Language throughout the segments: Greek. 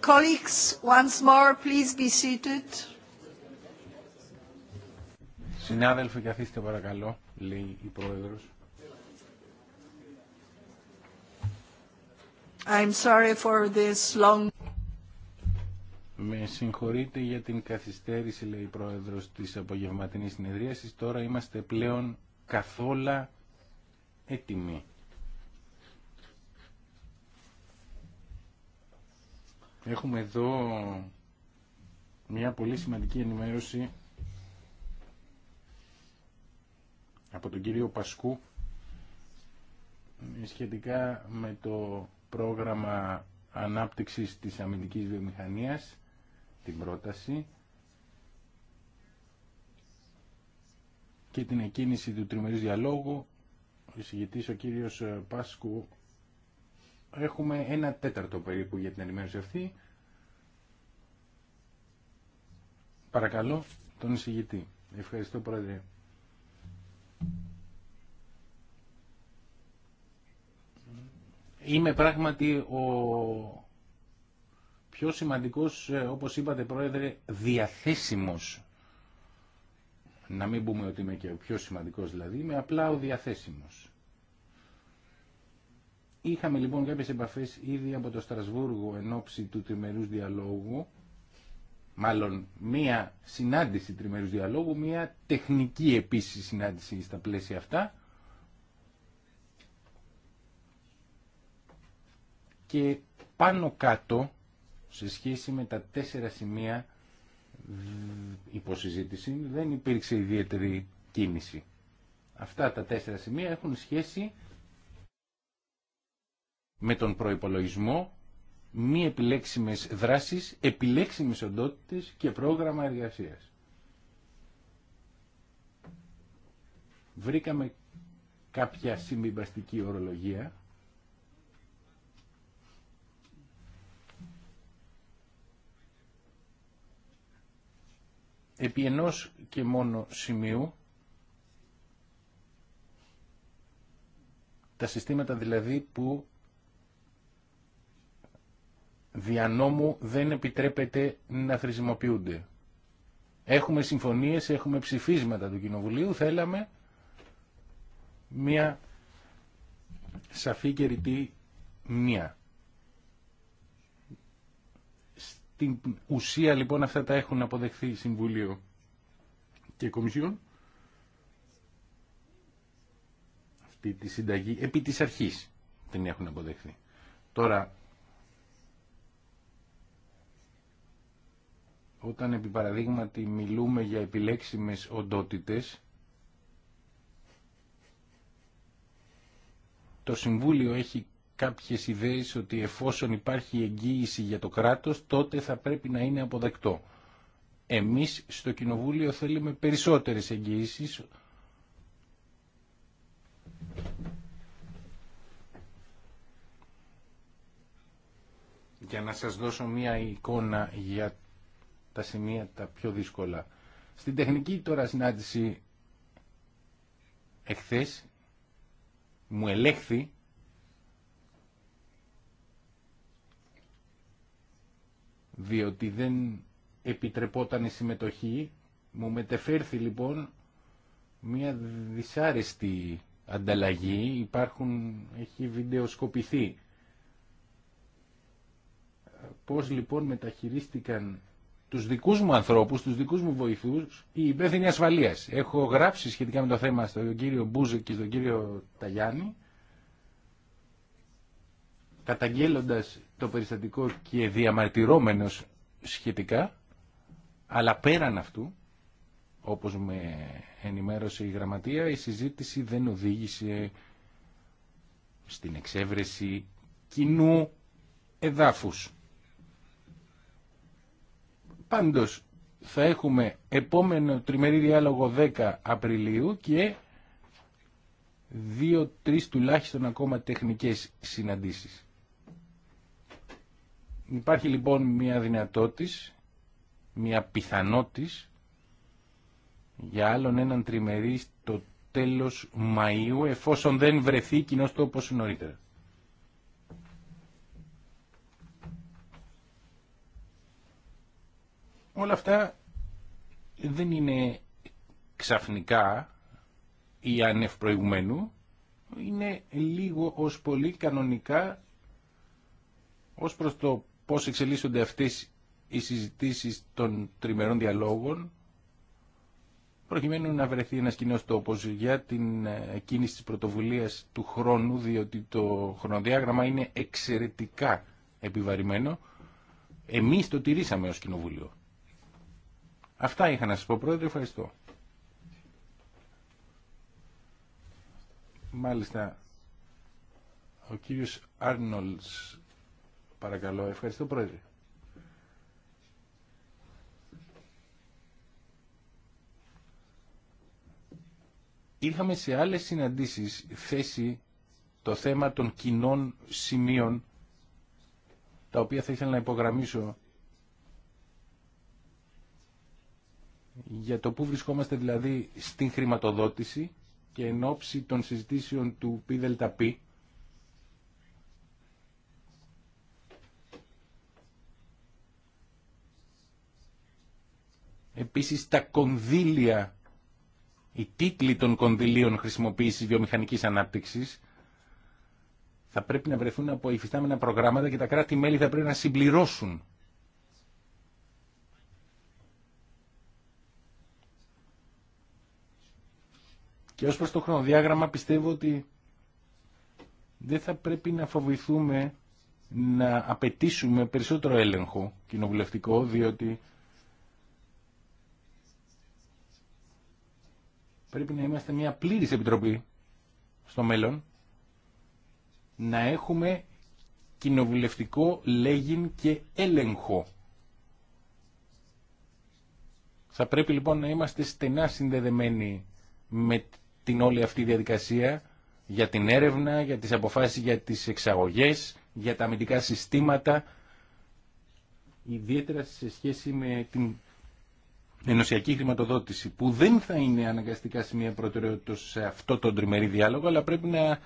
Colleagues, once more, please be seated. Συνάδελφοι, καθίστε παρακαλώ, λέει η πρόεδρος. I'm sorry for this long... Με συγχωρείτε για την καθυστέρηση, λέει η πρόεδρος της απογευματινής συνεδρίασης. Τώρα είμαστε πλέον καθόλου έτοιμοι. Έχουμε εδώ μια πολύ σημαντική ενημέρωση από τον κύριο Πασκού σχετικά με το πρόγραμμα ανάπτυξης της αμυντικής βιομηχανίας, την πρόταση και την εκκίνηση του τριμερούς διαλόγου. Ο ο κύριος Πάσκου έχουμε ένα τέταρτο περίπου για την ενημέρωση αυτή. Παρακαλώ τον εισηγητή. Ευχαριστώ πρόεδρε. Είμαι πράγματι ο πιο σημαντικός, όπως είπατε πρόεδρε, διαθέσιμος. Να μην πούμε ότι είμαι και ο πιο σημαντικός δηλαδή, είμαι απλά ο διαθέσιμος. Είχαμε λοιπόν κάποιες επαφές ήδη από το Στρασβούργο εν ώψη του τριμερούς διαλόγου, μάλλον μία συνάντηση τριμερούς διαλόγου, μία τεχνική επίσης συνάντηση στα πλαίσια αυτά, και πάνω κάτω σε σχέση με τα τέσσερα σημεία υποσυζήτηση δεν υπήρξε ιδιαίτερη κίνηση. Αυτά τα τέσσερα σημεία έχουν σχέση με τον προϋπολογισμό, μη επιλέξιμες δράσεις, επιλέξιμες οντότητες και πρόγραμμα εργασίας. Βρήκαμε κάποια συμβιβαστική ορολογία επί ενός και μόνο σημείου τα συστήματα δηλαδή που διανόμου δεν επιτρέπεται να χρησιμοποιούνται. Έχουμε συμφωνίες, έχουμε ψηφίσματα του Κοινοβουλίου, θέλαμε μια σαφή και ρητή μία. Στην ουσία λοιπόν αυτά τα έχουν αποδεχθεί Συμβουλίο και Κομισιόν. Αυτή τη συνταγή επί της αρχής την έχουν αποδεχθεί. Τώρα όταν επί παραδείγματι μιλούμε για επιλέξιμες οντότητες, το Συμβούλιο έχει κάποιες ιδέες ότι εφόσον υπάρχει εγγύηση για το κράτος, τότε θα πρέπει να είναι αποδεκτό. Εμείς στο Κοινοβούλιο θέλουμε περισσότερες εγγύησεις. Για να σας δώσω μία εικόνα για τα σημεία τα πιο δύσκολα. Στην τεχνική τώρα συνάντηση εχθές μου ελέγχθη διότι δεν επιτρεπόταν η συμμετοχή μου μετεφέρθη λοιπόν μια δυσάρεστη ανταλλαγή υπάρχουν έχει βιντεοσκοπηθεί πώς λοιπόν μεταχειρίστηκαν τους δικούς μου ανθρώπους, τους δικούς μου βοηθούς, η υπεύθυνη ασφαλεία. Έχω γράψει σχετικά με το θέμα στον κύριο Μπούζε και στον κύριο Ταγιάννη, καταγγέλλοντα το περιστατικό και διαμαρτυρώμενο σχετικά, αλλά πέραν αυτού, όπως με ενημέρωσε η γραμματεία, η συζήτηση δεν οδήγησε στην εξέβρεση κοινού εδάφους. Πάντως θα έχουμε επόμενο τριμερή διάλογο 10 Απριλίου και δύο-τρεις τουλάχιστον ακόμα τεχνικές συναντήσεις. Υπάρχει λοιπόν μια δυνατότης, μια πιθανότης για άλλον έναν τριμερή στο τέλος Μαΐου εφόσον δεν βρεθεί κοινό τόπος νωρίτερα. Όλα αυτά δεν είναι ξαφνικά ή ανευπροηγουμένου, είναι λίγο ως πολύ κανονικά ως προς το πώς εξελίσσονται αυτές οι συζητήσεις των τριμερών διαλόγων προκειμένου να βρεθεί ένας κοινό τόπος για την ε, κίνηση της πρωτοβουλίας του χρόνου διότι το χρονοδιάγραμμα είναι εξαιρετικά επιβαρημένο εμείς το τηρήσαμε ως κοινοβουλίο Αυτά είχα να σας πω πρόεδρε, ευχαριστώ. Μάλιστα, ο κύριος Άρνολς, παρακαλώ, ευχαριστώ πρόεδρε. Είχαμε σε άλλες συναντήσεις θέση το θέμα των κοινών σημείων, τα οποία θα ήθελα να υπογραμμίσω για το πού βρισκόμαστε δηλαδή στην χρηματοδότηση και εν ώψη των συζητήσεων του ΠΔΠ Επίσης τα κονδύλια, οι τίτλοι των κονδυλίων χρησιμοποίησης βιομηχανικής ανάπτυξης θα πρέπει να βρεθούν από υφιστάμενα προγράμματα και τα κράτη-μέλη θα πρέπει να συμπληρώσουν Και ως προς το χρονοδιάγραμμα πιστεύω ότι δεν θα πρέπει να φοβηθούμε να απαιτήσουμε περισσότερο έλεγχο κοινοβουλευτικό, διότι πρέπει να είμαστε μια πλήρης επιτροπή στο μέλλον, να έχουμε κοινοβουλευτικό λέγειν και έλεγχο. Θα πρέπει λοιπόν να είμαστε στενά συνδεδεμένοι με την όλη αυτή διαδικασία, για την έρευνα, για τις αποφάσεις για τις εξαγωγές, για τα αμυντικά συστήματα, ιδιαίτερα σε σχέση με την ενωσιακή χρηματοδότηση, που δεν θα είναι αναγκαστικά σημεία προτεραιότητα σε αυτό το τριμερή διάλογο, αλλά πρέπει να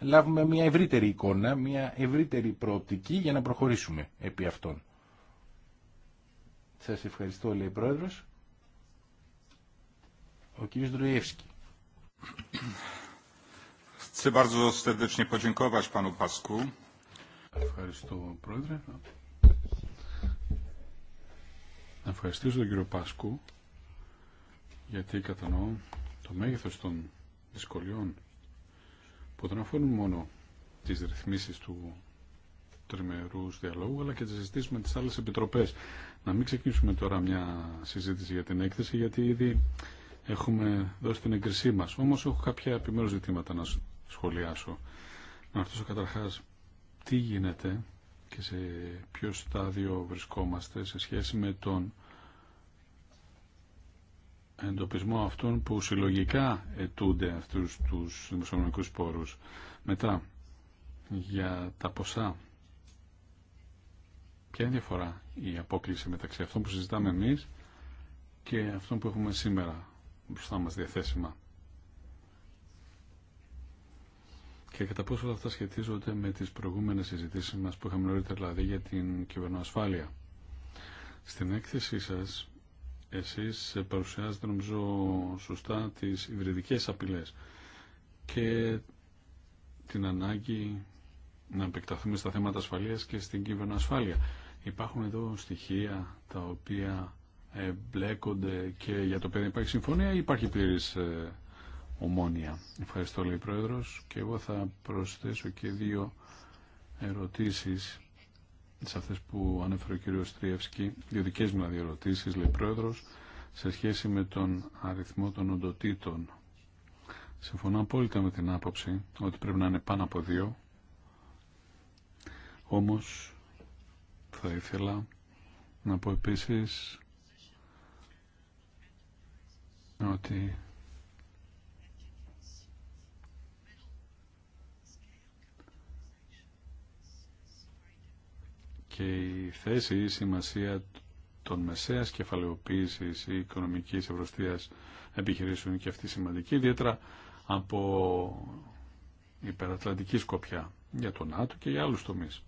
λάβουμε μια ευρύτερη εικόνα, μια ευρύτερη προοπτική για να προχωρήσουμε επί αυτών. Σας ευχαριστώ, λέει ο Πρόεδρος. Ο κ. Δροϊεύσκη. Chcę bardzo serdecznie podziękować panu Pasku. Ευχαριστώ, Πρόεδρε. Να ευχαριστήσω τον κύριο Πάσκου γιατί κατανοώ το μέγεθος των δυσκολιών που δεν αφορούν μόνο τις ρυθμίσει του τριμερούς διαλόγου αλλά και τις συζητήσει με τις άλλες επιτροπές. Να μην ξεκινήσουμε τώρα μια συζήτηση για την έκθεση γιατί ήδη έχουμε δώσει την εγκρισή μας. Όμως έχω κάποια επιμέρους ζητήματα να σχολιάσω. Να ρωτήσω καταρχάς τι γίνεται και σε ποιο στάδιο βρισκόμαστε σε σχέση με τον εντοπισμό αυτών που συλλογικά ετούνται αυτούς τους δημοσιονομικούς πόρους. Μετά, για τα ποσά. Ποια είναι η διαφορά η απόκληση μεταξύ αυτών που συζητάμε εμείς και αυτών που έχουμε σήμερα μπροστά μας διαθέσιμα. Και κατά πόσο όλα αυτά σχετίζονται με τις προηγούμενες συζητήσεις μας που είχαμε νωρίτερα δηλαδή για την κυβερνοασφάλεια. Στην έκθεσή σας εσείς παρουσιάζετε νομίζω σωστά τις υβριδικές απειλές και την ανάγκη να επεκταθούμε στα θέματα ασφαλείας και στην κυβερνοασφάλεια. Υπάρχουν εδώ στοιχεία τα οποία μπλέκονται και για το δεν υπάρχει συμφωνία ή υπάρχει πλήρης ε, ομόνια. Ευχαριστώ λέει πρόεδρο και εγώ θα προσθέσω και δύο ερωτήσεις σε αυτέ που ανέφερε ο κύριος Στριεύσκη, δύο δικέ μου δηλαδή ερωτήσει, λέει πρόεδρο, σε σχέση με τον αριθμό των οντοτήτων. Συμφωνώ απόλυτα με την άποψη ότι πρέπει να είναι πάνω από δύο, όμως θα ήθελα να πω επίσης ότι και η θέση ή η σημασία των μεσαίας κεφαλαιοποίησης ή οικονομικής ευρωστίας επιχειρήσεων και αυτή σημαντική, ιδιαίτερα από υπερατλαντική σκοπιά για τον ΝΑΤΟ και για άλλους τομείς.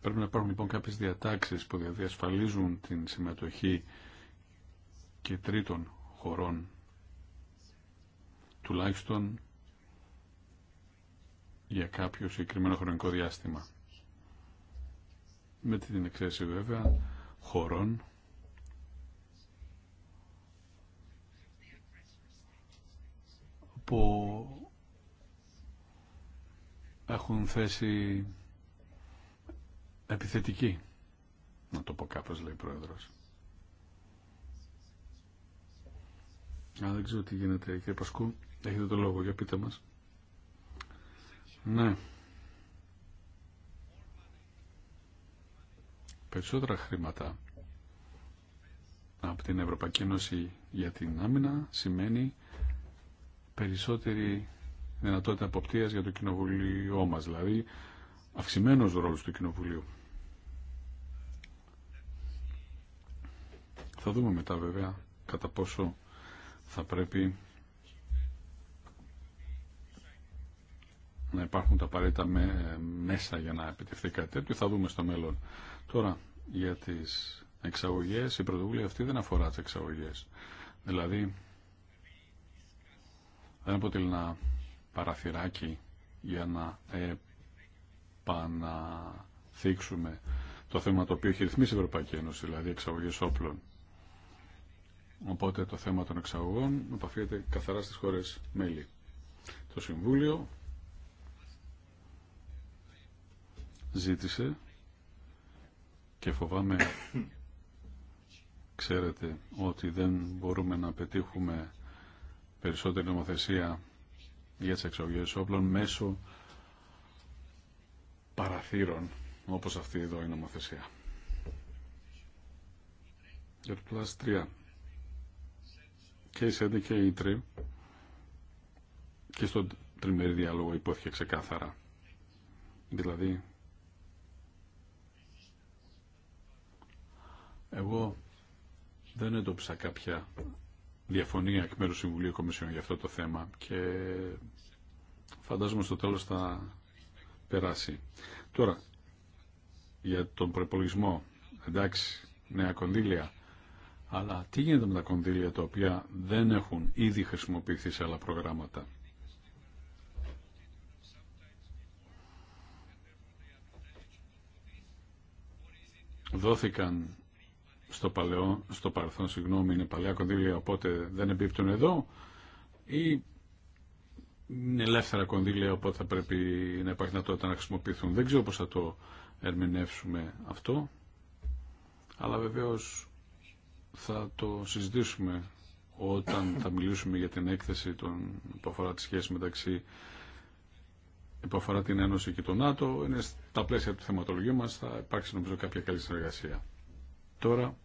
Πρέπει να υπάρχουν λοιπόν κάποιες διατάξεις που διασφαλίζουν την συμμετοχή και τρίτων χωρών τουλάχιστον για κάποιο συγκεκριμένο χρονικό διάστημα. Με την εξαίρεση βέβαια χωρών που έχουν θέση επιθετική, να το πω κάπως λέει ο Πρόεδρος. Α, δεν ξέρω τι γίνεται. Κύριε Πασκού, έχετε το λόγο. Για πείτε μας. Ναι. Περισσότερα χρήματα από την Ευρωπαϊκή Ένωση για την άμυνα σημαίνει περισσότερη δυνατότητα αποπτίας για το κοινοβουλίο μας, δηλαδή αυξημένος ρόλος του κοινοβουλίου. Θα δούμε μετά βέβαια κατά πόσο θα πρέπει να υπάρχουν τα απαραίτητα μέσα για να επιτευχθεί κάτι τέτοιο. Θα δούμε στο μέλλον. Τώρα, για τις εξαγωγές, η πρωτοβουλία αυτή δεν αφορά τις εξαγωγές. Δηλαδή, δεν αποτελεί ένα παραθυράκι για να επαναθήξουμε το θέμα το οποίο έχει ρυθμίσει η Ευρωπαϊκή Ένωση, δηλαδή εξαγωγές όπλων. Οπότε το θέμα των εξαγωγών επαφείται καθαρά στις χώρες μέλη. Το Συμβούλιο ζήτησε και φοβάμαι ξέρετε ότι δεν μπορούμε να πετύχουμε περισσότερη νομοθεσία για τις εξαγωγές όπλων μέσω παραθύρων όπως αυτή εδώ η νομοθεσία. Για το και η ΣΕΝΤΕ και η ΤΡΕ και στον τριμερή διάλογο υπόθηκε ξεκάθαρα. Δηλαδή, εγώ δεν έντοψα κάποια διαφωνία εκ μέρους Συμβουλίου Κομισιόν για αυτό το θέμα και φαντάζομαι στο τέλος θα περάσει. Τώρα, για τον προπολογισμό, εντάξει, νέα κονδύλια, αλλά τι γίνεται με τα κονδύλια τα οποία δεν έχουν ήδη χρησιμοποιηθεί σε άλλα προγράμματα. Δόθηκαν στο, παλαιό, στο παρελθόν, συγγνώμη, είναι παλιά κονδύλια, οπότε δεν εμπίπτουν εδώ ή είναι ελεύθερα κονδύλια, οπότε θα πρέπει να υπάρχει δυνατότητα να χρησιμοποιηθούν. Δεν ξέρω πώς θα το ερμηνεύσουμε αυτό, αλλά βεβαίως θα το συζητήσουμε όταν θα μιλήσουμε για την έκθεση των, που αφορά τη σχέση μεταξύ που αφορά την Ένωση και το ΝΑΤΟ. Είναι στα πλαίσια του θεματολογίου μας, θα υπάρξει νομίζω κάποια καλή συνεργασία. Τώρα,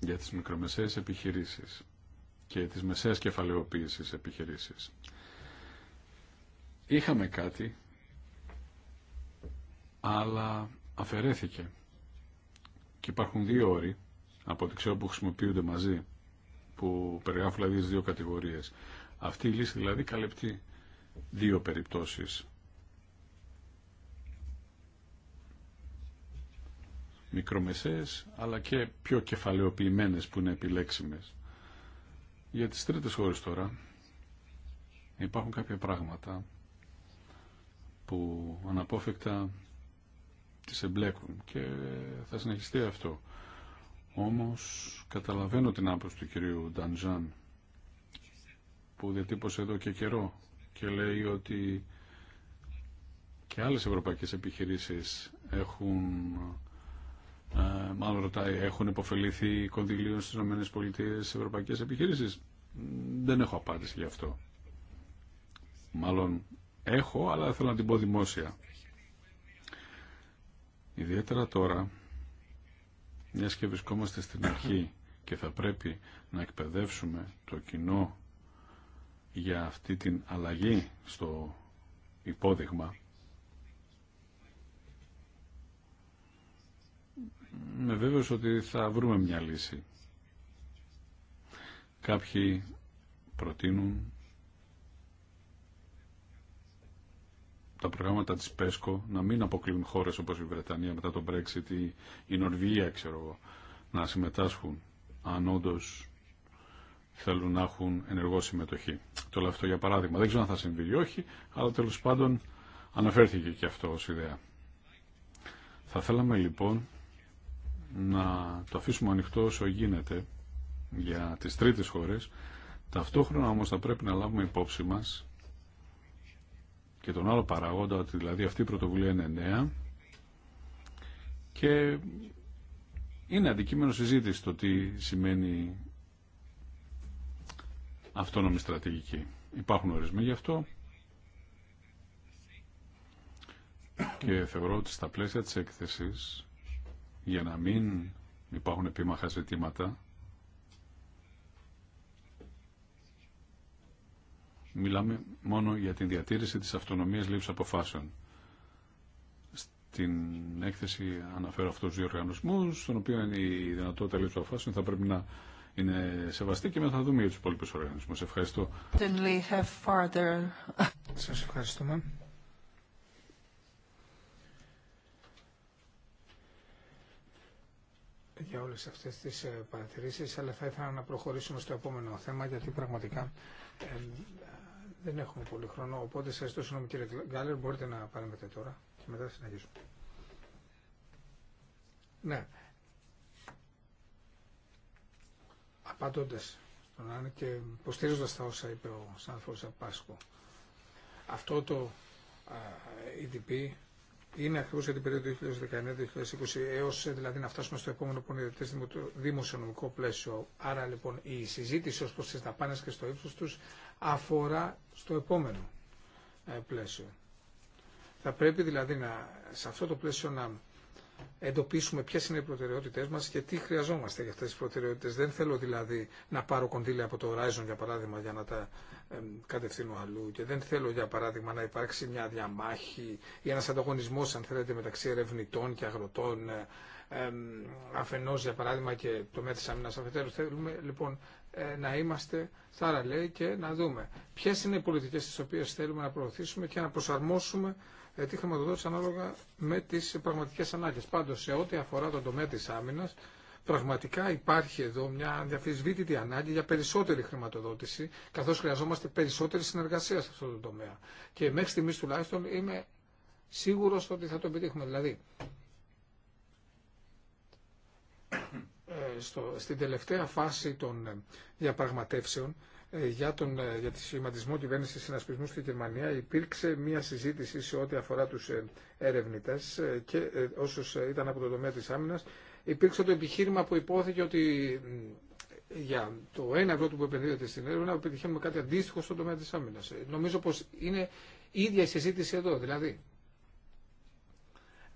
για τις μικρομεσαίες επιχειρήσεις και τις μεσαίες κεφαλαιοποίησεις επιχειρήσεις. Είχαμε κάτι, αλλά αφαιρέθηκε και υπάρχουν δύο όροι, από ό,τι ξέρω που χρησιμοποιούνται μαζί, που περιγράφουν δηλαδή δύο κατηγορίες. Αυτή η λύση δηλαδή καλύπτει δύο περιπτώσεις. Μικρομεσαίες, αλλά και πιο κεφαλαιοποιημένες που είναι επιλέξιμες. Για τις τρίτες χώρες τώρα υπάρχουν κάποια πράγματα που αναπόφευκτα τις εμπλέκουν και θα συνεχιστεί αυτό. Όμως καταλαβαίνω την άποψη του κυρίου Νταντζάν που διατύπωσε εδώ και καιρό και λέει ότι και άλλες ευρωπαϊκές επιχειρήσεις έχουν ε, μάλλον ρωτάει, έχουν υποφελήθει κονδυλίων στις ΗΠΑ ευρωπαϊκές επιχειρήσεις. Δεν έχω απάντηση γι' αυτό. Μάλλον έχω, αλλά θέλω να την πω δημόσια. Ιδιαίτερα τώρα, μια και βρισκόμαστε στην αρχή και θα πρέπει να εκπαιδεύσουμε το κοινό για αυτή την αλλαγή στο υπόδειγμα, με βέβαιος ότι θα βρούμε μια λύση. Κάποιοι προτείνουν τα προγράμματα της ΠΕΣΚΟ να μην αποκλείουν χώρες όπως η Βρετανία μετά το Brexit ή η Νορβηγία, ξέρω εγώ, να συμμετάσχουν αν όντω θέλουν να έχουν ενεργό συμμετοχή. Το λέω αυτό για παράδειγμα. Δεν ξέρω αν θα συμβεί ή όχι, αλλά τέλος πάντων αναφέρθηκε και αυτό ως ιδέα. Θα θέλαμε λοιπόν να το αφήσουμε ανοιχτό όσο γίνεται για τις τρίτες χώρες. Ταυτόχρονα όμως θα πρέπει να λάβουμε υπόψη μας και τον άλλο παράγοντα, ότι δηλαδή αυτή η πρωτοβουλία είναι νέα και είναι αντικείμενο συζήτηση το τι σημαίνει αυτόνομη στρατηγική. Υπάρχουν ορισμοί γι' αυτό και θεωρώ ότι στα πλαίσια της έκθεσης για να μην υπάρχουν επίμαχα ζητήματα μιλάμε μόνο για την διατήρηση της αυτονομίας λήψης αποφάσεων. Στην έκθεση αναφέρω αυτούς τους δύο οργανισμούς, στον οποίο η δυνατότητα λήψης αποφάσεων θα πρέπει να είναι σεβαστή και μετά θα δούμε για τους υπόλοιπους οργανισμούς. Ευχαριστώ. Σας ευχαριστούμε. για όλες αυτές τις ε, παρατηρήσεις, αλλά θα ήθελα να προχωρήσουμε στο επόμενο θέμα, γιατί πραγματικά ε, δεν έχουμε πολύ χρόνο, οπότε σας ζητώ συγγνώμη κύριε Γκάλερ, μπορείτε να παρέμβετε τώρα και μετά συνεχίσουμε. Ναι. Απαντώντας τον Άννα και υποστηρίζοντας τα όσα είπε ο Σάνθος Απάσχο, αυτό το EDP είναι ακριβώ για την περίοδο 2019-2020 έω δηλαδή να φτάσουμε στο επόμενο το δημοσιονομικό πλαίσιο. Άρα λοιπόν η συζήτηση ω προ τι δαπάνε και στο ύψο του αφορά στο επόμενο ε, πλαίσιο. Θα πρέπει δηλαδή να, σε αυτό το πλαίσιο να εντοπίσουμε ποιε είναι οι προτεραιότητές μας και τι χρειαζόμαστε για αυτές τις προτεραιότητες. Δεν θέλω δηλαδή να πάρω κονδύλια από το Horizon για παράδειγμα για να τα κατευθύνω αλλού και δεν θέλω για παράδειγμα να υπάρξει μια διαμάχη ή ένα ανταγωνισμό αν θέλετε μεταξύ ερευνητών και αγροτών ε, ε, για παράδειγμα και το μέτρη μήνας αφετέρου. Θέλουμε λοιπόν ε, να είμαστε θαραλέοι και να δούμε ποιε είναι οι πολιτικέ τι οποίε θέλουμε να προωθήσουμε και να προσαρμόσουμε ε, τη χρηματοδότηση ανάλογα με τις πραγματικές ανάγκες. Πάντως, σε ό,τι αφορά τον τομέα της άμυνας, πραγματικά υπάρχει εδώ μια διαφυσβήτητη ανάγκη για περισσότερη χρηματοδότηση, καθώς χρειαζόμαστε περισσότερη συνεργασία σε αυτό το τομέα. Και μέχρι στιγμής τουλάχιστον είμαι σίγουρος ότι θα το επιτύχουμε. Δηλαδή, ε, στο, στην τελευταία φάση των ε, διαπραγματεύσεων ε, για, τον, για τη σχηματισμό κυβέρνηση συνασπισμού στη Γερμανία υπήρξε μια συζήτηση σε ό,τι αφορά τους ερευνητές και όσους ήταν από το τομέα της άμυνας υπήρξε το επιχείρημα που υπόθηκε ότι για το ένα ευρώ που επενδύεται στην έρευνα επιτυχαίνουμε κάτι αντίστοιχο στο τομέα της άμυνας. Νομίζω πως είναι ίδια η συζήτηση εδώ. Δηλαδή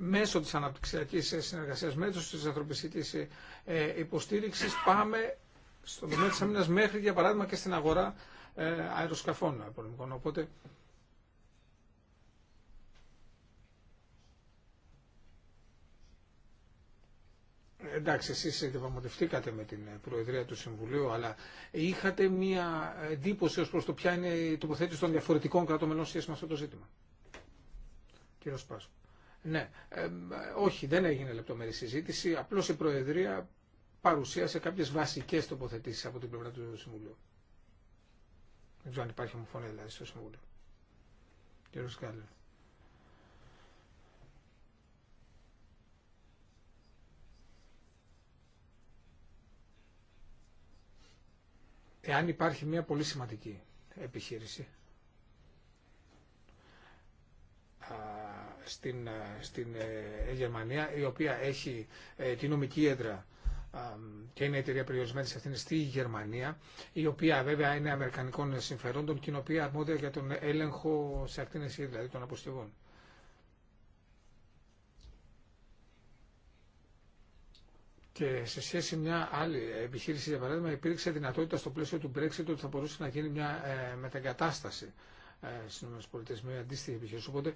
μέσω της αναπτυξιακής ε, συνεργασίας, μέσω της ανθρωπιστικής ε, ε, υποστήριξης πάμε στον τομέα της αμήνας μέχρι για παράδειγμα και στην αγορά αεροσκαφών πολεμικών. Οπότε Εντάξει, εσείς διαπραγματευτήκατε με την Προεδρία του Συμβουλίου, αλλά είχατε μία εντύπωση ως προς το ποια είναι η τοποθέτηση των διαφορετικών κρατών μελών με αυτό το ζήτημα. Κύριο Σπάσου. Ναι, όχι, δεν έγινε λεπτομερή συζήτηση. Απλώς η Προεδρία παρουσίασε κάποιες βασικές τοποθετήσεις από την πλευρά του Συμβουλίου. Δεν ξέρω αν υπάρχει ομοφωνία δηλαδή στο Συμβούλιο. Κύριο Εάν υπάρχει μια πολύ σημαντική επιχείρηση στην, ε, στην ε, Γερμανία, η οποία έχει ε, την νομική έδρα και είναι εταιρεία περιορισμένη σε αυτήν στη Γερμανία, η οποία βέβαια είναι Αμερικανικών συμφερόντων και η οποία αρμόδια για τον έλεγχο σε ακτίνες δηλαδή των αποσκευών. Και σε σχέση με μια άλλη επιχείρηση, για παράδειγμα, υπήρξε δυνατότητα στο πλαίσιο του Brexit ότι θα μπορούσε να γίνει μια μεταγκατάσταση ε, στι ΗΠΑ, με αντίστοιχη επιχείρηση. Οπότε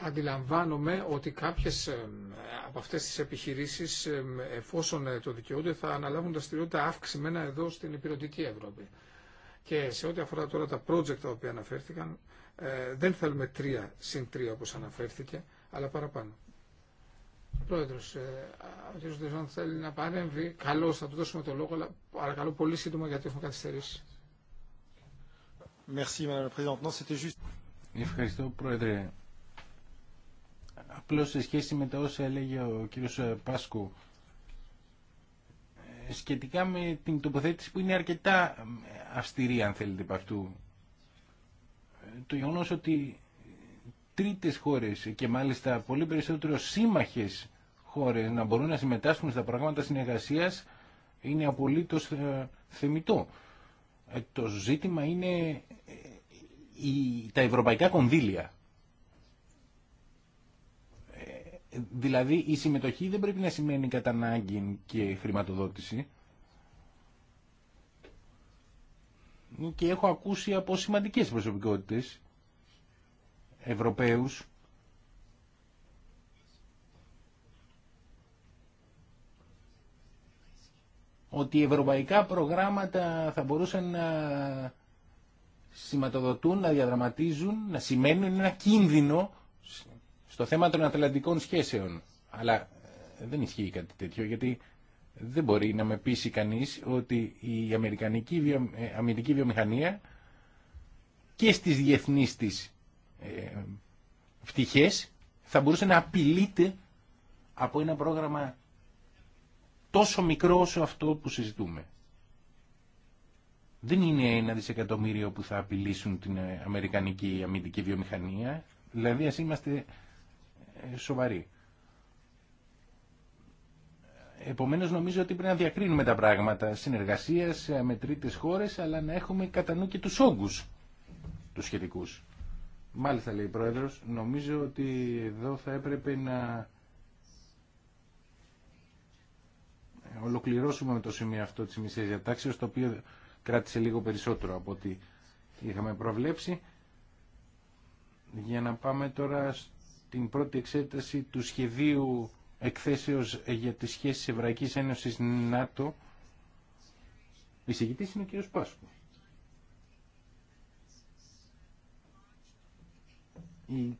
αντιλαμβάνομαι ότι κάποιες ε, από αυτές τις επιχειρήσεις, ε, εφόσον ε, το δικαιούνται, θα αναλάβουν τα στηριότητα αυξημένα εδώ στην υπηρετική Ευρώπη. Και σε ό,τι αφορά τώρα τα project τα οποία αναφέρθηκαν, δεν θέλουμε τρία συν τρία όπως αναφέρθηκε, αλλά παραπάνω. Πρόεδρο, ο κ. Δεζόν θέλει να παρέμβει. Καλώ, θα του δώσουμε το λόγο, αλλά παρακαλώ πολύ σύντομα γιατί έχουμε καθυστερήσει. Ευχαριστώ, Πρόεδρε απλώς σε σχέση με τα όσα έλεγε ο κύριος ε, Πάσκου ε, σχετικά με την τοποθέτηση που είναι αρκετά ε, αυστηρή αν θέλετε από αυτού το γεγονό ότι τρίτες χώρες και μάλιστα πολύ περισσότερο σύμμαχες χώρες να μπορούν να συμμετάσχουν στα πράγματα συνεργασίας είναι απολύτως θεμητό. Το ζήτημα είναι τα ευρωπαϊκά κονδύλια Δηλαδή η συμμετοχή δεν πρέπει να σημαίνει κατά ανάγκη και χρηματοδότηση. Και έχω ακούσει από σημαντικές προσωπικότητες Ευρωπαίους ότι ευρωπαϊκά προγράμματα θα μπορούσαν να σηματοδοτούν, να διαδραματίζουν, να σημαίνουν ένα κίνδυνο στο θέμα των ατλαντικών σχέσεων. Αλλά ε, δεν ισχύει κάτι τέτοιο γιατί δεν μπορεί να με πείσει κανείς ότι η αμερικανική βιο... Ε, αμυντική βιομηχανία και στις διεθνείς της ε, θα μπορούσε να απειλείται από ένα πρόγραμμα τόσο μικρό όσο αυτό που συζητούμε. Δεν είναι ένα δισεκατομμύριο που θα απειλήσουν την ε, αμερικανική αμυντική βιομηχανία. Δηλαδή ας είμαστε ε, σοβαρή. Επομένως νομίζω ότι πρέπει να διακρίνουμε τα πράγματα συνεργασίας ε, με τρίτες χώρες αλλά να έχουμε κατά νου και τους όγκους τους σχετικούς. Μάλιστα λέει η Πρόεδρος, νομίζω ότι εδώ θα έπρεπε να ολοκληρώσουμε με το σημείο αυτό της μισής διατάξεως το οποίο κράτησε λίγο περισσότερο από ό,τι είχαμε προβλέψει για να πάμε τώρα την πρώτη εξέταση του σχεδίου εκθέσεως για τις σχέσεις Ευρωπαϊκής Ένωσης ΝΑΤΟ. Η είναι ο κ. Πάσχου. Η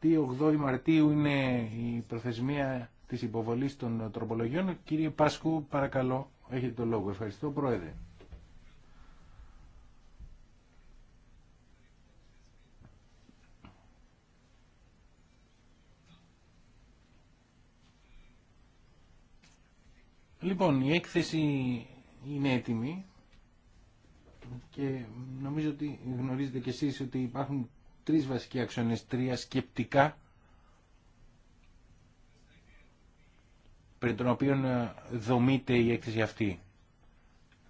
28 η Μαρτίου είναι η προθεσμία της υποβολής των τροπολογιών. Κύριε Πάσκου, παρακαλώ, έχετε το λόγο. Ευχαριστώ, Πρόεδρε. Λοιπόν, η έκθεση είναι έτοιμη και νομίζω ότι γνωρίζετε κι εσείς ότι υπάρχουν τρεις βασικοί αξονές, τρία σκεπτικά πριν των οποίων ε, δομείται η έκθεση αυτή.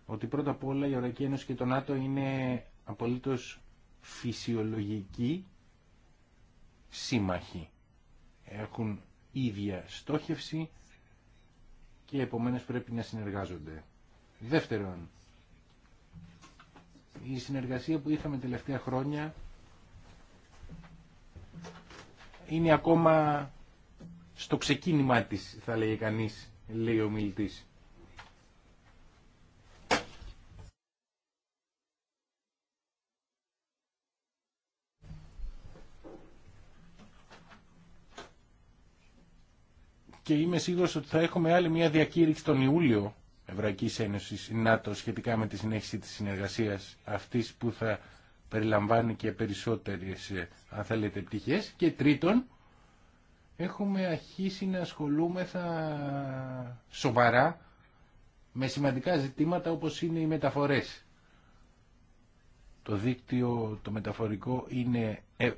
Ότι πρώτα απ' όλα η Ευρωπαϊκή Ένωση και το ΝΑΤΟ είναι απολύτως φυσιολογικοί σύμμαχοι. Έχουν ίδια στόχευση, και επομένω πρέπει να συνεργάζονται. Δεύτερον, η συνεργασία που είχαμε τελευταία χρόνια είναι ακόμα στο ξεκίνημά της, θα λέει κανείς, λέει ο μιλητής. και είμαι σίγουρος ότι θα έχουμε άλλη μια διακήρυξη τον Ιούλιο Ευρωπαϊκής Ένωση ΝΑΤΟ σχετικά με τη συνέχιση της συνεργασίας αυτής που θα περιλαμβάνει και περισσότερες ε, αν θέλετε πτυχές και τρίτον έχουμε αρχίσει να ασχολούμεθα σοβαρά με σημαντικά ζητήματα όπως είναι οι μεταφορές. Το δίκτυο, το μεταφορικό είναι ε,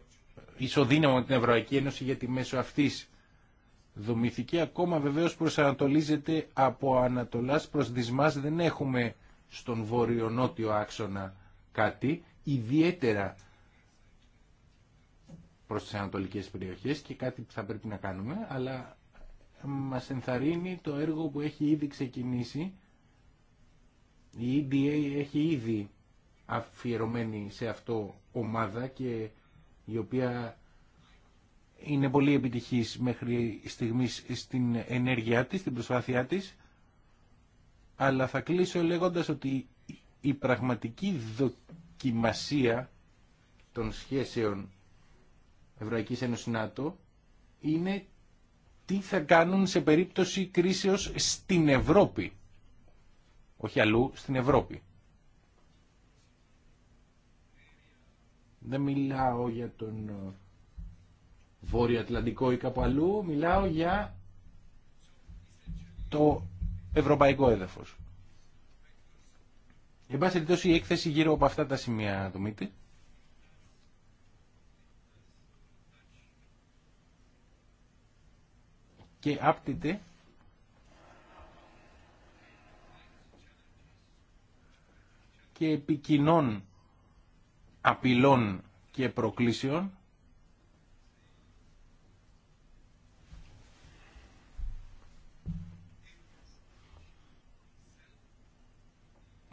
ισοδύναμο με την Ευρωπαϊκή Ένωση γιατί μέσω αυτής δομηθική ακόμα βεβαίως προσανατολίζεται από Ανατολάς προς Δυσμάς δεν έχουμε στον βορειο-νότιο άξονα κάτι ιδιαίτερα προς τις ανατολικές περιοχές και κάτι που θα πρέπει να κάνουμε αλλά μας ενθαρρύνει το έργο που έχει ήδη ξεκινήσει η EDA έχει ήδη αφιερωμένη σε αυτό ομάδα και η οποία είναι πολύ επιτυχής μέχρι στιγμής στην ενέργειά της, στην προσπάθειά της, αλλά θα κλείσω λέγοντας ότι η πραγματική δοκιμασία των σχέσεων Ευρωπαϊκής Ένωσης ΝΑΤΟ είναι τι θα κάνουν σε περίπτωση κρίσεως στην Ευρώπη. Όχι αλλού, στην Ευρώπη. Δεν μιλάω για τον Βόρειο Ατλαντικό ή κάπου αλλού, μιλάω για το ευρωπαϊκό έδαφος. Εν πάση η έκθεση γύρω από αυτά τα σημεία του μύτη. Και άπτητε και επικοινών απειλών και προκλήσεων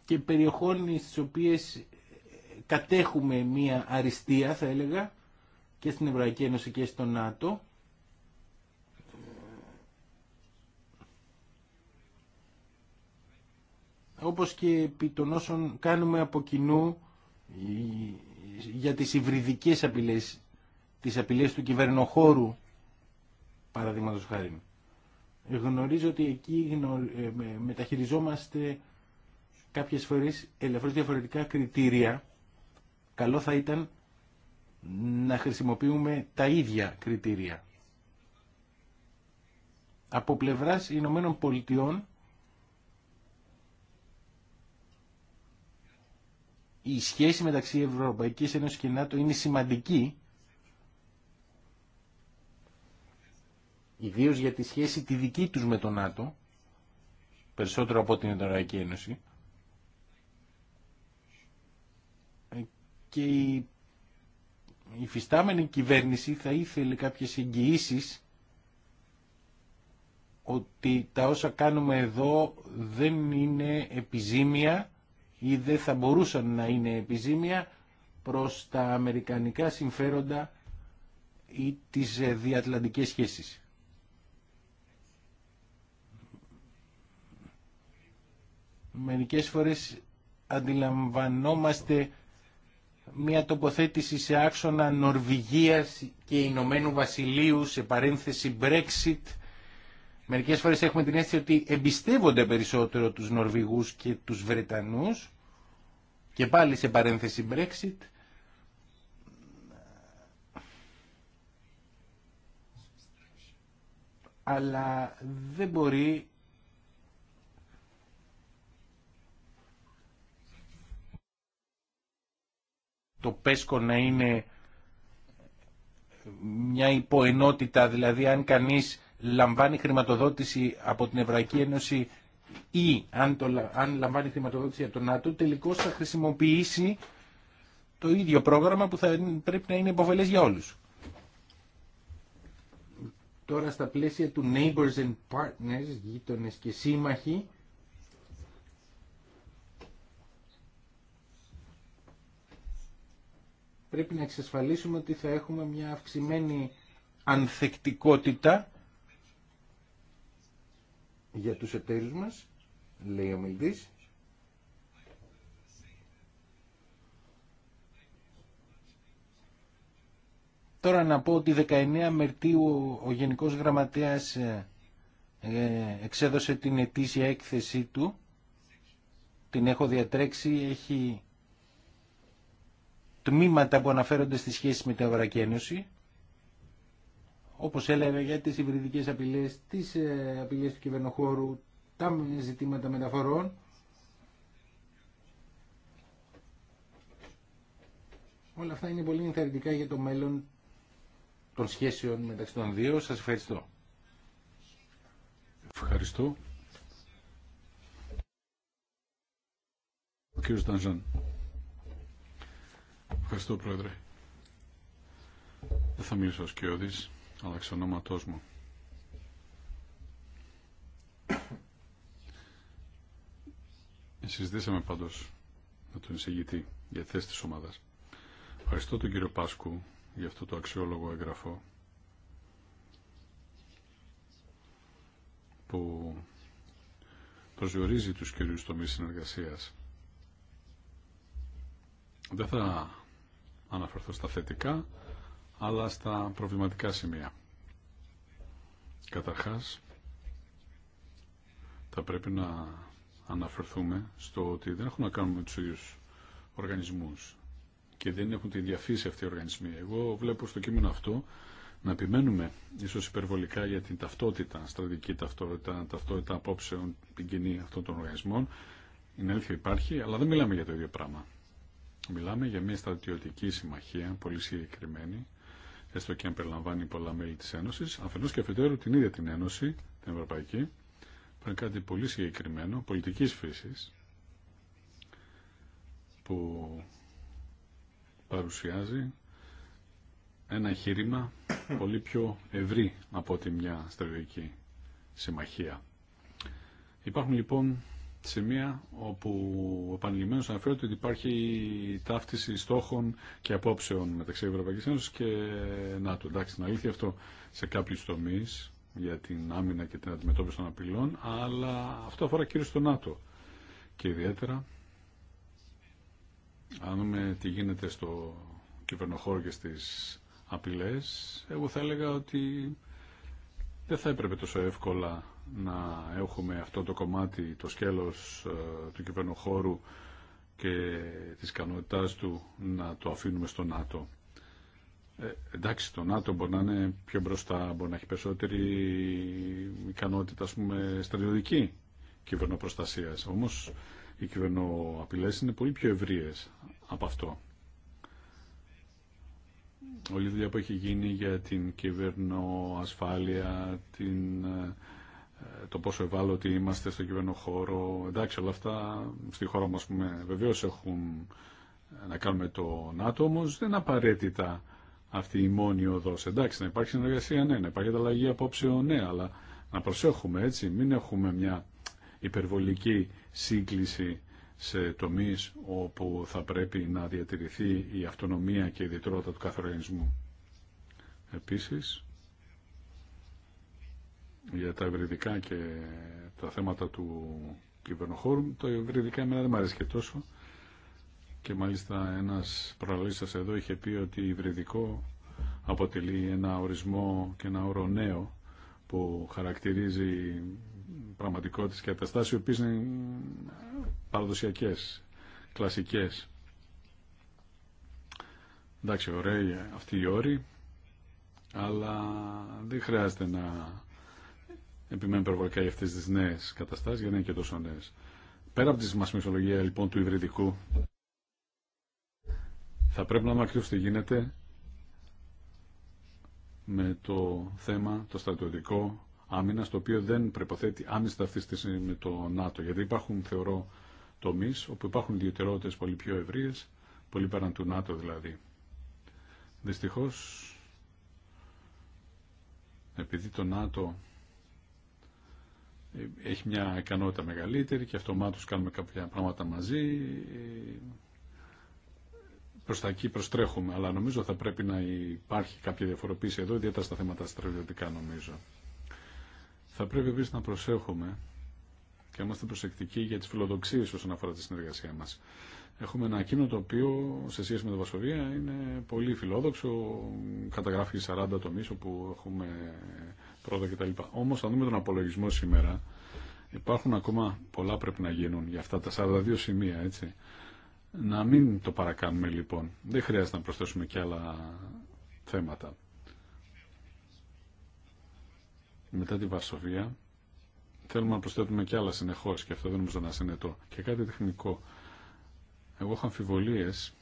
και περιοχών στις οποίες κατέχουμε μία αριστεία θα έλεγα και στην Ευρωπαϊκή Ένωση και στο ΝΑΤΟ όπως και επί των όσων κάνουμε από κοινού για τις υβριδικές απειλές τις απειλές του κυβερνοχώρου παραδείγματος χάρη γνωρίζω ότι εκεί ε, μεταχειριζόμαστε Κάποιε φορέ ελαφρώ διαφορετικά κριτήρια, καλό θα ήταν να χρησιμοποιούμε τα ίδια κριτήρια. Από πλευράς Ηνωμένων Πολιτειών η σχέση μεταξύ Ευρωπαϊκής Ένωσης και ΝΑΤΟ είναι σημαντική ιδίως για τη σχέση τη δική τους με τον ΝΑΤΟ περισσότερο από την Ευρωπαϊκή Ένωση και η φυστάμενη κυβέρνηση θα ήθελε κάποιες εγγυήσει ότι τα όσα κάνουμε εδώ δεν είναι επιζήμια ή δεν θα μπορούσαν να είναι επιζήμια προς τα αμερικανικά συμφέροντα ή τις διατλαντικές σχέσεις. Μερικές φορές αντιλαμβανόμαστε μια τοποθέτηση σε άξονα Νορβηγίας και Ηνωμένου Βασιλείου σε παρένθεση Brexit. Μερικές φορές έχουμε την αίσθηση ότι εμπιστεύονται περισσότερο τους Νορβηγούς και τους Βρετανούς και πάλι σε παρένθεση Brexit. Αλλά δεν μπορεί το ΠΕΣΚΟ να είναι μια υποενότητα, δηλαδή αν κανείς λαμβάνει χρηματοδότηση από την Ευρωπαϊκή Ένωση ή αν, το, λαμβάνει χρηματοδότηση από τον ΝΑΤΟ, τελικώς θα χρησιμοποιήσει το ίδιο πρόγραμμα που θα πρέπει να είναι υποφελές για όλους. Τώρα στα πλαίσια του Neighbors and Partners, γείτονες και σύμμαχοι, πρέπει να εξασφαλίσουμε ότι θα έχουμε μια αυξημένη ανθεκτικότητα για τους εταίρους μας, λέει ο Μιλτής. Τώρα να πω ότι 19 Μερτίου ο Γενικός Γραμματέας ε, ε, εξέδωσε την ετήσια έκθεσή του. Την έχω διατρέξει, έχει τμήματα που αναφέρονται στη σχέση με την Ευρωπαϊκή Ένωση, όπως έλεγα για τις υβριδικές απειλές, τις ε, απειλές του κυβερνοχώρου, τα ζητήματα μεταφορών, Όλα αυτά είναι πολύ ενθαρρυντικά για το μέλλον των σχέσεων μεταξύ των δύο. Σας ευχαριστώ. Ευχαριστώ. Ο κύριος Ευχαριστώ, Πρόεδρε. Δεν θα μιλήσω ως Κιώδης, αλλά εξ ονόματός μου. Συζητήσαμε πάντως με τον εισηγητή για θέση της ομάδας. Ευχαριστώ τον κύριο Πάσκου για αυτό το αξιόλογο εγγραφό που προσδιορίζει τους κυρίους τομείς συνεργασίας. Δεν θα αναφερθώ στα θετικά, αλλά στα προβληματικά σημεία. Καταρχάς, θα πρέπει να αναφερθούμε στο ότι δεν έχουν να κάνουν με τους ίδιους οργανισμούς και δεν έχουν τη διαφύση αυτοί οι οργανισμοί. Εγώ βλέπω στο κείμενο αυτό να επιμένουμε ίσως υπερβολικά για την ταυτότητα, στρατηγική ταυτότητα, ταυτότητα απόψεων, την κοινή αυτών των οργανισμών. Είναι αλήθεια υπάρχει, αλλά δεν μιλάμε για το ίδιο πράγμα. Μιλάμε για μια στρατιωτική συμμαχία, πολύ συγκεκριμένη, έστω και αν περιλαμβάνει πολλά μέλη της Ένωσης, αφενός και αφετέρου την ίδια την Ένωση, την Ευρωπαϊκή, που είναι κάτι πολύ συγκεκριμένο, πολιτικής φύσης, που παρουσιάζει ένα εγχείρημα πολύ πιο ευρύ από ό,τι μια στρατιωτική συμμαχία. Υπάρχουν λοιπόν σημεία όπου επανειλημμένως αναφέρεται ότι υπάρχει ταύτιση στόχων και απόψεων μεταξύ Ευρωπαϊκής Ένωσης και ΝΑΤΟ. Εντάξει, είναι αλήθεια αυτό σε κάποιου τομεί για την άμυνα και την αντιμετώπιση των απειλών, αλλά αυτό αφορά κυρίως το ΝΑΤΟ. Και ιδιαίτερα, αν δούμε τι γίνεται στο κυβερνοχώρο και στις απειλές, εγώ θα έλεγα ότι δεν θα έπρεπε τόσο εύκολα να έχουμε αυτό το κομμάτι, το σκέλος ε, του κυβερνοχώρου και της ικανότητά του να το αφήνουμε στο ΝΑΤΟ. Ε, εντάξει, το ΝΑΤΟ μπορεί να είναι πιο μπροστά, μπορεί να έχει περισσότερη ικανότητα, ας πούμε, στρατιωτική κυβερνοπροστασίας. Όμως οι κυβερνοαπειλές είναι πολύ πιο ευρειε από αυτό. Όλη η δουλειά που έχει γίνει για την κυβερνοασφάλεια, την ε, ε, το πόσο ευάλωτοι είμαστε στο κυβερνό χώρο. Εντάξει, όλα αυτά στη χώρα μας πούμε, βεβαίως έχουν να κάνουμε το ΝΑΤΟ, όμω δεν απαραίτητα αυτή η μόνη οδό. Εντάξει, να υπάρχει συνεργασία, ναι, να υπάρχει ανταλλαγή απόψεων, ναι, αλλά να προσέχουμε έτσι, μην έχουμε μια υπερβολική σύγκληση σε τομεί όπου θα πρέπει να διατηρηθεί η αυτονομία και η ιδιαιτερότητα του κάθε οργανισμού. Επίσης, για τα ευρυδικά και τα θέματα του κυβερνοχώρου. Το ευρυδικά εμένα δεν μου αρέσει και τόσο. Και μάλιστα ένας προλαλής εδώ είχε πει ότι υβριδικό αποτελεί ένα ορισμό και ένα όρο νέο που χαρακτηρίζει πραγματικότητες και αταστάσεις οι οποίες είναι παραδοσιακές, κλασικές. Εντάξει, ωραία αυτή η όρη, αλλά δεν χρειάζεται να επιμένουν υπερβολικά για αυτέ τις νέε καταστάσεις, για να είναι και τόσο νέε. Πέρα από τη μασμισολογία λοιπόν του υβριδικού, θα πρέπει να δούμε τι γίνεται με το θέμα, το στρατιωτικό άμυνα, το οποίο δεν προποθέτει άμυστα αυτή με το ΝΑΤΟ. Γιατί υπάρχουν, θεωρώ, τομεί όπου υπάρχουν ιδιαιτερότητε πολύ πιο ευρείε, πολύ πέραν του ΝΑΤΟ δηλαδή. Δυστυχώ, επειδή το ΝΑΤΟ έχει μια ικανότητα μεγαλύτερη και αυτομάτως κάνουμε κάποια πράγματα μαζί προς τα εκεί προστρέχουμε αλλά νομίζω θα πρέπει να υπάρχει κάποια διαφοροποίηση εδώ ιδιαίτερα στα θέματα στρατιωτικά νομίζω θα πρέπει επίση να προσέχουμε και να είμαστε προσεκτικοί για τι φιλοδοξίε όσον αφορά τη συνεργασία μα. έχουμε ένα κείμενο το οποίο σε σχέση με την Βασοβία είναι πολύ φιλόδοξο καταγράφει 40 τομεί όπου έχουμε τα κτλ. Όμως, αν δούμε τον απολογισμό σήμερα, υπάρχουν ακόμα πολλά πρέπει να γίνουν για αυτά τα 42 σημεία, έτσι. Να μην το παρακάνουμε, λοιπόν. Δεν χρειάζεται να προσθέσουμε και άλλα θέματα. Μετά τη Βαρσοβία, θέλουμε να προσθέτουμε και άλλα συνεχώ και αυτό δεν νομίζω να συνετώ. Και κάτι τεχνικό. Εγώ έχω αμφιβολίες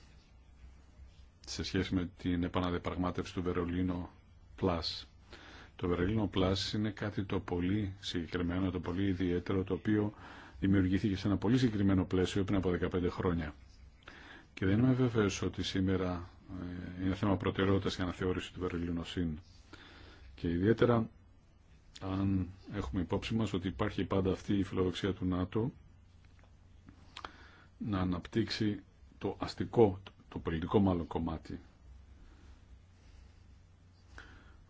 σε σχέση με την επαναδιαπραγμάτευση του Βερολίνο Plus το Βερολίνο Plus είναι κάτι το πολύ συγκεκριμένο, το πολύ ιδιαίτερο, το οποίο δημιουργήθηκε σε ένα πολύ συγκεκριμένο πλαίσιο πριν από 15 χρόνια. Και δεν είμαι βεβαίω ότι σήμερα ε, είναι θέμα προτεραιότητας για αναθεώρηση του Βερολίνου ΣΥΝ. Και ιδιαίτερα αν έχουμε υπόψη μας ότι υπάρχει πάντα αυτή η φιλοδοξία του ΝΑΤΟ να αναπτύξει το αστικό, το πολιτικό μάλλον κομμάτι.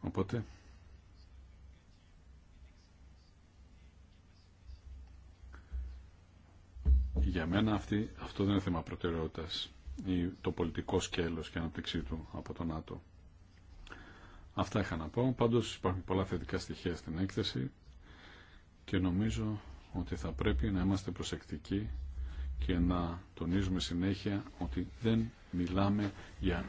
Οπότε Για μένα αυτή, αυτό δεν είναι θέμα προτεραιότητας ή το πολιτικό σκέλος και αναπτυξή του από τον ΝΑΤΟ. Αυτά είχα να πω. Πάντως υπάρχουν πολλά θετικά στοιχεία στην έκθεση και νομίζω ότι θα πρέπει να είμαστε προσεκτικοί και να τονίζουμε συνέχεια ότι δεν μιλάμε για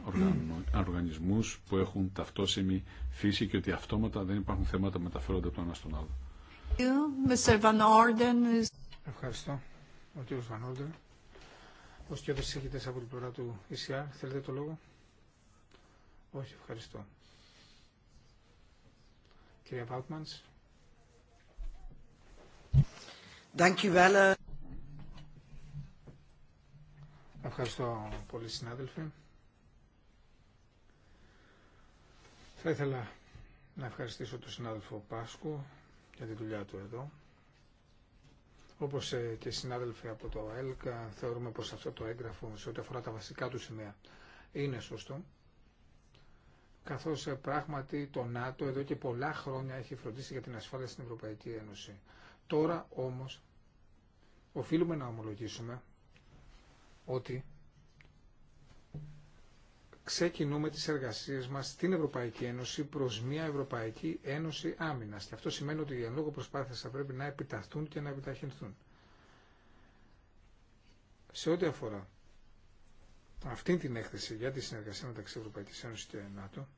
οργανισμούς που έχουν ταυτόσημη φύση και ότι αυτόματα δεν υπάρχουν θέματα που από ένα στον άλλο. Ευχαριστώ ο κύριος Βανόλτερ, ως και όλες τις από την πλευρά του ECR. Θέλετε το λόγο? Όχι, ευχαριστώ. Κυρία Πάουτμαντς. Ευχαριστώ πολύ συνάδελφοι. Θα ήθελα να ευχαριστήσω τον συνάδελφο Πάσκου για τη δουλειά του εδώ. Όπω ε, και οι συνάδελφοι από το ΕΛΚΑ, ε, θεωρούμε πως αυτό το έγγραφο σε ό,τι αφορά τα βασικά του σημεία είναι σωστό καθώς ε, πράγματι το ΝΑΤΟ εδώ και πολλά χρόνια έχει φροντίσει για την ασφάλεια στην Ευρωπαϊκή Ένωση. Τώρα όμως οφείλουμε να ομολογήσουμε ότι ξεκινούμε τις εργασίες μας στην Ευρωπαϊκή Ένωση προς μια Ευρωπαϊκή Ένωση Άμυνας. Και αυτό σημαίνει ότι οι εν λόγω θα πρέπει να επιταθούν και να επιταχυνθούν. Σε ό,τι αφορά αυτή την έκθεση για τη συνεργασία μεταξύ Ευρωπαϊκής Ένωσης και ΝΑΤΟ,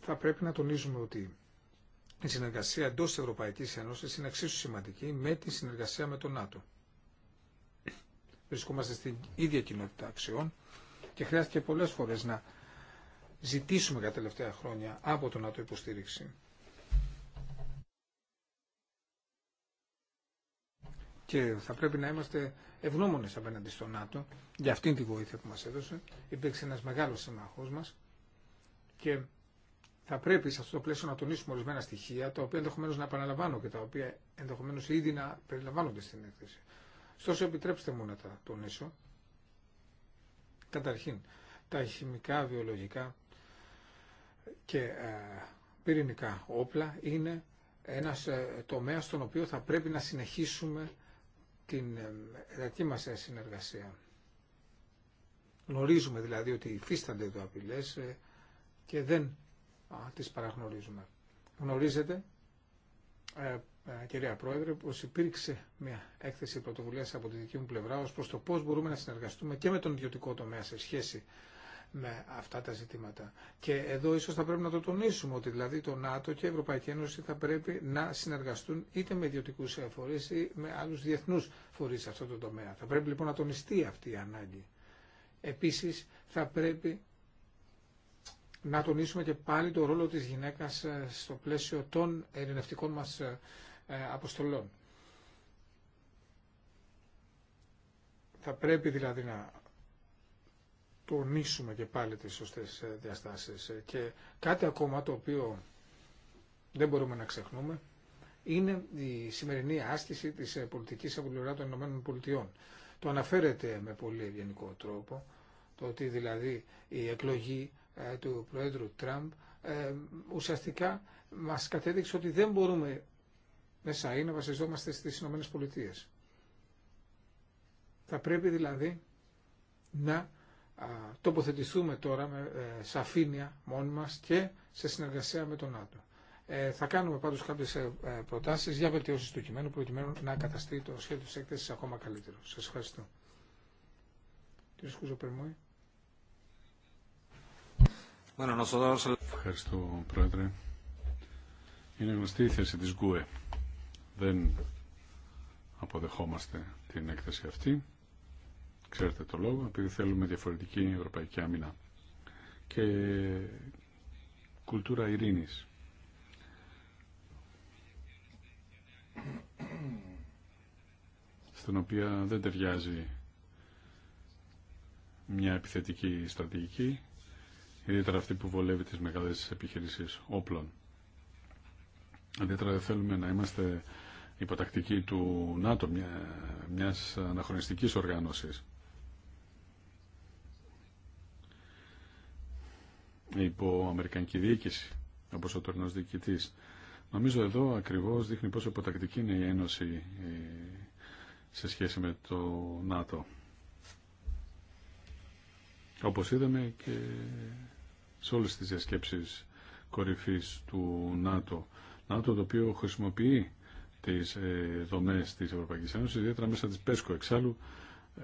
θα πρέπει να τονίζουμε ότι η συνεργασία εντός της Ευρωπαϊκής Ένωσης είναι εξίσου σημαντική με τη συνεργασία με τον ΝΑΤΟ βρισκόμαστε στην ίδια κοινότητα αξιών και χρειάστηκε πολλές φορές να ζητήσουμε για τα τελευταία χρόνια από το ΝΑΤΟ υποστήριξη. Και θα πρέπει να είμαστε ευγνώμονε απέναντι στο ΝΑΤΟ για αυτήν τη βοήθεια που μα έδωσε. Υπήρξε ένα μεγάλο σύμμαχό μα και θα πρέπει σε αυτό το πλαίσιο να τονίσουμε ορισμένα στοιχεία τα οποία ενδεχομένω να επαναλαμβάνω και τα οποία ενδεχομένω ήδη να περιλαμβάνονται στην έκθεση. Ωστόσο, επιτρέψτε μου να τα τονίσω. Καταρχήν, τα χημικά, βιολογικά και ε, πυρηνικά όπλα είναι ένας ε, τομέας στον οποίο θα πρέπει να συνεχίσουμε την ε, δική μας συνεργασία. Γνωρίζουμε δηλαδή ότι υφίστανται εδώ απειλές και δεν α, τις παραγνωρίζουμε. Γνωρίζετε ε, κυρία Πρόεδρε, πω υπήρξε μια έκθεση πρωτοβουλία από τη δική μου πλευρά ω προ το πώ μπορούμε να συνεργαστούμε και με τον ιδιωτικό τομέα σε σχέση με αυτά τα ζητήματα. Και εδώ ίσως θα πρέπει να το τονίσουμε ότι δηλαδή το ΝΑΤΟ και η Ευρωπαϊκή Ένωση θα πρέπει να συνεργαστούν είτε με ιδιωτικού φορεί ή με άλλου διεθνού φορεί σε αυτό το τομέα. Θα πρέπει λοιπόν να τονιστεί αυτή η ανάγκη. Επίση θα πρέπει να τονίσουμε και πάλι το ρόλο της γυναίκας ε, στο πλαίσιο των ειρηνευτικών μας ε, ε, αποστολών. Θα πρέπει δηλαδή να τονίσουμε και πάλι τις σωστές ε, διαστάσεις. Ε, και κάτι ακόμα το οποίο δεν μπορούμε να ξεχνούμε είναι η σημερινή άσκηση της πολιτικής από των Ηνωμένων Το αναφέρεται με πολύ ευγενικό τρόπο το ότι δηλαδή η εκλογή του Προέδρου Τραμπ ουσιαστικά μας κατέδειξε ότι δεν μπορούμε μέσα είναι βασιζόμαστε στις Ηνωμένες Πολιτείες. Θα πρέπει δηλαδή να τοποθετηθούμε τώρα με ε, σαφήνεια μόνοι μας και σε συνεργασία με τον ΝΑΤΟ. Ε, θα κάνουμε πάντως κάποιες ε, προτάσεις για βελτιώσεις του κειμένου προκειμένου να καταστεί το σχέδιο της έκθεσης ακόμα καλύτερο. Σας ευχαριστώ. Κύριε Σκούζο Περμόη. Ευχαριστώ Πρόεδρε. Είναι γνωστή η θέση της ΓΚΟΕ δεν αποδεχόμαστε την έκθεση αυτή. Ξέρετε το λόγο, επειδή θέλουμε διαφορετική ευρωπαϊκή άμυνα. Και κουλτούρα ειρήνης. Στην οποία δεν ταιριάζει μια επιθετική στρατηγική, ιδιαίτερα αυτή που βολεύει τις μεγάλες επιχειρήσεις όπλων. Ιδιαίτερα δεν θέλουμε να είμαστε υποτακτικοί του ΝΑΤΟ, μια, μιας αναχρονιστικής οργάνωσης. Υπό Αμερικανική διοίκηση, όπω ο τωρινός διοικητής. Νομίζω εδώ ακριβώς δείχνει πόσο υποτακτική είναι η Ένωση σε σχέση με το ΝΑΤΟ. Όπως είδαμε και σε όλες τις διασκέψεις κορυφής του ΝΑΤΟ άτομο το οποίο χρησιμοποιεί τις ε, δομές της Ευρωπαϊκής Ένωσης, ιδιαίτερα μέσα της ΠΕΣΚΟ. Εξάλλου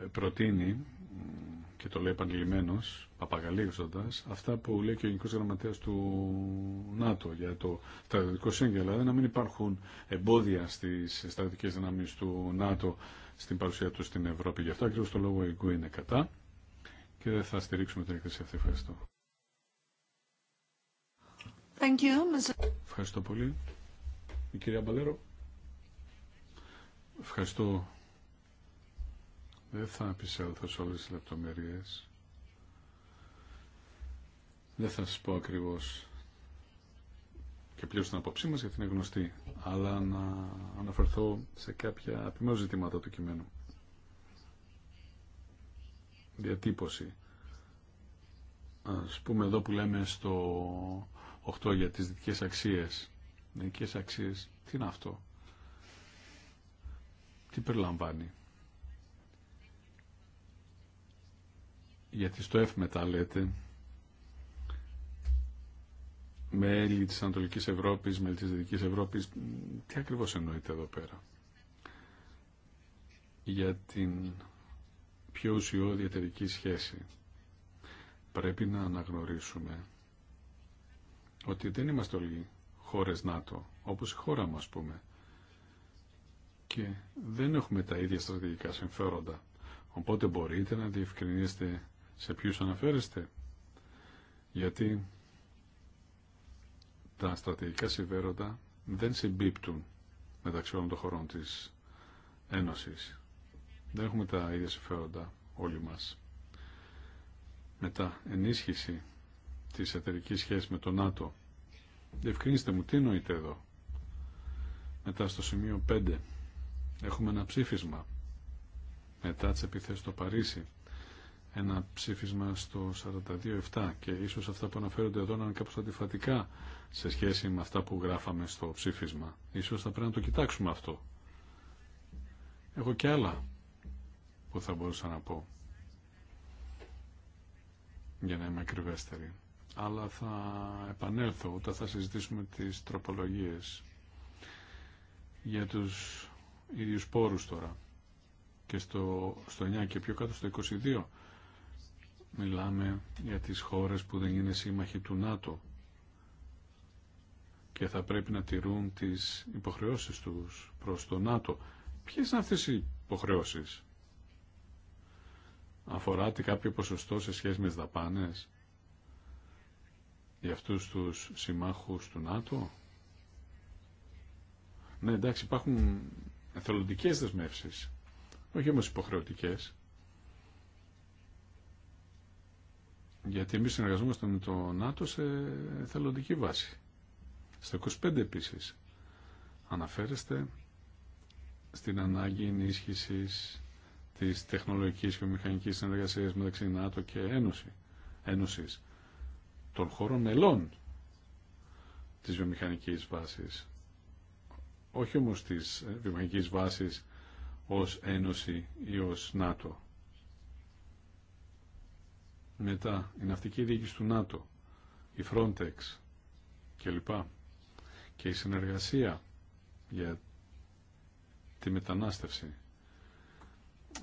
ε, προτείνει, και το λέει επανειλημμένος, παπαγαλίγουστοντας, αυτά που λέει και ο Γενικός Γραμματέας του ΝΑΤΟ για το στρατιωτικό σύγκελα, δηλαδή να μην υπάρχουν εμπόδια στις στρατιωτικές δυνάμεις του ΝΑΤΟ στην παρουσία του στην Ευρώπη. Γι' αυτό ακριβώς το λόγο εγώ είναι κατά και δεν θα στηρίξουμε την έκθεση αυτή. Ευχαριστώ. Thank you. Ευχαριστώ πολύ. Η κυρία Μπαλέρο. Ευχαριστώ. Δεν θα επισέλθω σε όλες τις λεπτομέρειες. Δεν θα σας πω ακριβώς και πλήρως την απόψή μας γιατί είναι γνωστή, αλλά να αναφερθώ σε κάποια επιμέρους ζητήματα του κειμένου. Διατύπωση. Ας πούμε εδώ που λέμε στο 8 για τις δυτικές αξίες νοικίες αξίες, τι είναι αυτό, τι περιλαμβάνει. Γιατί στο F μετά λέτε μέλη της Ανατολικής Ευρώπης, μέλη της Δυτικής Ευρώπης, τι ακριβώς εννοείται εδώ πέρα. Για την πιο ουσιώδη εταιρική σχέση πρέπει να αναγνωρίσουμε ότι δεν είμαστε όλοι χώρες ΝΑΤΟ, όπως η χώρα μας πούμε. Και δεν έχουμε τα ίδια στρατηγικά συμφέροντα. Οπότε μπορείτε να διευκρινίσετε σε ποιους αναφέρεστε. Γιατί τα στρατηγικά συμφέροντα δεν συμπίπτουν μεταξύ όλων των χωρών της Ένωσης. Δεν έχουμε τα ίδια συμφέροντα όλοι μας. Μετά ενίσχυση της εταιρικής σχέσης με το ΝΑΤΟ Διευκρινίστε μου, τι εννοείται εδώ. Μετά στο σημείο 5 έχουμε ένα ψήφισμα μετά τι επιθέσει στο Παρίσι ένα ψήφισμα στο 42-7 και ίσως αυτά που αναφέρονται εδώ να είναι κάπως αντιφατικά σε σχέση με αυτά που γράφαμε στο ψήφισμα. Ίσως θα πρέπει να το κοιτάξουμε αυτό. Έχω και άλλα που θα μπορούσα να πω για να είμαι ακριβέστερη αλλά θα επανέλθω όταν θα συζητήσουμε τις τροπολογίες για τους ίδιους πόρους τώρα και στο, στο 9 και πιο κάτω στο 22 μιλάμε για τις χώρες που δεν είναι σύμμαχοι του ΝΑΤΟ και θα πρέπει να τηρούν τις υποχρεώσεις τους προς το ΝΑΤΟ. Ποιες είναι αυτές οι υποχρεώσεις? Αφορά τι κάποιο ποσοστό σε σχέση με τις δαπάνες για αυτούς τους συμμάχους του ΝΑΤΟ. Ναι, εντάξει, υπάρχουν εθελοντικές δεσμεύσεις, όχι όμως υποχρεωτικές. Γιατί εμείς συνεργαζόμαστε με το ΝΑΤΟ σε εθελοντική βάση. Στο 25 επίσης αναφέρεστε στην ανάγκη ενίσχυσης της τεχνολογικής και μηχανικής συνεργασίας μεταξύ ΝΑΤΟ και Ένωση. Ένωσης των χωρών μελών της βιομηχανικής βάσης. Όχι όμως της βιομηχανικής βάσης ως Ένωση ή ως ΝΑΤΟ. Μετά, η ναυτική διοίκηση του ΝΑΤΟ, η Frontex κλπ. Και η συνεργασία για τη μετανάστευση.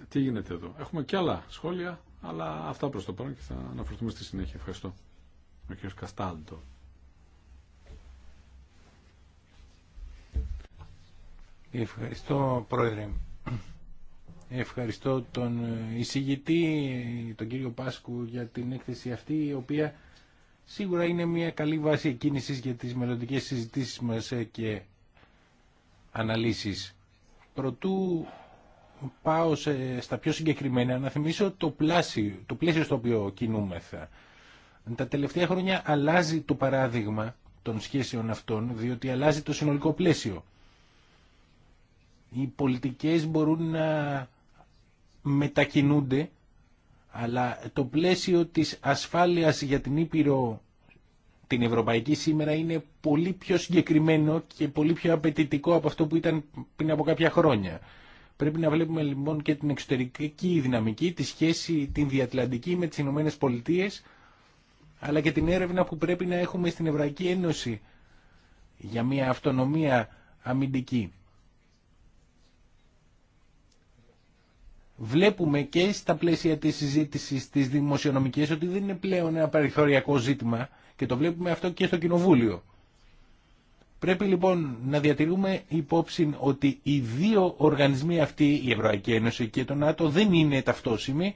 Τι γίνεται εδώ. Έχουμε και άλλα σχόλια, αλλά αυτά προς το παρόν και θα αναφερθούμε στη συνέχεια. Ευχαριστώ. Ο Ευχαριστώ, Πρόεδρε. Ευχαριστώ τον εισηγητή, τον κύριο Πάσκου, για την έκθεση αυτή, η οποία σίγουρα είναι μια καλή βάση κίνησης για τις μελλοντικέ συζητήσεις μας ε, και αναλύσεις. Προτού πάω στα πιο συγκεκριμένα, να θυμίσω το πλάσιο, το πλαίσιο στο οποίο κινούμεθα. Τα τελευταία χρόνια αλλάζει το παράδειγμα των σχέσεων αυτών, διότι αλλάζει το συνολικό πλαίσιο. Οι πολιτικές μπορούν να μετακινούνται, αλλά το πλαίσιο της ασφάλειας για την Ήπειρο την ευρωπαϊκή σήμερα είναι πολύ πιο συγκεκριμένο και πολύ πιο απαιτητικό από αυτό που ήταν πριν από κάποια χρόνια. Πρέπει να βλέπουμε λοιπόν και την εξωτερική δυναμική, τη σχέση την διατλαντική με τις Ηνωμένε Πολιτείες αλλά και την έρευνα που πρέπει να έχουμε στην Ευρωπαϊκή Ένωση για μια αυτονομία αμυντική. Βλέπουμε και στα πλαίσια της συζήτησης της δημοσιονομικής ότι δεν είναι πλέον ένα περιθωριακό ζήτημα και το βλέπουμε αυτό και στο Κοινοβούλιο. Πρέπει λοιπόν να διατηρούμε υπόψη ότι οι δύο οργανισμοί αυτοί, η Ευρωπαϊκή Ένωση και το ΝΑΤΟ, δεν είναι ταυτόσιμοι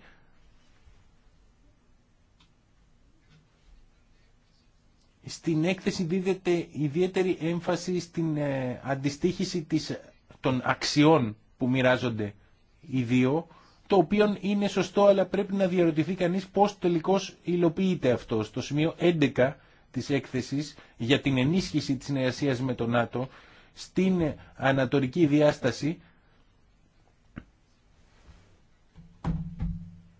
Στην έκθεση δίδεται ιδιαίτερη έμφαση στην ε, αντιστοίχηση της, των αξιών που μοιράζονται οι δύο, το οποίο είναι σωστό αλλά πρέπει να διαρωτηθεί κανείς πώς τελικώς υλοποιείται αυτό. Στο σημείο 11 της έκθεσης για την ενίσχυση της συνεργασίας με το ΝΑΤΟ στην ανατορική διάσταση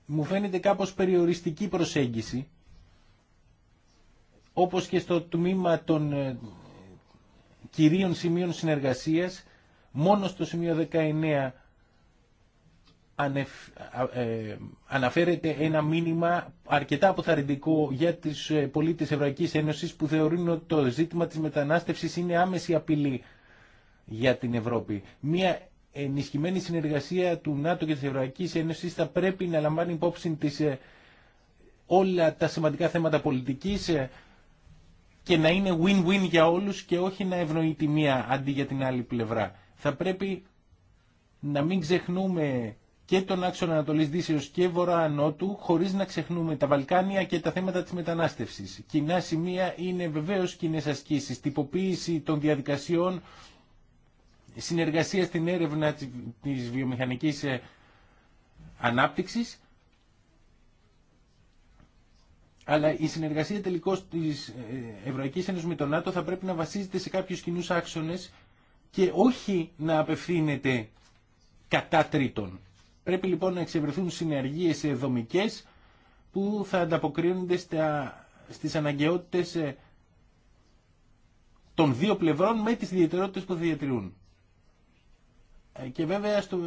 μου φαίνεται κάπως περιοριστική προσέγγιση όπως και στο τμήμα των ε, κυρίων σημείων συνεργασίας, μόνο στο σημείο 19 ε, αναφέρεται ένα μήνυμα αρκετά αποθαρρυντικό για τις ε, πολίτες Ευρωπαϊκής Ένωσης που θεωρούν ότι το ζήτημα της μετανάστευσης είναι άμεση απειλή για την Ευρώπη. Μία ενισχυμένη συνεργασία του ΝΑΤΟ και της Ευρωπαϊκής Ένωσης θα πρέπει να λαμβάνει υπόψη τις, όλα τα σημαντικά θέματα πολιτικής και να είναι win-win για όλους και όχι να ευνοεί τη μία αντί για την άλλη πλευρά. Θα πρέπει να μην ξεχνούμε και τον άξονα Ανατολή Δύσεω και Βορρά Ανώτου, χωρί να ξεχνούμε τα Βαλκάνια και τα θέματα τη μετανάστευση. Κοινά σημεία είναι βεβαίω κοινέ ασκήσει, τυποποίηση των διαδικασιών, συνεργασία στην έρευνα τη βιομηχανική ε, ανάπτυξη αλλά η συνεργασία τελικώ τη ε, Ευρωπαϊκή Ένωση με τον ΝΑΤΟ θα πρέπει να βασίζεται σε κάποιου κοινού άξονε και όχι να απευθύνεται κατά τρίτων. Πρέπει λοιπόν να εξευρεθούν συνεργίες δομικέ που θα ανταποκρίνονται στι στις ε, των δύο πλευρών με τις ιδιαιτερότητε που διατηρούν. Ε, και βέβαια στο,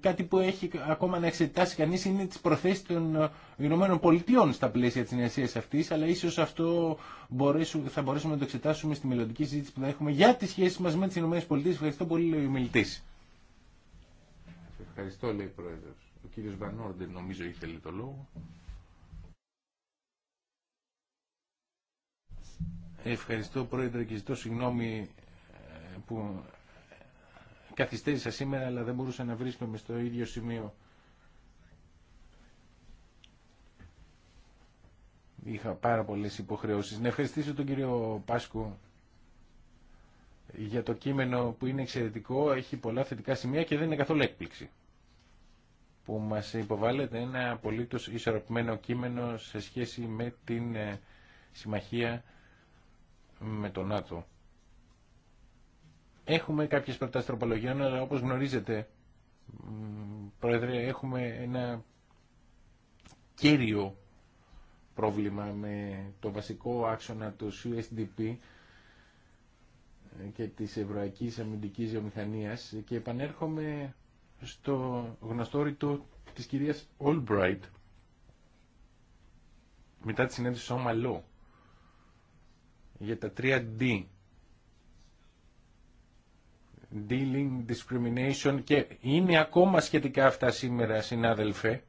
κάτι που έχει ακόμα να εξετάσει κανείς είναι τις προθέσεις των Ηνωμένων Πολιτειών στα πλαίσια της νεασίας αυτής, αλλά ίσως αυτό θα μπορέσουμε να το εξετάσουμε στη μελλοντική συζήτηση που θα έχουμε για τις σχέσεις μας με τις Ηνωμένες Πολιτείες. Ευχαριστώ πολύ, λέει ο μιλητής. Ευχαριστώ, λέει ο Πρόεδρος. Ο κύριος Βανόρντερ νομίζω ήθελε το λόγο. Ευχαριστώ, Πρόεδρε, και ζητώ συγγνώμη ε, που καθυστέρησα σήμερα αλλά δεν μπορούσα να βρίσκομαι στο ίδιο σημείο. Είχα πάρα πολλές υποχρεώσεις. Να ευχαριστήσω τον κύριο Πάσκου για το κείμενο που είναι εξαιρετικό, έχει πολλά θετικά σημεία και δεν είναι καθόλου έκπληξη που μας υποβάλλεται ένα απολύτως ισορροπημένο κείμενο σε σχέση με την ε, συμμαχία με τον ΑΤΟ. Έχουμε κάποιες προτάσει τροπολογιών, αλλά όπως γνωρίζετε, Πρόεδρε, έχουμε ένα κύριο πρόβλημα με το βασικό άξονα του USDP ε, και της Ευρωακής Αμυντικής μηχανίας και επανέρχομαι στο γνωστό ρητό της κυρίας Όλμπραιτ, μετά τη συνέντευξη ΛΟ, για τα 3D dealing, discrimination και είναι ακόμα σχετικά αυτά σήμερα συνάδελφε.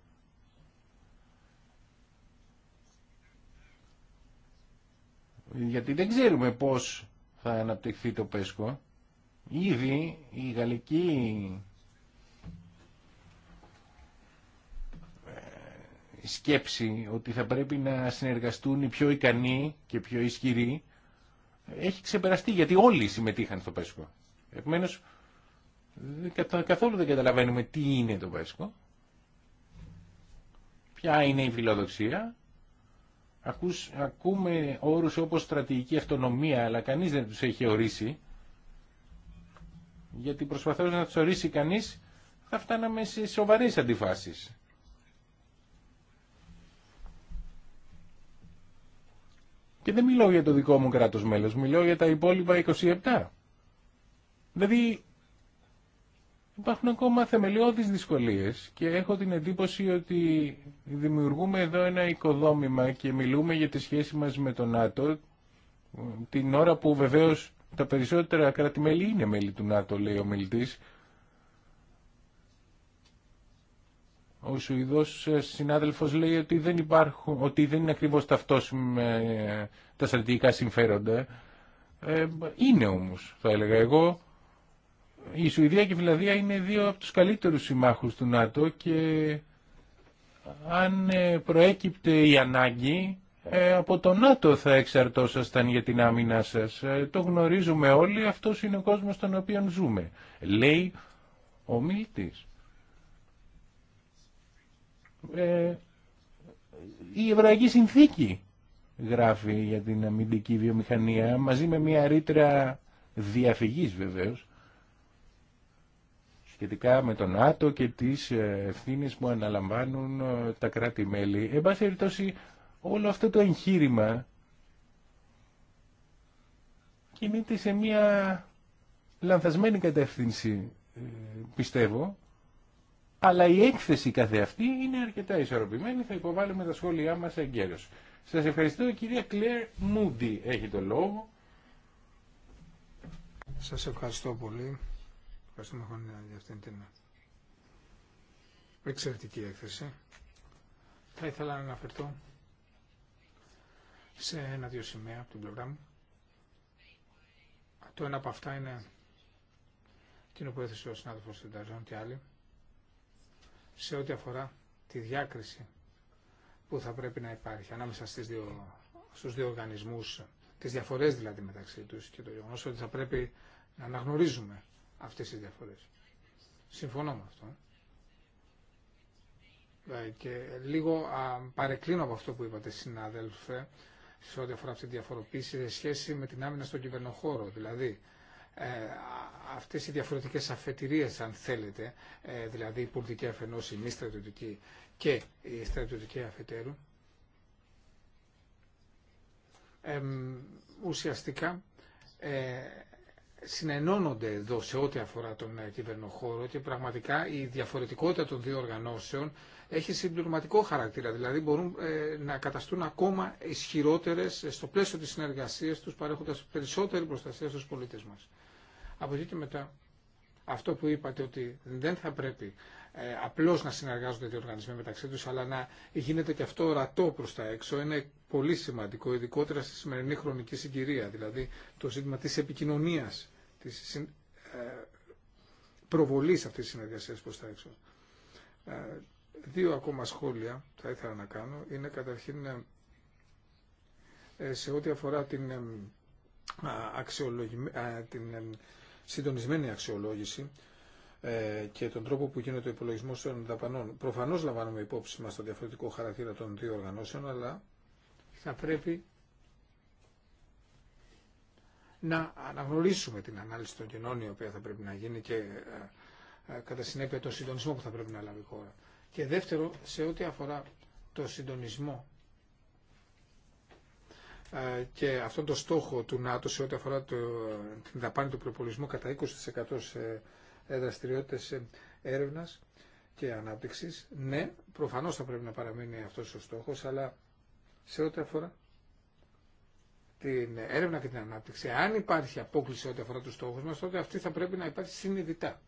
Γιατί δεν ξέρουμε πώς θα αναπτυχθεί το ΠΕΣΚΟ. Ήδη η γαλλική ε, σκέψη ότι θα πρέπει να συνεργαστούν οι πιο ικανοί και πιο ισχυροί έχει ξεπεραστεί γιατί όλοι συμμετείχαν στο ΠΕΣΚΟ. Επομένω, καθόλου δεν καταλαβαίνουμε τι είναι το ΠΕΣΚΟ, ποια είναι η φιλοδοξία. Ακούς, ακούμε όρους όπως στρατηγική αυτονομία, αλλά κανείς δεν τους έχει ορίσει. Γιατί προσπαθώντας να τους ορίσει κανείς, θα φτάναμε σε σοβαρές αντιφάσεις. Και δεν μιλώ για το δικό μου κράτος μέλος, μιλώ για τα υπόλοιπα 27. Δηλαδή υπάρχουν ακόμα θεμελιώδεις δυσκολίες και έχω την εντύπωση ότι δημιουργούμε εδώ ένα οικοδόμημα και μιλούμε για τη σχέση μας με τον ΝΑΤΟ την ώρα που βεβαίως τα περισσότερα κράτη-μέλη είναι μέλη του ΝΑΤΟ, λέει ο μιλητής. Ο Σουηδός ε, συνάδελφος λέει ότι δεν, υπάρχουν, ότι δεν είναι ακριβώς με ε, τα στρατηγικά συμφέροντα. Ε, είναι όμως, θα έλεγα εγώ η Σουηδία και η Φιλανδία είναι δύο από τους καλύτερους συμμάχους του ΝΑΤΟ και αν ε, προέκυπτε η ανάγκη ε, από το ΝΑΤΟ θα εξαρτώσασταν για την άμυνά σας. Ε, το γνωρίζουμε όλοι, αυτός είναι ο κόσμος στον οποίο ζούμε. Λέει ο Μίλτης. η Εβραϊκή Συνθήκη γράφει για την αμυντική βιομηχανία μαζί με μια ρήτρα διαφυγής βεβαίως σχετικά με τον Άτο και τις ε, ευθύνες που αναλαμβάνουν ε, τα κράτη-μέλη. Εν πάση όλο αυτό το εγχείρημα κινείται σε μια λανθασμένη κατεύθυνση, ε, πιστεύω, αλλά η έκθεση καθεαυτή είναι αρκετά ισορροπημένη, θα υποβάλουμε τα σχόλιά μας εγκαίρως. Σας ευχαριστώ, η κυρία Κλέρ Μούντι έχει το λόγο. Σας ευχαριστώ πολύ. Ευχαριστούμε χρόνια για αυτήν την εξαιρετική έκθεση. Θα ήθελα να αναφερθώ σε ένα-δύο σημεία από την πλευρά μου. Το ένα από αυτά είναι την οποία έθεσε ο συνάδελφος Τενταζόν και άλλοι σε ό,τι αφορά τη διάκριση που θα πρέπει να υπάρχει ανάμεσα στις δύο, στους δύο οργανισμούς, τις διαφορές δηλαδή μεταξύ τους και το γεγονός ότι θα πρέπει να αναγνωρίζουμε αυτές οι διαφορές. Συμφωνώ με αυτό. Ε, και λίγο α, παρεκκλίνω από αυτό που είπατε συνάδελφε σε ό,τι αφορά αυτή τη διαφοροποίηση σε σχέση με την άμυνα στον κυβερνοχώρο. Δηλαδή, ε, αυτές οι διαφορετικές αφετηρίες αν θέλετε, ε, δηλαδή η πολιτική αφενός, η μη στρατιωτική και η στρατιωτική αφετέρου, ουσιαστικά ε, συνενώνονται εδώ σε ό,τι αφορά τον ε, κυβερνοχώρο και πραγματικά η διαφορετικότητα των δύο οργανώσεων έχει συμπληρωματικό χαρακτήρα, δηλαδή μπορούν ε, να καταστούν ακόμα ισχυρότερε ε, στο πλαίσιο της συνεργασία τους παρέχοντας περισσότερη προστασία στους πολίτες μας. Από εκεί και μετά αυτό που είπατε ότι δεν θα πρέπει ε, απλώς να συνεργάζονται οι οργανισμοί μεταξύ τους, αλλά να γίνεται και αυτό ορατό προς τα έξω. Είναι πολύ σημαντικό, ειδικότερα στη σημερινή χρονική συγκυρία, δηλαδή το ζήτημα της επικοινωνίας, της ε, προβολής αυτής της συνεργασίας προς τα έξω. Ε, δύο ακόμα σχόλια θα ήθελα να κάνω. Είναι καταρχήν σε ό,τι αφορά την, την συντονισμένη αξιολόγηση ε, και τον τρόπο που γίνεται ο υπολογισμό των δαπανών. Προφανώ λαμβάνουμε υπόψη μα το διαφορετικό χαρακτήρα των δύο οργανώσεων, αλλά θα πρέπει να αναγνωρίσουμε την ανάλυση των κοινών η οποία θα πρέπει να γίνει και ε, ε, κατά συνέπεια τον συντονισμό που θα πρέπει να λάβει η χώρα. Και δεύτερο, σε ό,τι αφορά το συντονισμό και αυτόν τον στόχο του ΝΑΤΟ σε ό,τι αφορά το, την δαπάνη του προπολισμού κατά 20% σε ε, δραστηριότητε ε, έρευνα και ανάπτυξη. Ναι, προφανώ θα πρέπει να παραμείνει αυτό ο στόχο. αλλά σε ό,τι αφορά την έρευνα και την ανάπτυξη, αν υπάρχει απόκληση ό,τι αφορά του στόχου μας, τότε αυτή θα πρέπει να υπάρχει συνειδητά.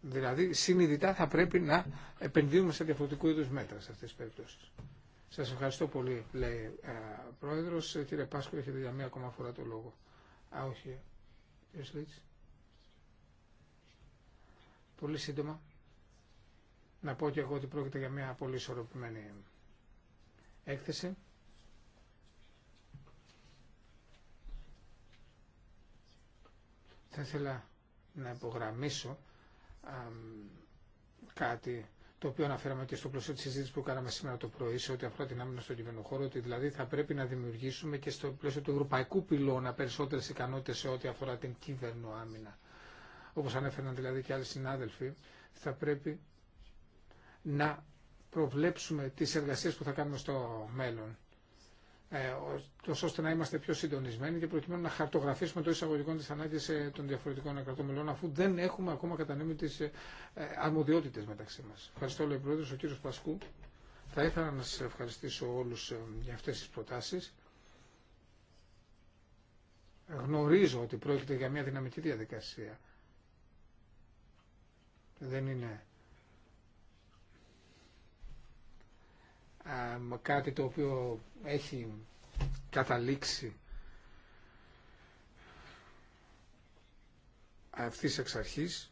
Δηλαδή, συνειδητά θα πρέπει να επενδύουμε σε διαφορετικού είδου μέτρα σε αυτέ τι περιπτώσει. Σα ευχαριστώ πολύ, λέει ο πρόεδρο. Ε, κύριε Πάσκο, έχετε για μία ακόμα φορά το λόγο. Α, όχι πολύ σύντομα να πω και εγώ ότι πρόκειται για μια πολύ ισορροπημένη έκθεση. Θα ήθελα να υπογραμμίσω κάτι το οποίο αναφέραμε και στο πλαίσιο τη συζήτηση που κάναμε σήμερα το πρωί σε ό,τι αφορά την άμυνα στον κυβερνοχώρο, ότι δηλαδή θα πρέπει να δημιουργήσουμε και στο πλαίσιο του ευρωπαϊκού πυλώνα περισσότερε ικανότητε σε ό,τι αφορά την κυβερνοάμυνα όπως ανέφεραν δηλαδή και άλλοι συνάδελφοι, θα πρέπει να προβλέψουμε τις εργασίες που θα κάνουμε στο μέλλον ε, ώστε να είμαστε πιο συντονισμένοι και προκειμένου να χαρτογραφήσουμε το εισαγωγικό της ανάγκης ε, των διαφορετικών κρατών μελών, αφού δεν έχουμε ακόμα κατανέμει τι ε, αρμοδιότητε μεταξύ μας. Ευχαριστώ, λέει πρόεδρε, ο κύριος Πασκού. Θα ήθελα να σας ευχαριστήσω όλους για αυτές τις προτάσει. Γνωρίζω ότι πρόκειται για μια δυναμική διαδικασία δεν είναι κάτι το οποίο έχει καταλήξει αυτής εξ αρχής.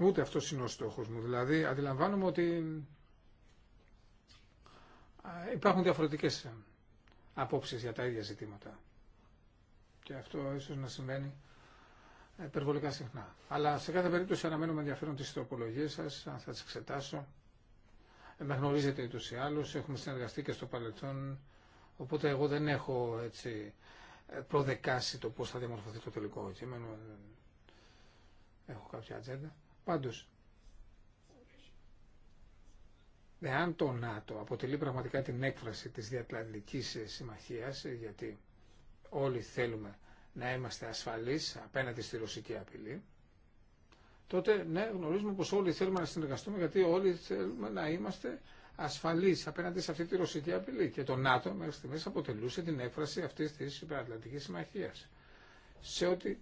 Ούτε αυτός είναι ο στόχος μου. Δηλαδή αντιλαμβάνομαι ότι υπάρχουν διαφορετικές απόψεις για τα ίδια ζητήματα. Και αυτό ίσως να σημαίνει ε, υπερβολικά συχνά. Αλλά σε κάθε περίπτωση αναμένουμε ενδιαφέρον τις τροπολογίες σας, αν θα τις εξετάσω. Ε, με γνωρίζετε ούτως ή άλλως, έχουμε συνεργαστεί και στο παρελθόν, οπότε εγώ δεν έχω έτσι ε, προδεκάσει το πώς θα διαμορφωθεί το τελικό κείμενο. Έχω κάποια ατζέντα. Πάντως, εάν το ΝΑΤΟ αποτελεί πραγματικά την έκφραση της διατλαντικής συμμαχίας, γιατί όλοι θέλουμε να είμαστε ασφαλείς απέναντι στη ρωσική απειλή, τότε ναι, γνωρίζουμε πως όλοι θέλουμε να συνεργαστούμε γιατί όλοι θέλουμε να είμαστε ασφαλείς απέναντι σε αυτή τη ρωσική απειλή. Και το ΝΑΤΟ μέχρι στιγμής αποτελούσε την έκφραση αυτής της υπερατλαντικής συμμαχίας. Σε ό,τι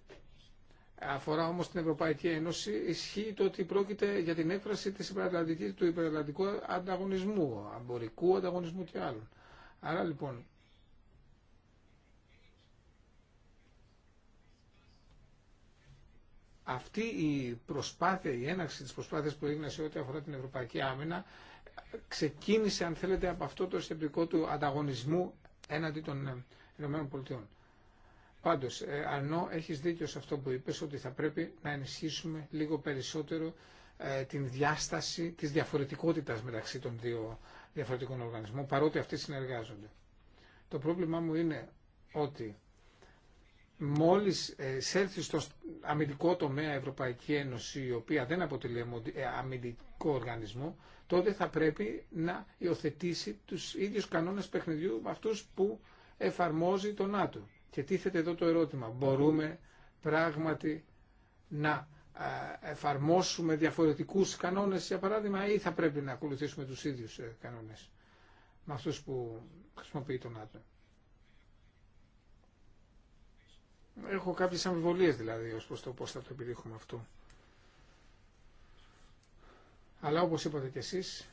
αφορά όμως την Ευρωπαϊκή Ένωση, ισχύει το ότι πρόκειται για την έκφραση της υπερατλαντικής, του υπερατλαντικού ανταγωνισμού, αμπορικού ανταγωνισμού και άλλων. Άρα λοιπόν αυτή η προσπάθεια, η έναρξη της προσπάθειας που έγινε σε ό,τι αφορά την Ευρωπαϊκή Άμυνα ξεκίνησε αν θέλετε από αυτό το σκεπτικό του ανταγωνισμού έναντι των ε, ΗΠΑ. Πάντως, ε, Αρνό, έχεις δίκιο σε αυτό που είπε, ότι θα πρέπει να ενισχύσουμε λίγο περισσότερο ε, την διάσταση της διαφορετικότητας μεταξύ των δύο διαφορετικών οργανισμών, παρότι αυτοί συνεργάζονται. Το πρόβλημά μου είναι ότι μόλις ε, εισέλθει στο αμυντικό τομέα Ευρωπαϊκή Ένωση, η οποία δεν αποτελεί ε, αμυντικό οργανισμό, τότε θα πρέπει να υιοθετήσει τους ίδιους κανόνες παιχνιδιού με αυτούς που εφαρμόζει το ΝΑΤΟ. Και τίθεται εδώ το ερώτημα, μπορούμε πράγματι να ε, εφαρμόσουμε διαφορετικούς κανόνες, για παράδειγμα, ή θα πρέπει να ακολουθήσουμε τους ίδιους κανόνες με αυτούς που χρησιμοποιεί το ΝΑΤΟ. έχω κάποιες αμφιβολίες δηλαδή ως προς το πώς θα το επιδείχουμε αυτό. Αλλά όπως είπατε και εσείς,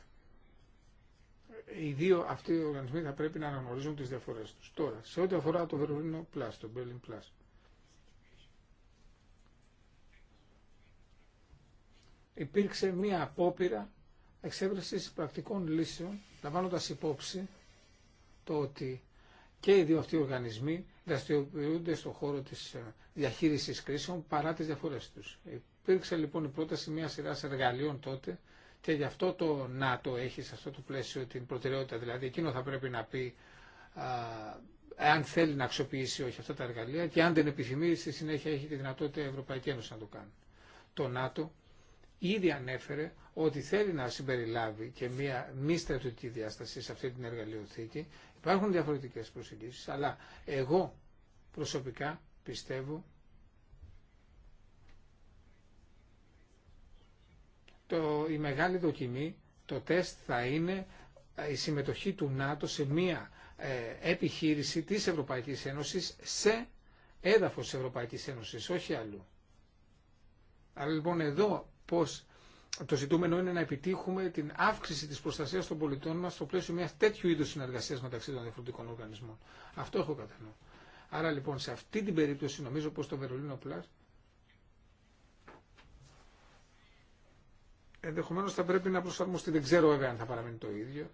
οι δύο αυτοί οι οργανισμοί θα πρέπει να αναγνωρίζουν τις διαφορές τους. Τώρα, σε ό,τι αφορά το Βερολίνο Plus, το Berlin Plus, υπήρξε μία απόπειρα εξέβρεσης πρακτικών λύσεων, λαμβάνοντας υπόψη το ότι και οι δύο αυτοί οι οργανισμοί δραστηριοποιούνται στον χώρο της ε, διαχείρισης κρίσεων παρά τις διαφορές τους. Υπήρξε λοιπόν η πρόταση μια σειρά εργαλείων τότε και γι' αυτό το ΝΑΤΟ έχει σε αυτό το πλαίσιο την προτεραιότητα. Δηλαδή εκείνο θα πρέπει να πει αν θέλει να αξιοποιήσει όχι αυτά τα εργαλεία και αν δεν επιθυμεί στη συνέχεια έχει τη δυνατότητα η Ευρωπαϊκή Ένωση να το κάνει. Το ΝΑΤΟ ήδη ανέφερε ότι θέλει να συμπεριλάβει και μία μη στρατιωτική διάσταση σε αυτή την εργαλειοθήκη Υπάρχουν διαφορετικές προσεγγίσεις, αλλά εγώ προσωπικά πιστεύω το, η μεγάλη δοκιμή, το τεστ θα είναι ε, η συμμετοχή του ΝΑΤΟ σε μία ε, επιχείρηση της Ευρωπαϊκής Ένωσης σε έδαφος της Ευρωπαϊκής Ένωσης, όχι αλλού. Αλλά λοιπόν εδώ πώς το ζητούμενο είναι να επιτύχουμε την αύξηση της προστασίας των πολιτών μας στο πλαίσιο μιας τέτοιου είδους συνεργασίας μεταξύ των διαφορετικών οργανισμών. Αυτό έχω κατά νου. Άρα λοιπόν σε αυτή την περίπτωση νομίζω πως το Βερολίνο Plus ενδεχομένως θα πρέπει να προσαρμοστεί. Δεν ξέρω βέβαια αν θα παραμείνει το ίδιο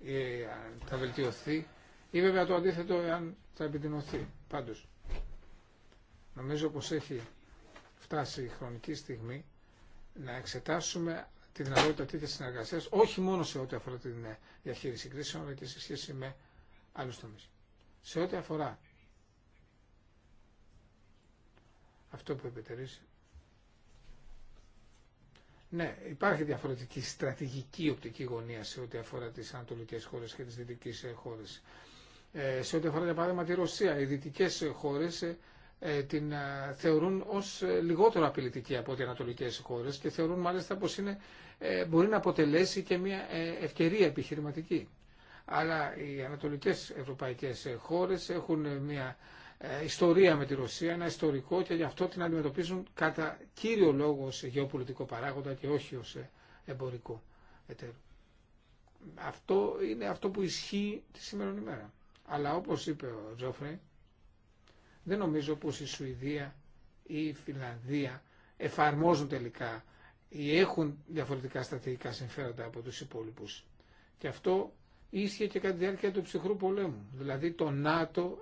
ή αν θα βελτιωθεί ή βέβαια το αντίθετο αν θα επιδεινωθεί. Πάντως νομίζω πως έχει φτάσει η χρονική στιγμή να εξετάσουμε τη δυνατότητα τέτοια συνεργασία όχι μόνο σε ό,τι αφορά την ε, διαχείριση κρίσεων, αλλά και σε σχέση με άλλου τομεί. Σε ό,τι αφορά αυτό που επιτερήσει. Ναι, υπάρχει διαφορετική στρατηγική οπτική γωνία σε ό,τι αφορά τις Ανατολικέ χώρες και τις δυτικές ε, χώρες. Ε, σε ό,τι αφορά, για παράδειγμα, τη Ρωσία, οι δυτικές ε, χώρες ε, την ε, θεωρούν ως ε, λιγότερο απειλητική από ό,τι ανατολικές χώρες και θεωρούν μάλιστα πως είναι, μπορεί να αποτελέσει και μια ευκαιρία επιχειρηματική. Αλλά οι ανατολικές ευρωπαϊκές χώρες έχουν μια ιστορία με τη Ρωσία, ένα ιστορικό και γι' αυτό την αντιμετωπίζουν κατά κύριο λόγο ως γεωπολιτικό παράγοντα και όχι ως εμπορικό εταίρο. Αυτό είναι αυτό που ισχύει τη σήμερα ημέρα. Αλλά όπως είπε ο Τζόφρεϊ, δεν νομίζω πως η Σουηδία ή η Φιλανδία εφαρμόζουν τελικά ή έχουν διαφορετικά στρατηγικά συμφέροντα από τους υπόλοιπους. Και αυτό ίσχυε και κατά τη διάρκεια του ψυχρού πολέμου. Δηλαδή το ΝΑΤΟ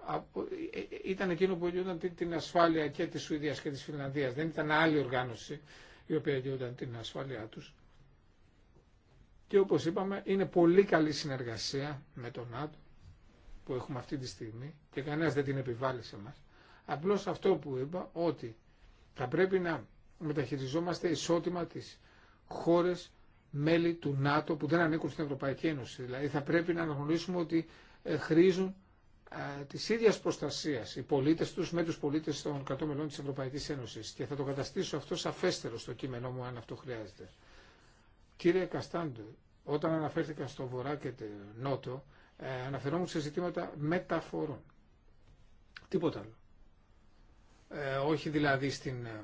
ε, ε, ήταν εκείνο που έγινε την ασφάλεια και της Σουηδίας και της Φιλανδίας. Δεν ήταν άλλη οργάνωση η οποία εγγυόταν την ασφάλειά τους. Και όπως είπαμε είναι πολύ καλή συνεργασία με το ΝΑΤΟ που έχουμε αυτή τη στιγμή και κανένας δεν την επιβάλλει σε μας. Απλώς αυτό που είπα ότι θα πρέπει να μεταχειριζόμαστε ισότιμα τις χώρες μέλη του ΝΑΤΟ που δεν ανήκουν στην Ευρωπαϊκή Ένωση. Δηλαδή θα πρέπει να αναγνωρίσουμε ότι ε, χρήζουν ε, τη ίδια προστασία οι πολίτε του με του πολίτε των 100 μελών τη Ευρωπαϊκή Ένωση. Και θα το καταστήσω αυτό σαφέστερο στο κείμενό μου, αν αυτό χρειάζεται. Κύριε Καστάντου, όταν αναφέρθηκα στο Βορρά και το Νότο, ε, αναφερόμουν σε ζητήματα μεταφορών. Τίποτα άλλο. Ε, όχι δηλαδή στην ε,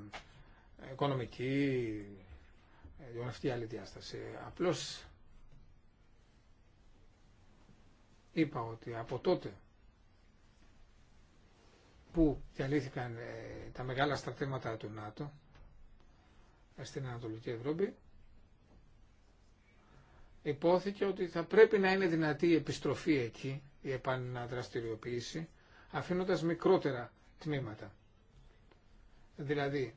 οικονομική ή ε, αυτή η άλλη διάσταση. Απλώς είπα ότι από τότε που διαλύθηκαν τα μεγάλα στρατεύματα του ΝΑΤΟ στην Ανατολική Ευρώπη, υπόθηκε ότι θα πρέπει να είναι δυνατή η επιστροφή εκεί, η επαναδραστηριοποίηση, αφήνοντας μικρότερα τμήματα. Δηλαδή,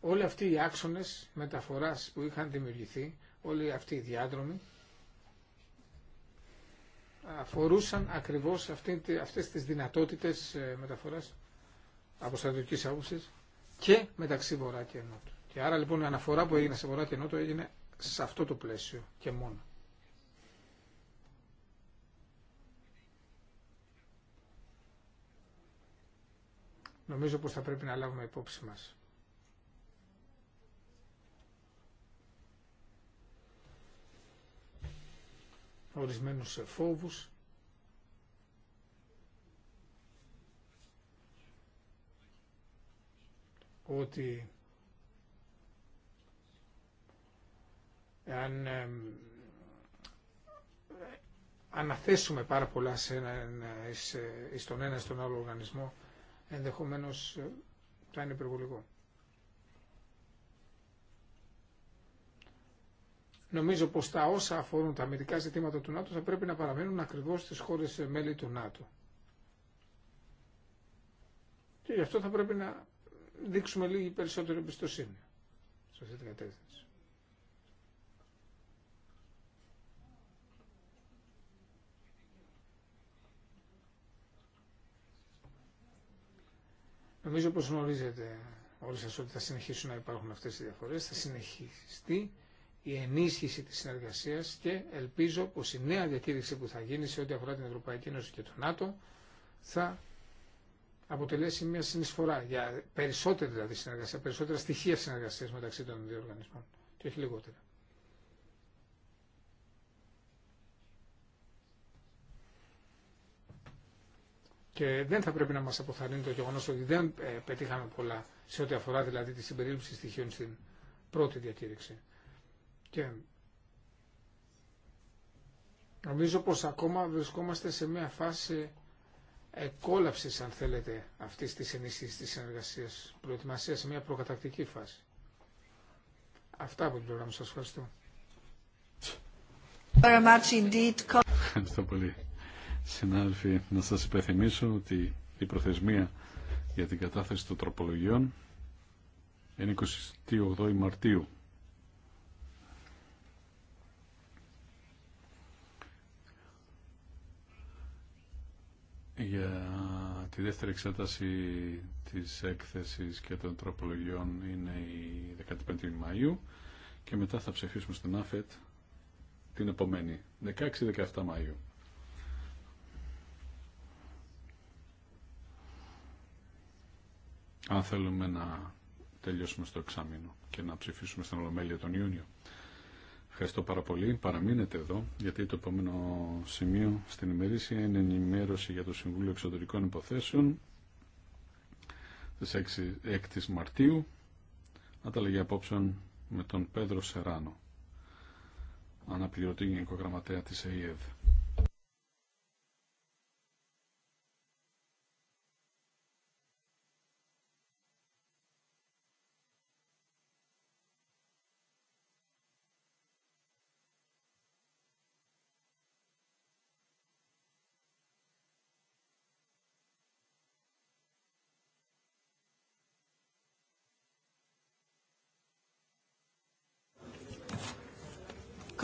όλοι αυτοί οι άξονες μεταφοράς που είχαν δημιουργηθεί, όλοι αυτοί οι διάδρομοι, αφορούσαν ακριβώς αυτές τις δυνατότητες ε, μεταφοράς από στρατιωτικής άποψης και μεταξύ Βορρά και Νότου. Και άρα λοιπόν η αναφορά που έγινε σε Βορρά και Νότου έγινε σε αυτό το πλαίσιο και μόνο. νομίζω πως θα πρέπει να λάβουμε υπόψη μας. Ορισμένους σε φόβους, ότι αν αναθέσουμε πάρα πολλά σε, ένα, στον ένα στον άλλο οργανισμό ενδεχομένως θα ε, είναι υπερβολικό. Νομίζω πως τα όσα αφορούν τα αμυντικά ζητήματα του ΝΑΤΟ θα πρέπει να παραμένουν ακριβώς στις χώρες ε, μέλη του ΝΑΤΟ. Και γι' αυτό θα πρέπει να δείξουμε λίγη περισσότερη εμπιστοσύνη σε αυτή την κατεύθυνση. Νομίζω πως γνωρίζετε όλοι σας ότι θα συνεχίσουν να υπάρχουν αυτές οι διαφορές, θα συνεχιστεί η ενίσχυση της συνεργασίας και ελπίζω πως η νέα διακήρυξη που θα γίνει σε ό,τι αφορά την Ευρωπαϊκή Ένωση και το ΝΑΤΟ θα αποτελέσει μια συνεισφορά για περισσότερη δηλαδή συνεργασία, περισσότερα στοιχεία συνεργασίας μεταξύ των δύο οργανισμών και όχι λιγότερα. Και δεν θα πρέπει να μα αποθαρρύνει το γεγονό ότι δεν ε, πετύχαμε πολλά σε ό,τι αφορά δηλαδή τη συμπερίληψη στοιχείων στην πρώτη διακήρυξη. Και νομίζω πως ακόμα βρισκόμαστε σε μια φάση εκόλαψης αν θέλετε αυτής της ενίσχυσης της συνεργασίας προετοιμασίας σε μια προκατακτική φάση. Αυτά από την πλευρά μου σας ευχαριστώ. Ευχαριστώ πολύ Συνάδελφοι, να σας υπενθυμίσω ότι η προθεσμία για την κατάθεση των τροπολογιών είναι 28 Μαρτίου. Για τη δεύτερη εξέταση της έκθεσης και των τροπολογιών είναι η 15 Μαΐου και μετά θα ψηφίσουμε στην ΑΦΕΤ την επόμενη, 16-17 Μαΐου. αν θέλουμε να τελειώσουμε στο εξάμεινο και να ψηφίσουμε στην Ολομέλεια τον Ιούνιο. Ευχαριστώ πάρα πολύ. Παραμείνετε εδώ, γιατί το επόμενο σημείο στην ημερήσια είναι ενημέρωση για το Συμβούλιο Εξωτερικών Υποθέσεων της 6ης Μαρτίου. Ανταλλαγή απόψεων με τον Πέδρο Σεράνο, αναπληρωτή γενικό γραμματέα της ΕΕΔ.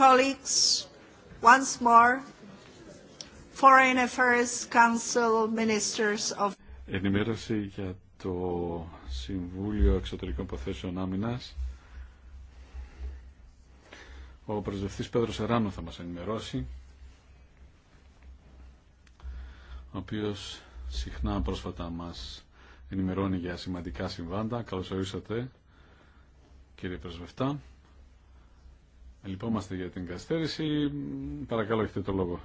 Colleagues, once more, Ενημέρωση για το Συμβούλιο Εξωτερικών Προθέσεων Άμυνας. Ο προσδευτής Πέδρος Εράνου θα μας ενημερώσει, ο οποίος συχνά πρόσφατα μας ενημερώνει για σημαντικά συμβάντα. Καλώς ορίσατε, κύριε Πρεσβευτά. Λυπόμαστε για την καθυστέρηση. Παρακαλώ, έχετε το λόγο.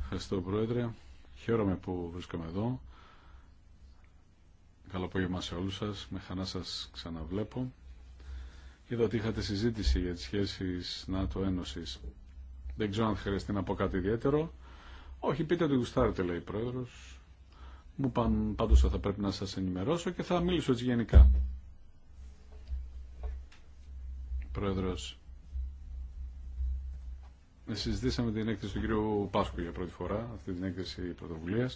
Ευχαριστώ, Πρόεδρε. Χαίρομαι που βρίσκομαι εδώ. Καλό απόγευμα σε όλους σας. Με χαρά σας ξαναβλέπω. Είδα ότι είχατε συζήτηση για τις σχέσεις ΝΑΤΟ-Ένωσης. Δεν ξέρω αν χρειαστεί να πω κάτι ιδιαίτερο. Όχι, πείτε ότι γουστάρετε, λέει η Πρόεδρος. Μου παν, πάντως θα πρέπει να σας ενημερώσω και θα μιλήσω έτσι γενικά. Πρόεδρος, συζητήσαμε την έκθεση του κύριου Πάσκου για πρώτη φορά, αυτή την έκθεση πρωτοβουλία.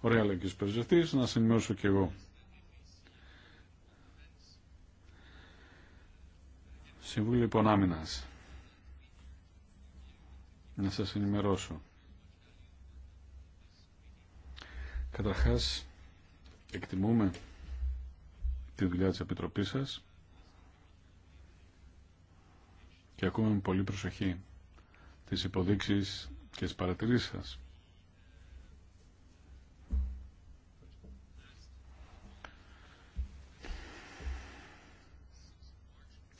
Ωραία λέει ο να σα ενημερώσω εγώ. Συμβούλιο λοιπόν Άμυνα. Να σας ενημερώσω. Καταρχάς, εκτιμούμε τη δουλειά της Επιτροπής σας και ακούμε με πολύ προσοχή τις υποδείξεις και τις παρατηρήσεις σας.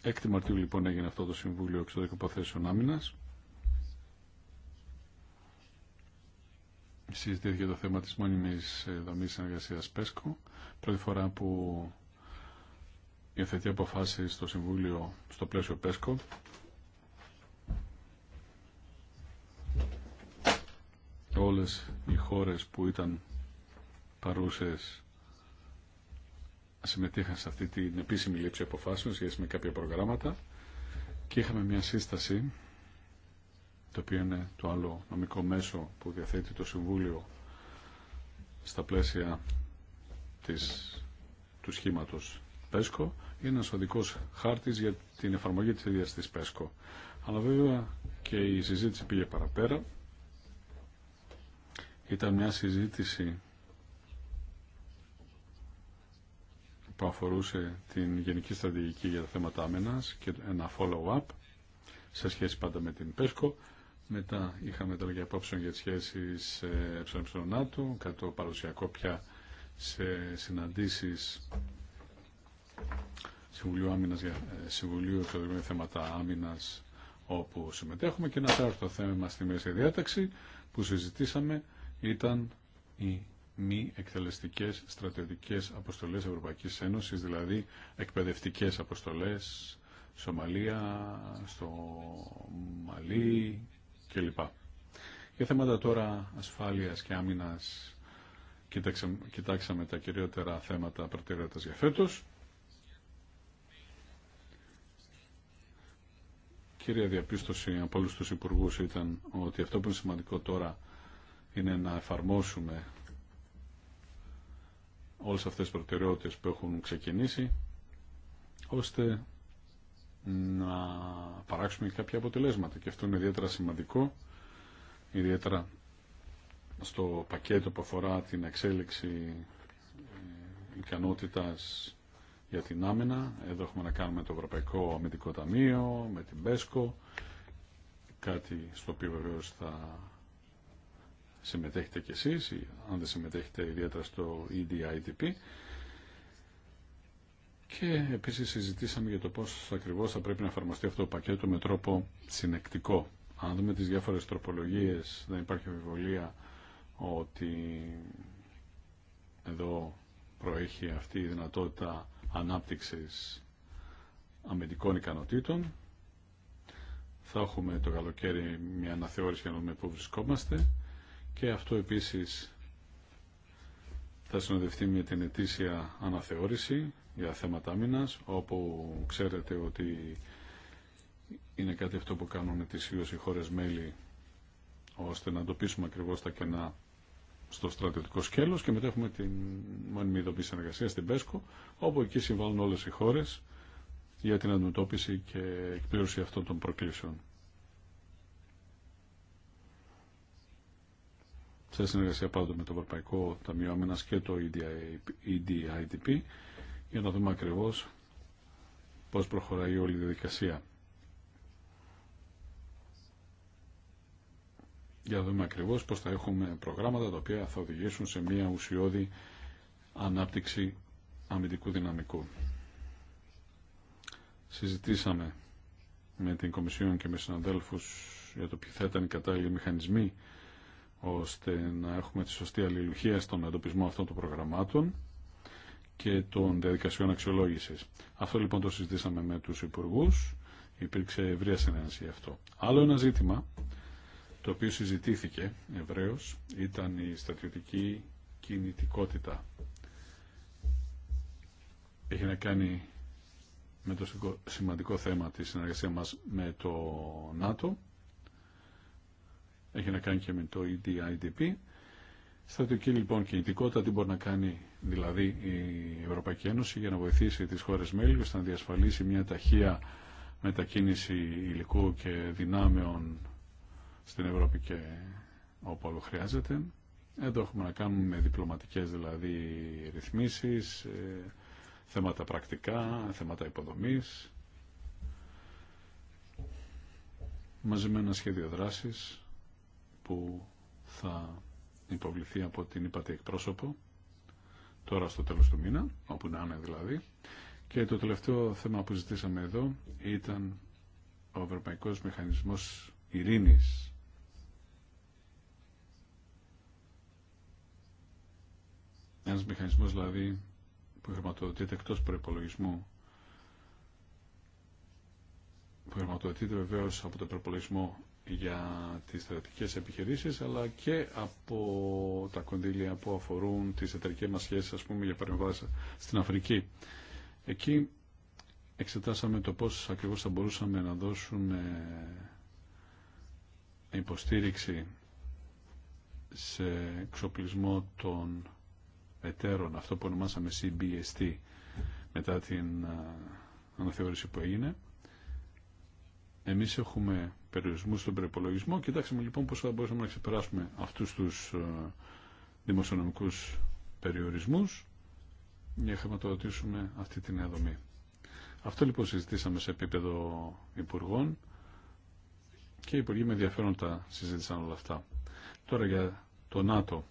Έκτη Μαρτίου λοιπόν έγινε αυτό το Συμβούλιο Εξωτερικών Υποθέσεων Άμυνας. Συζητήθηκε το θέμα της μόνιμης ε, δομής συνεργασίας ΠΕΣΚΟ. Πρώτη φορά που υιοθετεί αποφάσεις στο Συμβούλιο στο πλαίσιο ΠΕΣΚΟ όλες οι χώρες που ήταν παρούσες συμμετείχαν σε αυτή την επίσημη λήψη αποφάσεων σχέση με κάποια προγράμματα και είχαμε μια σύσταση το οποίο είναι το άλλο νομικό μέσο που διαθέτει το Συμβούλιο στα πλαίσια της, του σχήματος ΠΕΣΚΟ είναι ένας οδικός χάρτης για την εφαρμογή της ίδιας της ΠΕΣΚΟ αλλά βέβαια και η συζήτηση πήγε παραπέρα ήταν μια συζήτηση που αφορούσε την γενική στρατηγική για τα θέματα άμενας και ένα follow-up σε σχέση πάντα με την ΠΕΣΚΟ. Μετά είχαμε τα λόγια απόψεων για τις σχέσεις ΕΕΝΑΤΟΥ, κατά το παρουσιακό πια σε συναντήσεις Συμβουλίου, Εξωτερικών Θέματα Άμυνας όπου συμμετέχουμε και ένα το θέμα στη μέση διάταξη που συζητήσαμε ήταν οι μη εκτελεστικές στρατηγικές αποστολές Ευρωπαϊκής Ένωσης, δηλαδή εκπαιδευτικές αποστολές Σομαλία, στο Μαλί κλπ. Για θέματα τώρα ασφάλειας και άμυνας κοιτάξαμε, τα κυριότερα θέματα προτεραιότητας για φέτος. Κύρια διαπίστωση από όλου τους υπουργούς ήταν ότι αυτό που είναι σημαντικό τώρα είναι να εφαρμόσουμε όλες αυτές τις προτεραιότητες που έχουν ξεκινήσει ώστε να παράξουμε κάποια αποτελέσματα και αυτό είναι ιδιαίτερα σημαντικό ιδιαίτερα στο πακέτο που αφορά την εξέλιξη ε, ικανότητας για την άμυνα. Εδώ έχουμε να κάνουμε το Ευρωπαϊκό Αμυντικό Ταμείο, με την ΠΕΣΚΟ, κάτι στο οποίο βεβαίω θα συμμετέχετε κι εσείς αν δεν συμμετέχετε ιδιαίτερα στο EDITP και επίσης συζητήσαμε για το πώς ακριβώς θα πρέπει να εφαρμοστεί αυτό το πακέτο με τρόπο συνεκτικό. Αν δούμε τις διάφορες τροπολογίες δεν υπάρχει αμφιβολία ότι εδώ προέχει αυτή η δυνατότητα ανάπτυξης αμυντικών ικανοτήτων. Θα έχουμε το καλοκαίρι μια αναθεώρηση για να δούμε πού βρισκόμαστε και αυτό επίσης θα συνοδευτεί με την ετήσια αναθεώρηση για θέματα άμυνας, όπου ξέρετε ότι είναι κάτι αυτό που κάνουν ετησίως οι χώρες μέλη, ώστε να εντοπίσουμε ακριβώς τα κενά στο στρατιωτικό σκέλος και μετά έχουμε την μόνιμη ειδοποίηση εργασία στην ΠΕΣΚΟ, όπου εκεί συμβάλλουν όλες οι χώρες για την αντιμετώπιση και εκπλήρωση αυτών των προκλήσεων. σε συνεργασία πάντοτε με το Ευρωπαϊκό Ταμείο Άμυνα και το EDIDP για να δούμε ακριβώ πώς προχωράει όλη η διαδικασία. Για να δούμε ακριβώ πώς θα έχουμε προγράμματα τα οποία θα οδηγήσουν σε μια ουσιώδη ανάπτυξη αμυντικού δυναμικού. Συζητήσαμε με την Κομισιόν και με συναδέλφους για το ποιοι θα ήταν οι κατάλληλοι μηχανισμοί ώστε να έχουμε τη σωστή αλληλουχία στον εντοπισμό αυτών των προγραμμάτων και των διαδικασιών αξιολόγησης. Αυτό λοιπόν το συζητήσαμε με τους υπουργούς, υπήρξε ευρεία συνένεση γι' αυτό. Άλλο ένα ζήτημα, το οποίο συζητήθηκε ευρέως, ήταν η στρατιωτική κινητικότητα. Έχει να κάνει με το σημαντικό θέμα της συνεργασία μας με το ΝΑΤΟ έχει να κάνει και με το EDIDP. Στρατιωτική λοιπόν κινητικότητα, τι μπορεί να κάνει δηλαδή η Ευρωπαϊκή Ένωση για να βοηθήσει τις χώρες μέλη ώστε να διασφαλίσει μια ταχεία μετακίνηση υλικού και δυνάμεων στην Ευρώπη και όπου άλλο χρειάζεται. Εδώ έχουμε να κάνουμε με διπλωματικές δηλαδή ρυθμίσεις, ε, θέματα πρακτικά, θέματα υποδομής, μαζί με ένα σχέδιο δράσης που θα υποβληθεί από την ΥΠΑΤΗ εκπρόσωπο τώρα στο τέλος του μήνα, όπου να είναι δηλαδή. Και το τελευταίο θέμα που ζητήσαμε εδώ ήταν ο Ευρωπαϊκός Μηχανισμός Ειρήνης. Ένας μηχανισμός δηλαδή που χρηματοδοτείται εκτός προπολογισμού που χρηματοδοτείται βεβαίως από τον προπολογισμό για τις στρατικές επιχειρήσεις αλλά και από τα κονδύλια που αφορούν τις εταιρικές μας σχέσεις ας πούμε για παρεμβάσεις στην Αφρική. Εκεί εξετάσαμε το πώς ακριβώς θα μπορούσαμε να δώσουμε υποστήριξη σε εξοπλισμό των εταίρων, αυτό που ονομάσαμε CBST μετά την ε, αναθεώρηση που έγινε. Εμείς έχουμε περιορισμού στον προπολογισμό. Κοιτάξτε λοιπόν πώς θα μπορούσαμε να ξεπεράσουμε αυτούς τους ε, δημοσιονομικού περιορισμού για να χρηματοδοτήσουμε αυτή την νέα δομή. Αυτό λοιπόν συζητήσαμε σε επίπεδο υπουργών και οι υπουργοί με ενδιαφέροντα συζήτησαν όλα αυτά. Τώρα για το ΝΑΤΟ.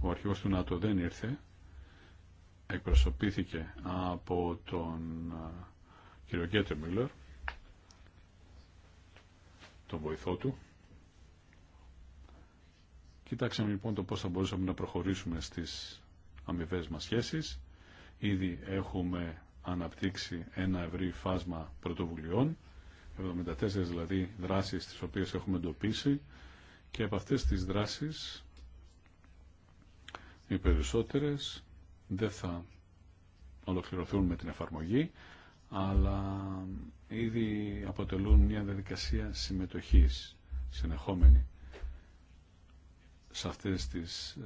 Ο αρχηγός του ΝΑΤΟ δεν ήρθε. Εκπροσωπήθηκε από τον ε, κύριο Γκέτε Μίλλερ τον βοηθό του. Κοιτάξαμε λοιπόν το πώς θα μπορούσαμε να προχωρήσουμε στις αμοιβέ μας σχέσεις. Ήδη έχουμε αναπτύξει ένα ευρύ φάσμα πρωτοβουλειών, 74 δηλαδή δράσεις τις οποίες έχουμε εντοπίσει και από αυτές τις δράσεις οι περισσότερες δεν θα ολοκληρωθούν με την εφαρμογή, αλλά ήδη αποτελούν μια διαδικασία συμμετοχής συνεχόμενη σε, αυτές τις,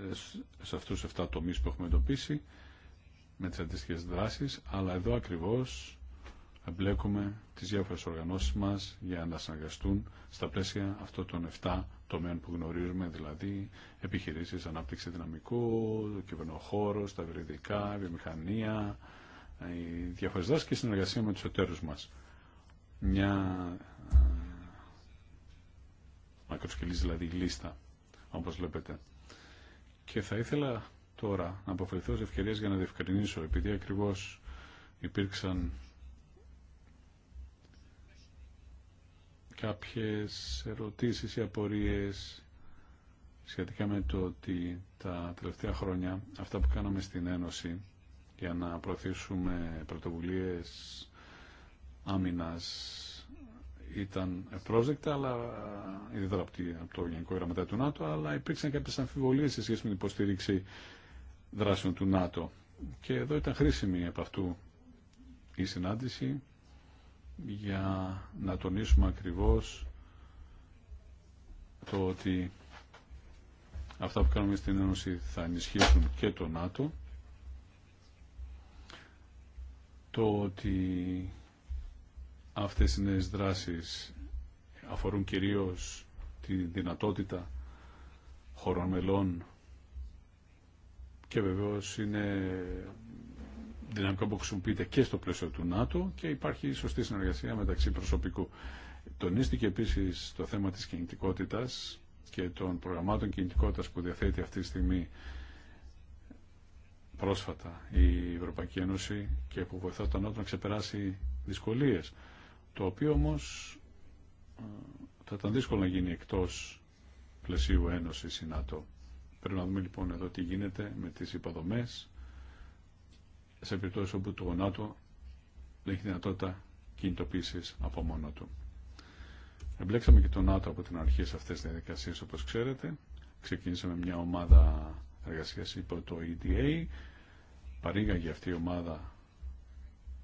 σε αυτούς 7 τομείς που έχουμε εντοπίσει με τις αντίστοιχε δράσεις, αλλά εδώ ακριβώς εμπλέκουμε τις διάφορες οργανώσεις μας για να συνεργαστούν στα πλαίσια αυτών των 7 τομέων που γνωρίζουμε, δηλαδή επιχειρήσεις, ανάπτυξη δυναμικού, κυβερνοχώρος, τα βιομηχανία, η και συνεργασία με τους εταίρους μας. Μια μακροσκελής δηλαδή λίστα, όπως βλέπετε. Και θα ήθελα τώρα να αποφερθώ σε ευκαιρίες για να διευκρινίσω, επειδή ακριβώς υπήρξαν κάποιες ερωτήσεις ή απορίες σχετικά με το ότι τα τελευταία χρόνια αυτά που κάναμε στην Ένωση για να προωθήσουμε πρωτοβουλίες άμυνας ήταν ευπρόσδεκτα, αλλά ιδιαίτερα από το Γενικό Γραμματέα του ΝΑΤΟ, αλλά υπήρξαν κάποιες αμφιβολίες σε σχέση με την υποστήριξη δράσεων του ΝΑΤΟ. Και εδώ ήταν χρήσιμη από αυτού η συνάντηση για να τονίσουμε ακριβώς το ότι αυτά που κάνουμε στην Ένωση θα ενισχύσουν και το ΝΑΤΟ το ότι αυτές οι νέες δράσεις αφορούν κυρίως τη δυνατότητα χωρών μελών και βεβαίως είναι δυναμικό που χρησιμοποιείται και στο πλαίσιο του ΝΑΤΟ και υπάρχει σωστή συνεργασία μεταξύ προσωπικού. Τονίστηκε επίσης το θέμα της κινητικότητας και των προγραμμάτων κινητικότητας που διαθέτει αυτή τη στιγμή πρόσφατα η Ευρωπαϊκή Ένωση και που βοηθά τον ΝΑΤΟ να ξεπεράσει δυσκολίες. Το οποίο όμως ε, θα ήταν δύσκολο να γίνει εκτός πλαισίου Ένωσης η ΝΑΤΟ. Πρέπει να δούμε λοιπόν εδώ τι γίνεται με τις υποδομές σε περιπτώσει όπου το ΝΑΤΟ δεν έχει δυνατότητα κινητοποίησης από μόνο του. Εμπλέξαμε και το ΝΑΤΟ από την αρχή σε αυτές τις διαδικασίες όπως ξέρετε. Ξεκίνησαμε μια ομάδα εργασίας υπό το EDA παρήγαγε αυτή η ομάδα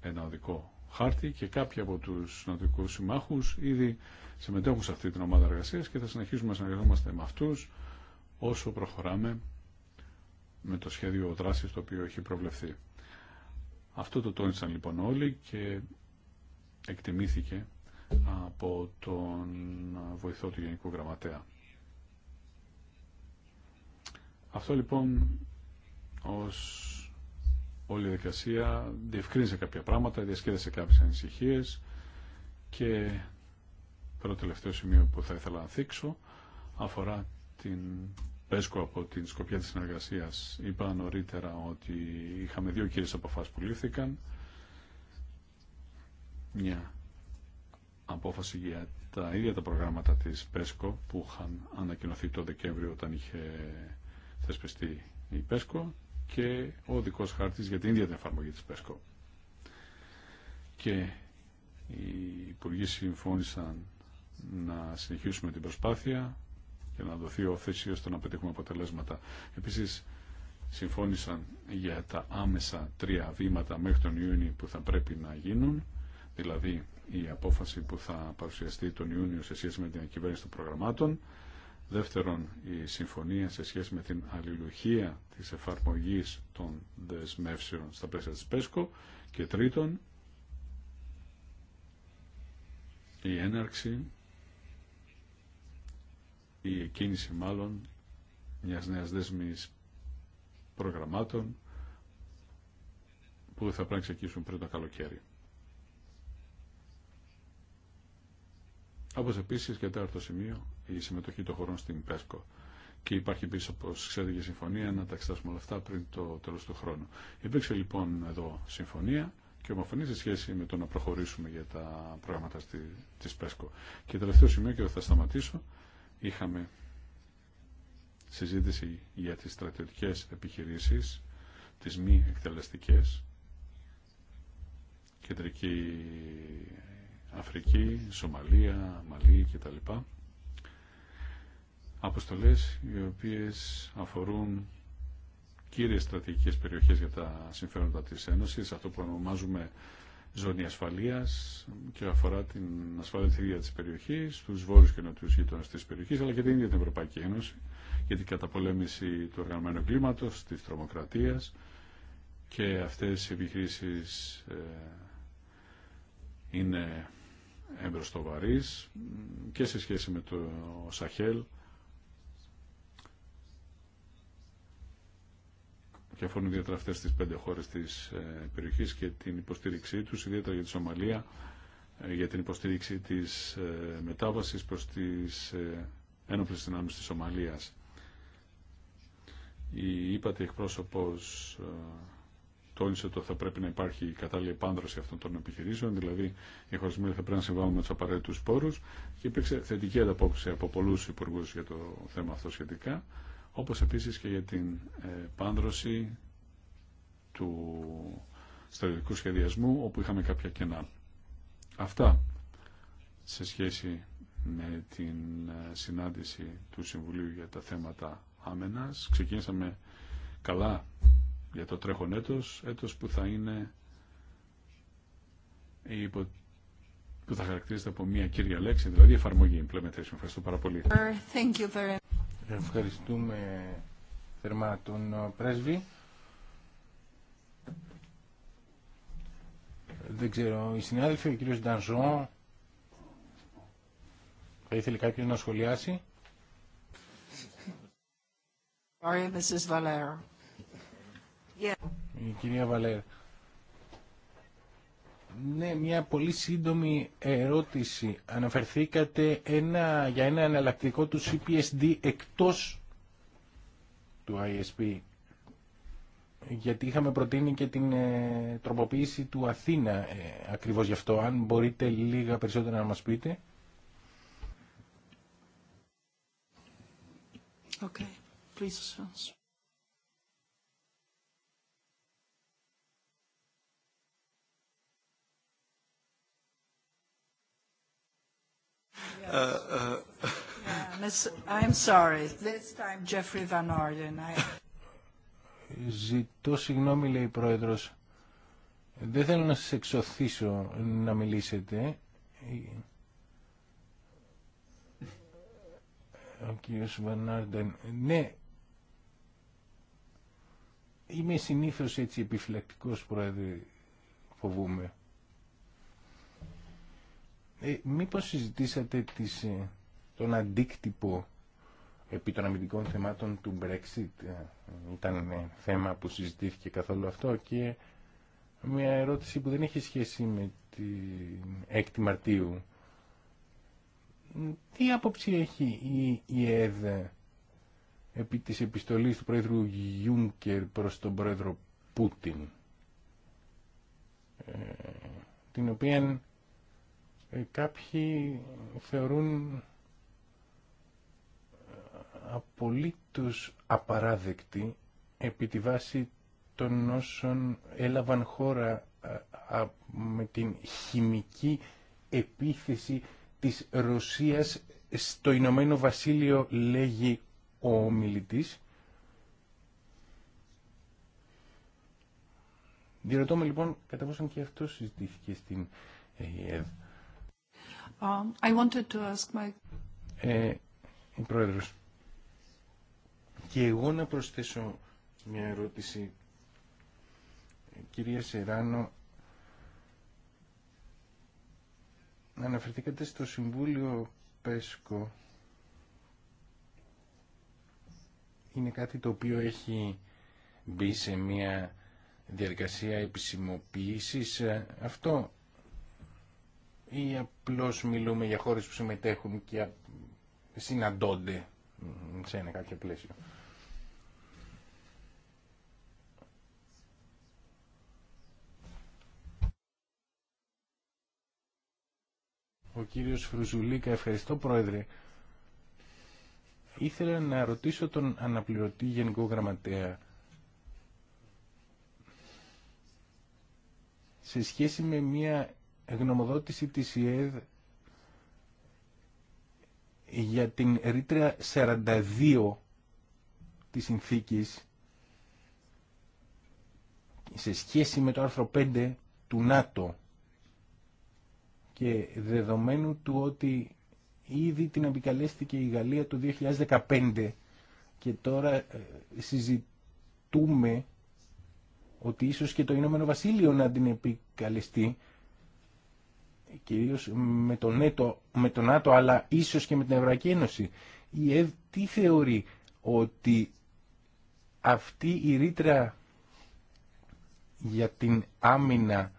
ένα οδικό χάρτη και κάποιοι από τους συνοδικού συμμάχους ήδη συμμετέχουν σε αυτή την ομάδα εργασία και θα συνεχίσουμε να συνεργαζόμαστε με αυτού, όσο προχωράμε με το σχέδιο δράσης το οποίο έχει προβλεφθεί. Αυτό το τόνισαν λοιπόν όλοι και εκτιμήθηκε από τον βοηθό του Γενικού Γραμματέα. Αυτό λοιπόν ως όλη η δικασία διευκρίνησε κάποια πράγματα, διασκέδασε κάποιες ανησυχίες και το τελευταίο σημείο που θα ήθελα να θίξω αφορά την Πέσκο από την Σκοπιά της Συνεργασίας. Είπα νωρίτερα ότι είχαμε δύο κύριες αποφάσεις που λήφθηκαν. Μια απόφαση για τα ίδια τα προγράμματα της ΠΕΣΚΟ που είχαν ανακοινωθεί το Δεκέμβριο όταν είχε θεσπιστεί η ΠΕΣΚΟ και ο δικός χάρτης για την ίδια την εφαρμογή της ΠΕΣΚΟ. Και οι υπουργοί συμφώνησαν να συνεχίσουμε την προσπάθεια και να δοθεί όθεση ώστε να πετύχουμε αποτελέσματα. Επίσης, συμφώνησαν για τα άμεσα τρία βήματα μέχρι τον Ιούνιο που θα πρέπει να γίνουν, δηλαδή η απόφαση που θα παρουσιαστεί τον Ιούνιο σε σχέση με την κυβέρνηση των προγραμμάτων, Δεύτερον, η συμφωνία σε σχέση με την αλληλουχία της εφαρμογής των δεσμεύσεων στα πλαίσια της ΠΕΣΚΟ και τρίτον, η έναρξη, η κίνηση μάλλον μιας νέας δέσμης προγραμμάτων που θα πρέπει να ξεκινήσουν πριν το καλοκαίρι. όπω επίση και τέταρτο σημείο η συμμετοχή των χωρών στην ΠΕΣΚΟ. Και υπάρχει επίση, όπω ξέρετε, και συμφωνία να τα εξετάσουμε όλα αυτά πριν το τέλο του χρόνου. Υπήρξε λοιπόν εδώ συμφωνία και ομοφωνή σε σχέση με το να προχωρήσουμε για τα πράγματα τη ΠΕΣΚΟ. Και τελευταίο σημείο, και εδώ θα σταματήσω, είχαμε συζήτηση για τις στρατιωτικές επιχειρήσεις, τις μη εκτελεστικές, κεντρική Αφρική, Σομαλία, Μαλή κτλ. Αποστολές οι οποίες αφορούν κύριες στρατηγικές περιοχές για τα συμφέροντα της Ένωσης, αυτό που ονομάζουμε ζώνη ασφαλείας και αφορά την ασφάλεια της περιοχή, της περιοχής, τους βόρους και νοτιούς γείτονες της περιοχής, αλλά και την ίδια την Ευρωπαϊκή Ένωση για την καταπολέμηση του οργανωμένου κλίματος, της τρομοκρατίας και αυτές οι επιχειρήσεις ε, είναι εμπροστοβαρής και σε σχέση με το Σαχέλ και αφορούν ιδιαίτερα αυτέ τι πέντε χώρες της ε, περιοχής και την υποστήριξή τους ιδιαίτερα για τη Σομαλία, ε, για την υποστήριξη της ε, μετάβασης προς τις ένοπλες δυνάμεις τη Σομαλίας. Η είπατε εκπρόσωπος τόνισε ότι θα πρέπει να υπάρχει κατάλληλη επάνδρωση αυτών των επιχειρήσεων, δηλαδή οι χωρισμοί θα πρέπει να συμβάλλουν με του απαραίτητου πόρου και υπήρξε θετική ανταπόκριση από πολλού υπουργού για το θέμα αυτό σχετικά, όπω επίση και για την επάνδρωση του στρατιωτικού σχεδιασμού όπου είχαμε κάποια κενά. Αυτά σε σχέση με την συνάντηση του Συμβουλίου για τα θέματα άμενας. Ξεκίνησαμε καλά για το τρέχον έτος, έτος που θα είναι που θα χαρακτηρίζεται από μια κύρια λέξη, δηλαδή εφαρμογή implementation. Ευχαριστώ πάρα πολύ. Ευχαριστούμε θερμά τον πρέσβη. Δεν ξέρω, η συνάδελφη, ο κύριος Ντανζό, θα ήθελε κάποιος να σχολιάσει. Sorry, Mrs. Valero. Η κυρία Βαλέρ. Ναι, μια πολύ σύντομη ερώτηση. Αναφερθήκατε ένα, για ένα εναλλακτικό του CPSD εκτός του ISP. Γιατί είχαμε προτείνει και την ε, τροποποίηση του Αθήνα ε, ακριβώς γι' αυτό. Αν μπορείτε λίγα περισσότερα να μας πείτε. Okay. Please. Ζητώ συγγνώμη, λέει η Πρόεδρος. Δεν θέλω να σας εξωθήσω να μιλήσετε. Ο κύριος Βανάρντεν. Ναι, είμαι συνήθως έτσι επιφυλακτικός, Πρόεδρε, φοβούμαι ε, μήπως συζητήσατε τις, ε, τον αντίκτυπο επί των αμυντικών θεμάτων του Brexit. Ε, ήταν ε, θέμα που συζητήθηκε καθόλου αυτό και μια ερώτηση που δεν έχει σχέση με την 6η Μαρτίου. Τι άποψη έχει η, η ΕΔ επί της επιστολής του Πρόεδρου Γιούνκερ προς τον Πρόεδρο Πούτιν την οποία ε, κάποιοι θεωρούν απολύτως απαράδεκτη επί τη βάση των όσων έλαβαν χώρα ε, με την χημική επίθεση της Ρωσίας στο Ηνωμένο Βασίλειο λέγει ο ομιλητής. Διερωτώ λοιπόν κατά πόσον και αυτό συζητήθηκε στην ΕΕΔ. Um, I ε, Και εγώ να προσθέσω μια ερώτηση. Ε, κυρία Σεράνο, αναφερθήκατε στο Συμβούλιο Πέσκο. Είναι κάτι το οποίο έχει μπει σε μια διαδικασία επισημοποίησης. Ε, αυτό ή απλώς μιλούμε για χώρες που συμμετέχουν και συναντώνται σε ένα κάποιο πλαίσιο. Ο κύριος Φρουζουλίκα, ευχαριστώ πρόεδρε. Ήθελα να ρωτήσω τον αναπληρωτή Γενικό Γραμματέα σε σχέση με μια γνωμοδότηση της ΙΕΔ για την ρήτρια 42 της συνθήκης σε σχέση με το άρθρο 5 του ΝΑΤΟ και δεδομένου του ότι ήδη την επικαλέστηκε η Γαλλία το 2015 και τώρα ε, συζητούμε ότι ίσως και το Ηνωμένο Βασίλειο να την επικαλεστεί κυρίως με τον ΝΕΤΟ, με τον ΝΑΤΟ αλλά ίσως και με την Ευρωπαϊκή Ένωση. Η ΕΒ τι θεωρεί ότι αυτή η ρήτρα για την άμυνα,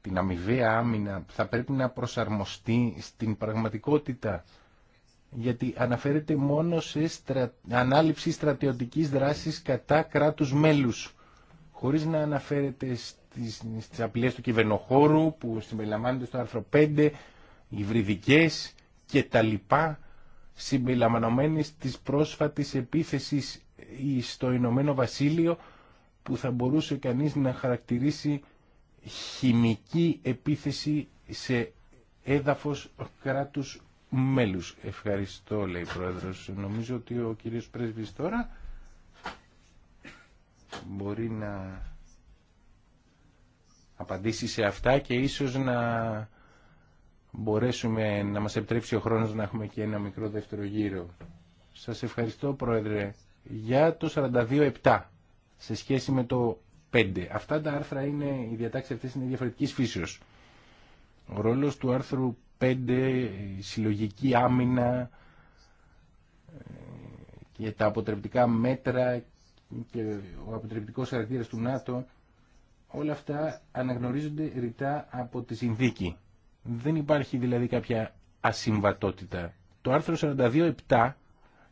την αμοιβαία άμυνα θα πρέπει να προσαρμοστεί στην πραγματικότητα γιατί αναφέρεται μόνο σε στρα... ανάληψη στρατιωτικής δράσης κατά κράτους μέλους χωρίς να αναφέρεται στις απειλές του κυβερνοχώρου που συμπεριλαμβάνονται στο άρθρο 5, υβριδικές και τα λοιπά πρόσφατη της πρόσφατης επίθεσης στο Ηνωμένο Βασίλειο που θα μπορούσε κανείς να χαρακτηρίσει χημική επίθεση σε έδαφος κράτους μέλους. Ευχαριστώ, λέει ο Πρόεδρος. Νομίζω ότι ο κύριος Πρέσβης τώρα μπορεί να απαντήσει σε αυτά και ίσως να μπορέσουμε να μας επιτρέψει ο χρόνος να έχουμε και ένα μικρό δεύτερο γύρο. Σας ευχαριστώ Πρόεδρε για το 42-7 σε σχέση με το 5. Αυτά τα άρθρα είναι, οι διατάξει αυτές είναι διαφορετικής φύσεως. Ο ρόλος του άρθρου 5, η συλλογική άμυνα ε, και τα αποτρεπτικά μέτρα και ο αποτρεπτικός χαρακτήρας του ΝΑΤΟ όλα αυτά αναγνωρίζονται ρητά από τη συνθήκη. Δεν υπάρχει δηλαδή κάποια ασυμβατότητα. Το άρθρο 42.7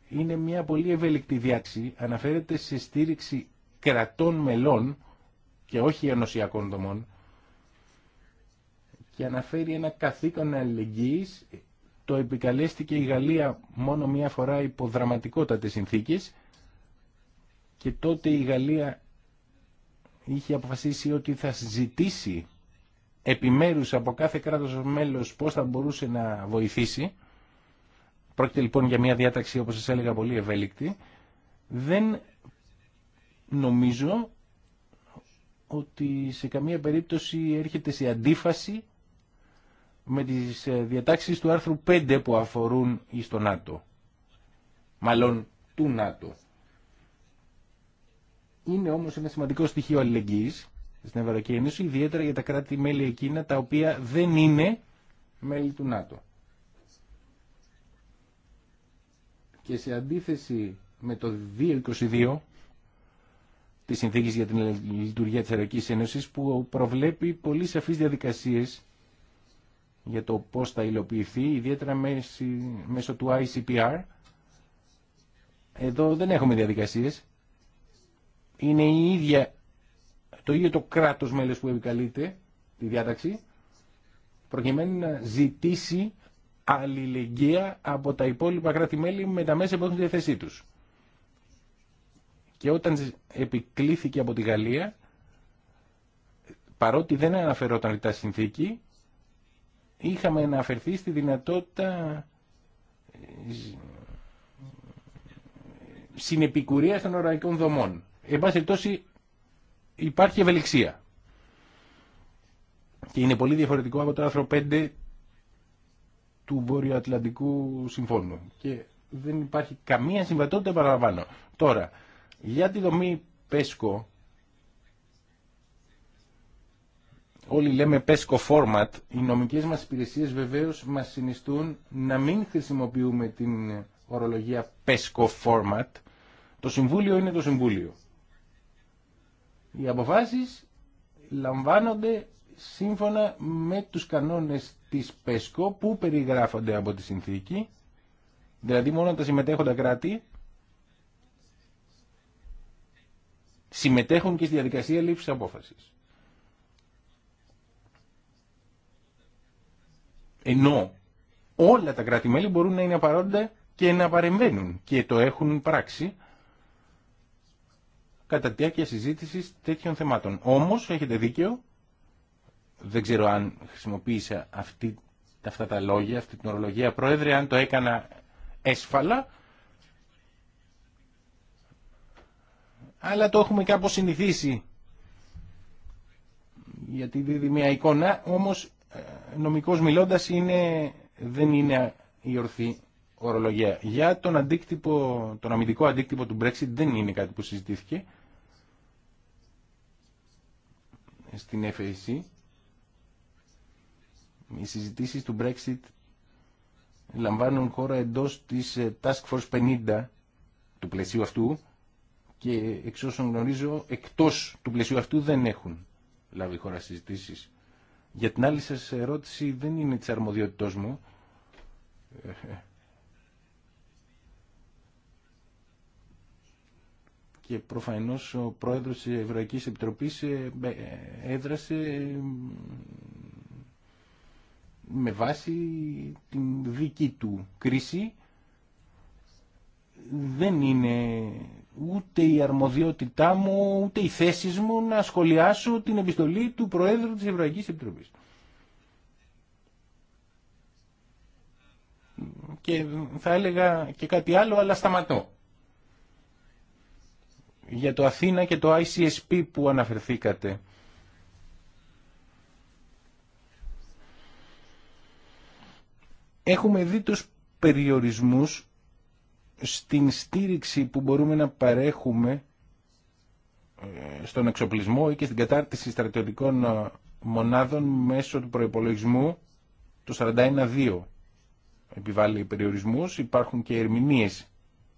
είναι μια πολύ ευέλικτη διάξη. Αναφέρεται σε στήριξη κρατών μελών και όχι ενωσιακών δομών και αναφέρει ένα καθήκον αλληλεγγύης. Το επικαλέστηκε η Γαλλία μόνο μία φορά υπό δραματικότατες συνθήκες και τότε η Γαλλία είχε αποφασίσει ότι θα συζητήσει επιμέρους από κάθε κράτος μέλος πώς θα μπορούσε να βοηθήσει. Πρόκειται λοιπόν για μια διάταξη όπως σας έλεγα πολύ ευέλικτη. Δεν νομίζω ότι σε καμία περίπτωση έρχεται σε αντίφαση με τις ε, διατάξεις του άρθρου 5 που αφορούν τον ΝΑΤΟ. Μάλλον του ΝΑΤΟ. Είναι όμως ένα σημαντικό στοιχείο αλληλεγγύης στην Ευρωπαϊκή Ένωση, ιδιαίτερα για τα κράτη-μέλη εκείνα τα οποία δεν είναι μέλη του ΝΑΤΟ. Και σε αντίθεση με το 222 της Συνθήκης για την Λειτουργία της Ευρωπαϊκής Ένωσης που προβλέπει πολύ σαφείς διαδικασίες για το πώς θα υλοποιηθεί, ιδιαίτερα μέσω του ICPR. Εδώ δεν έχουμε διαδικασίες είναι η ίδια, το ίδιο το κράτος μέλος που επικαλείται τη διάταξη προκειμένου να ζητήσει αλληλεγγύα από τα υπόλοιπα κράτη-μέλη με τα μέσα που έχουν τους. Και όταν επικλήθηκε από τη Γαλλία, παρότι δεν αναφερόταν τα συνθήκη, είχαμε αναφερθεί στη δυνατότητα ε, συνεπικουρία των οραϊκών δομών. Εν πάση υπάρχει ευελιξία. Και είναι πολύ διαφορετικό από το άρθρο 5 του Βορειοατλαντικού Ατλαντικού Συμφώνου. Και δεν υπάρχει καμία συμβατότητα παραλαμβάνω. Τώρα, για τη δομή ΠΕΣΚΟ, όλοι λέμε ΠΕΣΚΟ format, οι νομικές μας υπηρεσίες βεβαίως μας συνιστούν να μην χρησιμοποιούμε την ορολογία ΠΕΣΚΟ format. Το Συμβούλιο είναι το Συμβούλιο. Οι αποφάσεις λαμβάνονται σύμφωνα με τους κανόνες της ΠΕΣΚΟ που περιγράφονται από τη συνθήκη, δηλαδή μόνο τα συμμετέχοντα κράτη συμμετέχουν και στη διαδικασία λήψης απόφασης. Ενώ όλα τα κράτη-μέλη μπορούν να είναι απαρόντα και να παρεμβαίνουν και το έχουν πράξει κατά τη διάρκεια συζήτηση τέτοιων θεμάτων. Όμω, έχετε δίκιο, δεν ξέρω αν χρησιμοποίησα αυτή, αυτά τα λόγια, αυτή την ορολογία, Πρόεδρε, αν το έκανα έσφαλα. Αλλά το έχουμε κάπως συνηθίσει. Γιατί δίδει μια εικόνα, όμως ε, νομικός μιλώντας είναι, δεν είναι η ορθή ορολογία. Για τον, αντίκτυπο, τον αμυντικό αντίκτυπο του Brexit δεν είναι κάτι που συζητήθηκε. στην FAC. Οι συζητήσεις του Brexit λαμβάνουν χώρα εντός της ε, Task Force 50 του πλαισίου αυτού και εξ όσων γνωρίζω εκτός του πλαισίου αυτού δεν έχουν λάβει χώρα συζητήσεις. Για την άλλη σας ερώτηση δεν είναι τη αρμοδιότητός μου. Ε, ε, και προφανώς ο πρόεδρος της Ευρωπαϊκής Επιτροπής ε, ε, έδρασε με βάση την δική του κρίση δεν είναι ούτε η αρμοδιότητά μου ούτε η θέση μου να σχολιάσω την επιστολή του Προέδρου της Ευρωπαϊκής Επιτροπής. Και θα έλεγα και κάτι άλλο αλλά σταματώ για το Αθήνα και το ICSP που αναφερθήκατε. Έχουμε δει τους περιορισμούς στην στήριξη που μπορούμε να παρέχουμε ε, στον εξοπλισμό ή και στην κατάρτιση στρατιωτικών ε, μονάδων μέσω του προϋπολογισμού του 41-2 επιβάλλει περιορισμούς. Υπάρχουν και ερμηνείες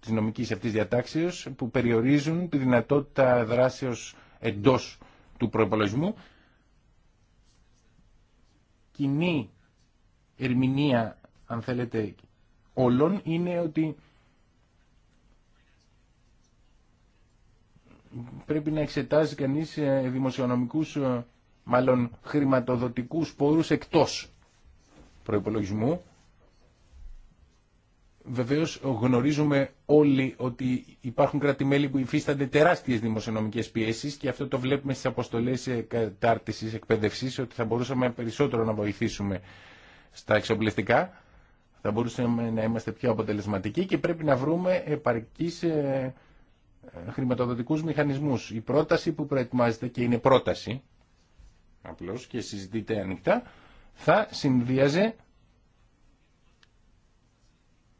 της νομικής αυτής διατάξεως που περιορίζουν τη δυνατότητα δράσεως εντός του προϋπολογισμού. Κοινή ερμηνεία, αν θέλετε, όλων είναι ότι πρέπει να εξετάζει κανείς ε, δημοσιονομικούς, ε, μάλλον χρηματοδοτικούς πόρους εκτός προϋπολογισμού Βεβαίως γνωρίζουμε όλοι ότι υπάρχουν που υφίστανται τεράστιες δημοσιονομικές πιέσεις και αυτό το βλέπουμε στις αποστολές κατάρτισης εκπαίδευσης ότι θα μπορούσαμε περισσότερο να βοηθήσουμε στα εξοπλιστικά, θα μπορούσαμε να είμαστε πιο αποτελεσματικοί και πρέπει να βρούμε επαρκείς ε, ε, χρηματοδοτικούς μηχανισμούς. Η πρόταση που προετοιμάζεται και είναι πρόταση απλώς και συζητείται ανοιχτά θα συνδύαζε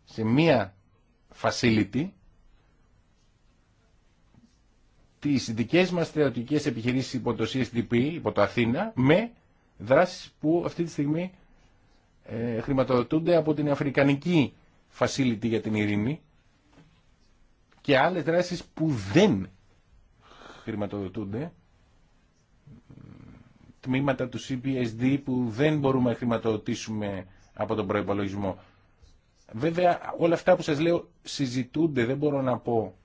σε μία facility τις δικές μας θεατρικές επιχειρήσεις υπό το CSDP, υπό το Αθήνα, με δράσεις που αυτή τη στιγμή ε, χρηματοδοτούνται από την Αφρικανική Facility για την Ειρήνη και άλλες δράσεις που δεν χρηματοδοτούνται, τμήματα του CPSD που δεν μπορούμε να χρηματοδοτήσουμε από τον προϋπολογισμό. Βέβαια όλα αυτά που σας λέω συζητούνται, δεν μπορώ να πω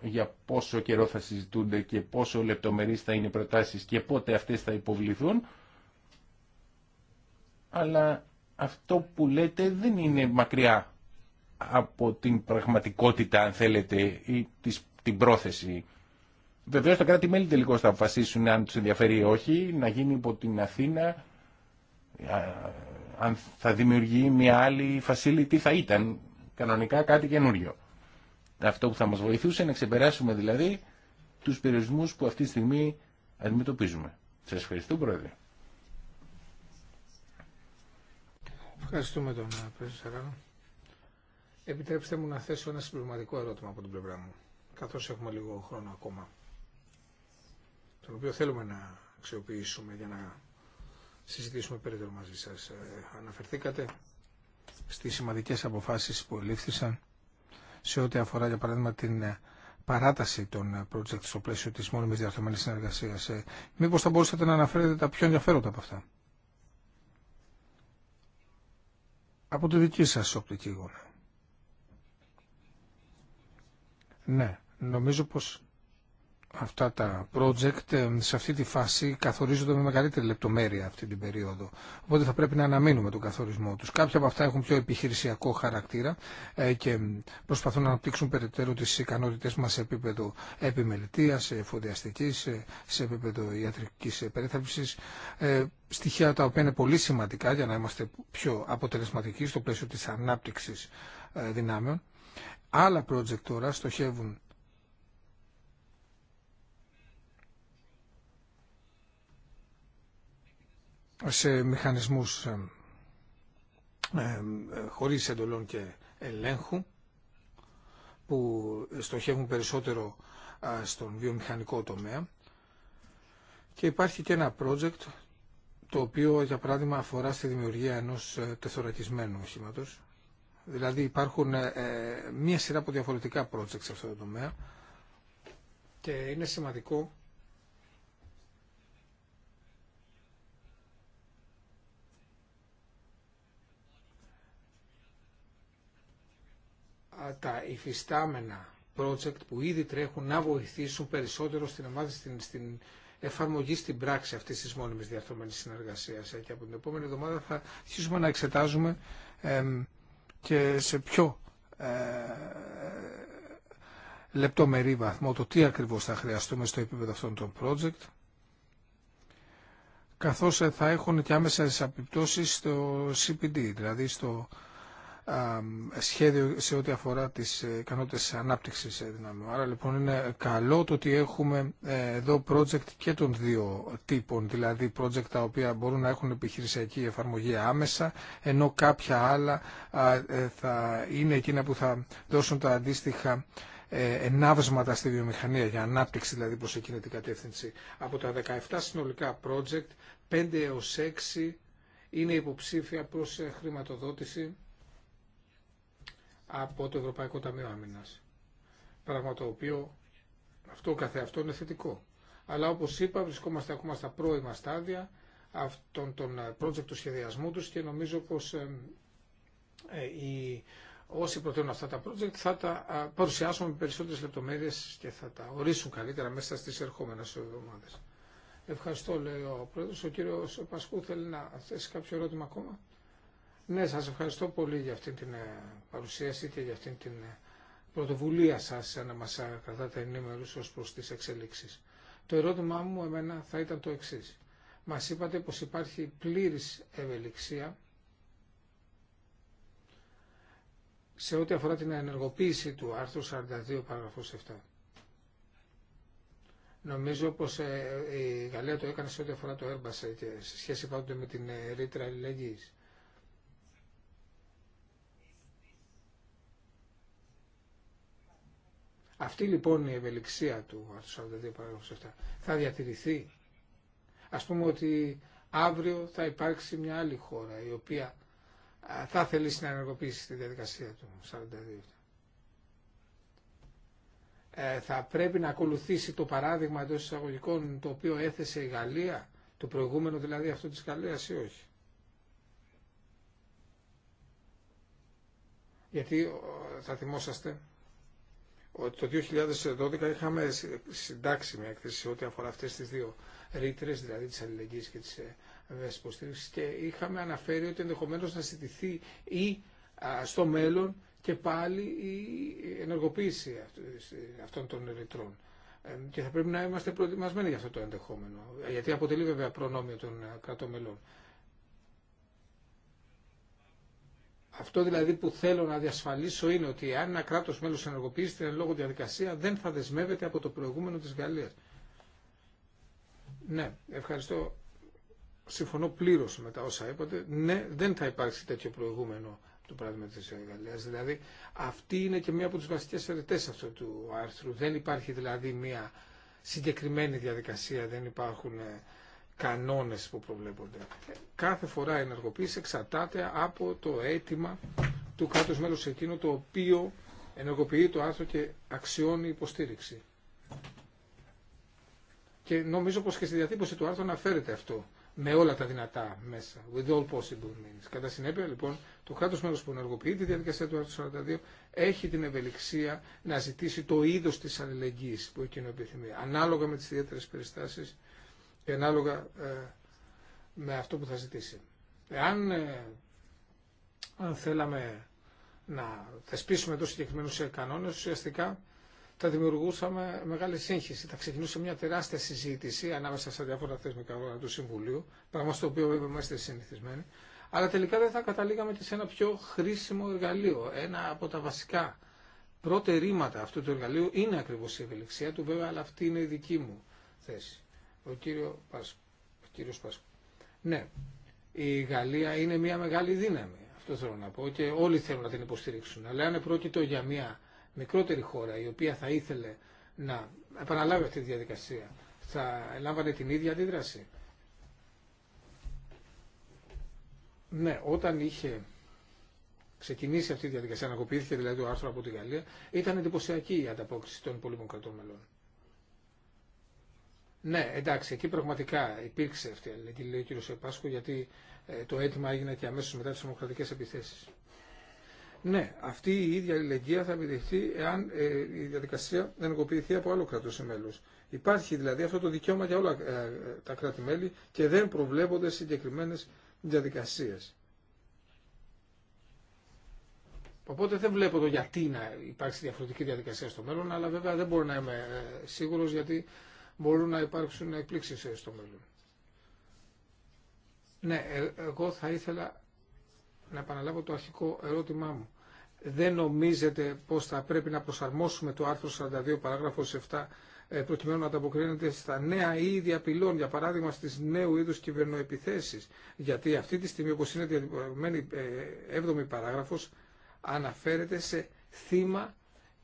για πόσο καιρό θα συζητούνται και πόσο λεπτομερείς θα είναι οι προτάσεις και πότε αυτές θα υποβληθούν. Αλλά αυτό που λέτε δεν είναι μακριά από την πραγματικότητα, αν θέλετε, ή την πρόθεση. Βεβαίω τα κράτη-μέλη τελικώ θα αποφασίσουν αν του ενδιαφέρει ή όχι να γίνει υπό την Αθήνα αν θα δημιουργεί μια άλλη facility θα ήταν κανονικά κάτι καινούριο. Αυτό που θα μας βοηθούσε να ξεπεράσουμε δηλαδή τους περιορισμούς που αυτή τη στιγμή αντιμετωπίζουμε. Σας ευχαριστώ Πρόεδρε. Ευχαριστούμε τον ε, Πρέσβη Επιτρέψτε μου να θέσω ένα συμπληρωματικό ερώτημα από την πλευρά μου, καθώς έχουμε λίγο χρόνο ακόμα, τον οποίο θέλουμε να αξιοποιήσουμε για να συζητήσουμε περίπτωση μαζί σας. Ε, αναφερθήκατε στις σημαντικές αποφάσεις που ελήφθησαν σε ό,τι αφορά για παράδειγμα την ε, παράταση των ε, project στο πλαίσιο της μόνιμης διαρθωμένης συνεργασίας. Μήπως θα μπορούσατε να αναφέρετε τα πιο ενδιαφέροντα από αυτά. Από τη δική σας οπτική γωνία; Ναι, νομίζω πως αυτά τα project ε, σε αυτή τη φάση καθορίζονται με μεγαλύτερη λεπτομέρεια αυτή την περίοδο. Οπότε θα πρέπει να αναμείνουμε τον καθορισμό τους. Κάποια από αυτά έχουν πιο επιχειρησιακό χαρακτήρα ε, και προσπαθούν να αναπτύξουν περαιτέρω τις ικανότητες μας σε επίπεδο επιμελητίας, σε εφοδιαστικής, σε επίπεδο ιατρικής περίθαλψης. Ε, στοιχεία τα οποία είναι πολύ σημαντικά για να είμαστε πιο αποτελεσματικοί στο πλαίσιο της ανάπτυξης δυνάμεων. Άλλα project τώρα στοχεύουν σε μηχανισμούς ε, ε, ε, χωρίς εντολών και ελέγχου που στοχεύουν περισσότερο στον βιομηχανικό τομέα και υπάρχει και ένα project το οποίο για παράδειγμα αφορά στη δημιουργία ενός τεθωρακισμένου οχήματο. Δηλαδή υπάρχουν μία σειρά από διαφορετικά projects σε αυτό το τομέα και είναι σημαντικό τα υφιστάμενα project που ήδη τρέχουν να βοηθήσουν περισσότερο στην ομάδα, στην, στην εφαρμογή στην πράξη αυτή τη μόνιμη διαρθρωμένη συνεργασία. Ε, και από την επόμενη εβδομάδα θα αρχίσουμε να εξετάζουμε και σε πιο ε, λεπτομερή βαθμό το τι ακριβώς θα χρειαστούμε στο επίπεδο αυτών των project καθώς ε, θα έχουν και άμεσα επιπτώσεις στο CPD, δηλαδή στο σχέδιο σε ό,τι αφορά τις ε, ικανότητες ανάπτυξης ε, δυναμιού. Άρα λοιπόν είναι καλό το ότι έχουμε ε, εδώ project και των δύο τύπων, δηλαδή project τα οποία μπορούν να έχουν επιχειρησιακή εφαρμογή άμεσα, ενώ κάποια άλλα θα είναι εκείνα που θα δώσουν τα αντίστοιχα ενάβσματα στη βιομηχανία για ανάπτυξη δηλαδή προς εκείνη την κατεύθυνση. Από τα 17 συνολικά project, 5 έως 6 είναι υποψήφια προς χρηματοδότηση από το Ευρωπαϊκό Ταμείο Άμυνας. Πράγμα το οποίο αυτό καθεαυτό είναι θετικό. Αλλά όπως είπα βρισκόμαστε ακόμα στα πρώιμα στάδια αυτών των ε, project του σχεδιασμού τους και νομίζω πω ε, ε όσοι προτείνουν αυτά τα project θα τα ε, παρουσιάσουν με περισσότερες λεπτομέρειες και θα τα ορίσουν καλύτερα μέσα στις ερχόμενε εβδομάδε. Ευχαριστώ, λέει ο πρόεδρο. Ο κύριο Πασκού θέλει να θέσει κάποιο ερώτημα ακόμα. Ναι, σας ευχαριστώ πολύ για αυτή την ε, παρουσίαση και για αυτή την ε, πρωτοβουλία σας ε, να μας κρατάτε ενήμερους ως προς τις εξελίξεις. Το ερώτημά μου εμένα θα ήταν το εξής. Μας είπατε πως υπάρχει πλήρης ευελιξία σε ό,τι αφορά την ενεργοποίηση του άρθρου 42 παραγραφός 7. Νομίζω πως η Γαλλία το έκανε σε ό,τι αφορά το έρμπασε και σε σχέση πάντοτε με την ρήτρα αλληλεγγύης. Αυτή λοιπόν η ευελιξία του 42 7 θα διατηρηθεί. Α πούμε ότι αύριο θα υπάρξει μια άλλη χώρα η οποία θα θελήσει να ενεργοποιήσει τη διαδικασία του 42. Ε, θα πρέπει να ακολουθήσει το παράδειγμα εντό εισαγωγικών το οποίο έθεσε η Γαλλία, το προηγούμενο δηλαδή αυτό της Γαλλίας ή όχι. Γιατί θα θυμόσαστε ότι το 2012 είχαμε συντάξει μια έκθεση ό,τι αφορά αυτές τις δύο ρήτρε, δηλαδή της αλληλεγγύης και της υποστήριξη, ε, και είχαμε αναφέρει ότι ενδεχομένως να συντηθεί ή στο μέλλον και πάλι η ενεργοποίηση αυτών των ρητρών. Ε, και θα πρέπει να είμαστε προετοιμασμένοι για αυτό το ενδεχόμενο, γιατί αποτελεί βέβαια προνόμιο των ε, κρατών μελών. Αυτό δηλαδή που θέλω να διασφαλίσω είναι ότι αν ένα κράτο μέλο ενεργοποιήσει την λόγω διαδικασία δεν θα δεσμεύεται από το προηγούμενο τη Γαλλία. Ναι, ευχαριστώ. Συμφωνώ πλήρω με τα όσα είπατε. Ναι, δεν θα υπάρξει τέτοιο προηγούμενο του πράγμα τη Γαλλία. Δηλαδή, αυτή είναι και μία από τι βασικέ αιρετέ αυτού του άρθρου. Δεν υπάρχει δηλαδή μία συγκεκριμένη διαδικασία, δεν υπάρχουν ε, κανόνες που προβλέπονται. Κάθε φορά η ενεργοποίηση εξαρτάται από το αίτημα του κράτους μέλους εκείνο το οποίο ενεργοποιεί το άρθρο και αξιώνει υποστήριξη. Και νομίζω πως και στη διατύπωση του άρθρου αναφέρεται αυτό με όλα τα δυνατά μέσα, with all possible means. Κατά συνέπεια, λοιπόν, το κράτος μέλος που ενεργοποιεί τη διαδικασία του άρθρου 42 έχει την ευελιξία να ζητήσει το είδος της αλληλεγγύης που εκείνο επιθυμεί, ανάλογα με τι ιδιαίτερε περιστάσει και ανάλογα ε, με αυτό που θα ζητήσει. Εάν ε, θέλαμε να θεσπίσουμε τόσο συγκεκριμένου κανόνες, ουσιαστικά θα δημιουργούσαμε μεγάλη σύγχυση. Θα ξεκινούσε μια τεράστια συζήτηση ανάμεσα στα διάφορα θεσμικά όργανα του Συμβουλίου, πράγμα στο οποίο βέβαια είμαστε συνηθισμένοι, αλλά τελικά δεν θα καταλήγαμε και σε ένα πιο χρήσιμο εργαλείο. Ένα από τα βασικά ρήματα αυτού του εργαλείου είναι ακριβώς η ευελιξία του, βέβαια, αλλά αυτή είναι η δική μου θέση ο κύριο ο κύριος Πασκ. Ναι, η Γαλλία είναι μια μεγάλη δύναμη, αυτό θέλω να πω, και όλοι θέλουν να την υποστηρίξουν. Αλλά αν πρόκειται για μια μικρότερη χώρα η οποία θα ήθελε να επαναλάβει αυτή τη διαδικασία, θα λάμβανε την ίδια αντίδραση. Ναι, όταν είχε ξεκινήσει αυτή η διαδικασία, ανακοπήθηκε δηλαδή το άρθρο από τη Γαλλία, ήταν εντυπωσιακή η ανταπόκριση των πολυμοκρατών μελών. Ναι, εντάξει, εκεί πραγματικά υπήρξε αυτή η αλληλεγγύη, λέει ο κ. Πάσχου, γιατί ε, το αίτημα έγινε και αμέσω μετά τι δημοκρατικέ επιθέσει. Ναι, αυτή η ίδια αλληλεγγύη θα επιδειχθεί εάν ε, η διαδικασία δεν ενεργοποιηθεί από άλλο κράτο μέλο. Υπάρχει δηλαδή αυτό το δικαίωμα για όλα ε, τα κράτη-μέλη και δεν προβλέπονται συγκεκριμένε διαδικασίε. Οπότε δεν βλέπω το γιατί να υπάρξει διαφορετική διαδικασία στο μέλλον, αλλά βέβαια δεν μπορώ να είμαι σίγουρο γιατί μπορούν να υπάρξουν εκπλήξεις ε, στο μέλλον. Ναι, ε, εγώ θα ήθελα να επαναλάβω το αρχικό ερώτημά μου. Δεν νομίζετε πως θα πρέπει να προσαρμόσουμε το άρθρο 42 παράγραφος 7 ε, προκειμένου να ανταποκρίνεται στα νέα είδη απειλών, για παράδειγμα στις νέου είδους κυβερνοεπιθέσεις. Γιατί αυτή τη στιγμή, όπως είναι διατυπωμένη 7η παράγραφος, αναφέρεται σε θύμα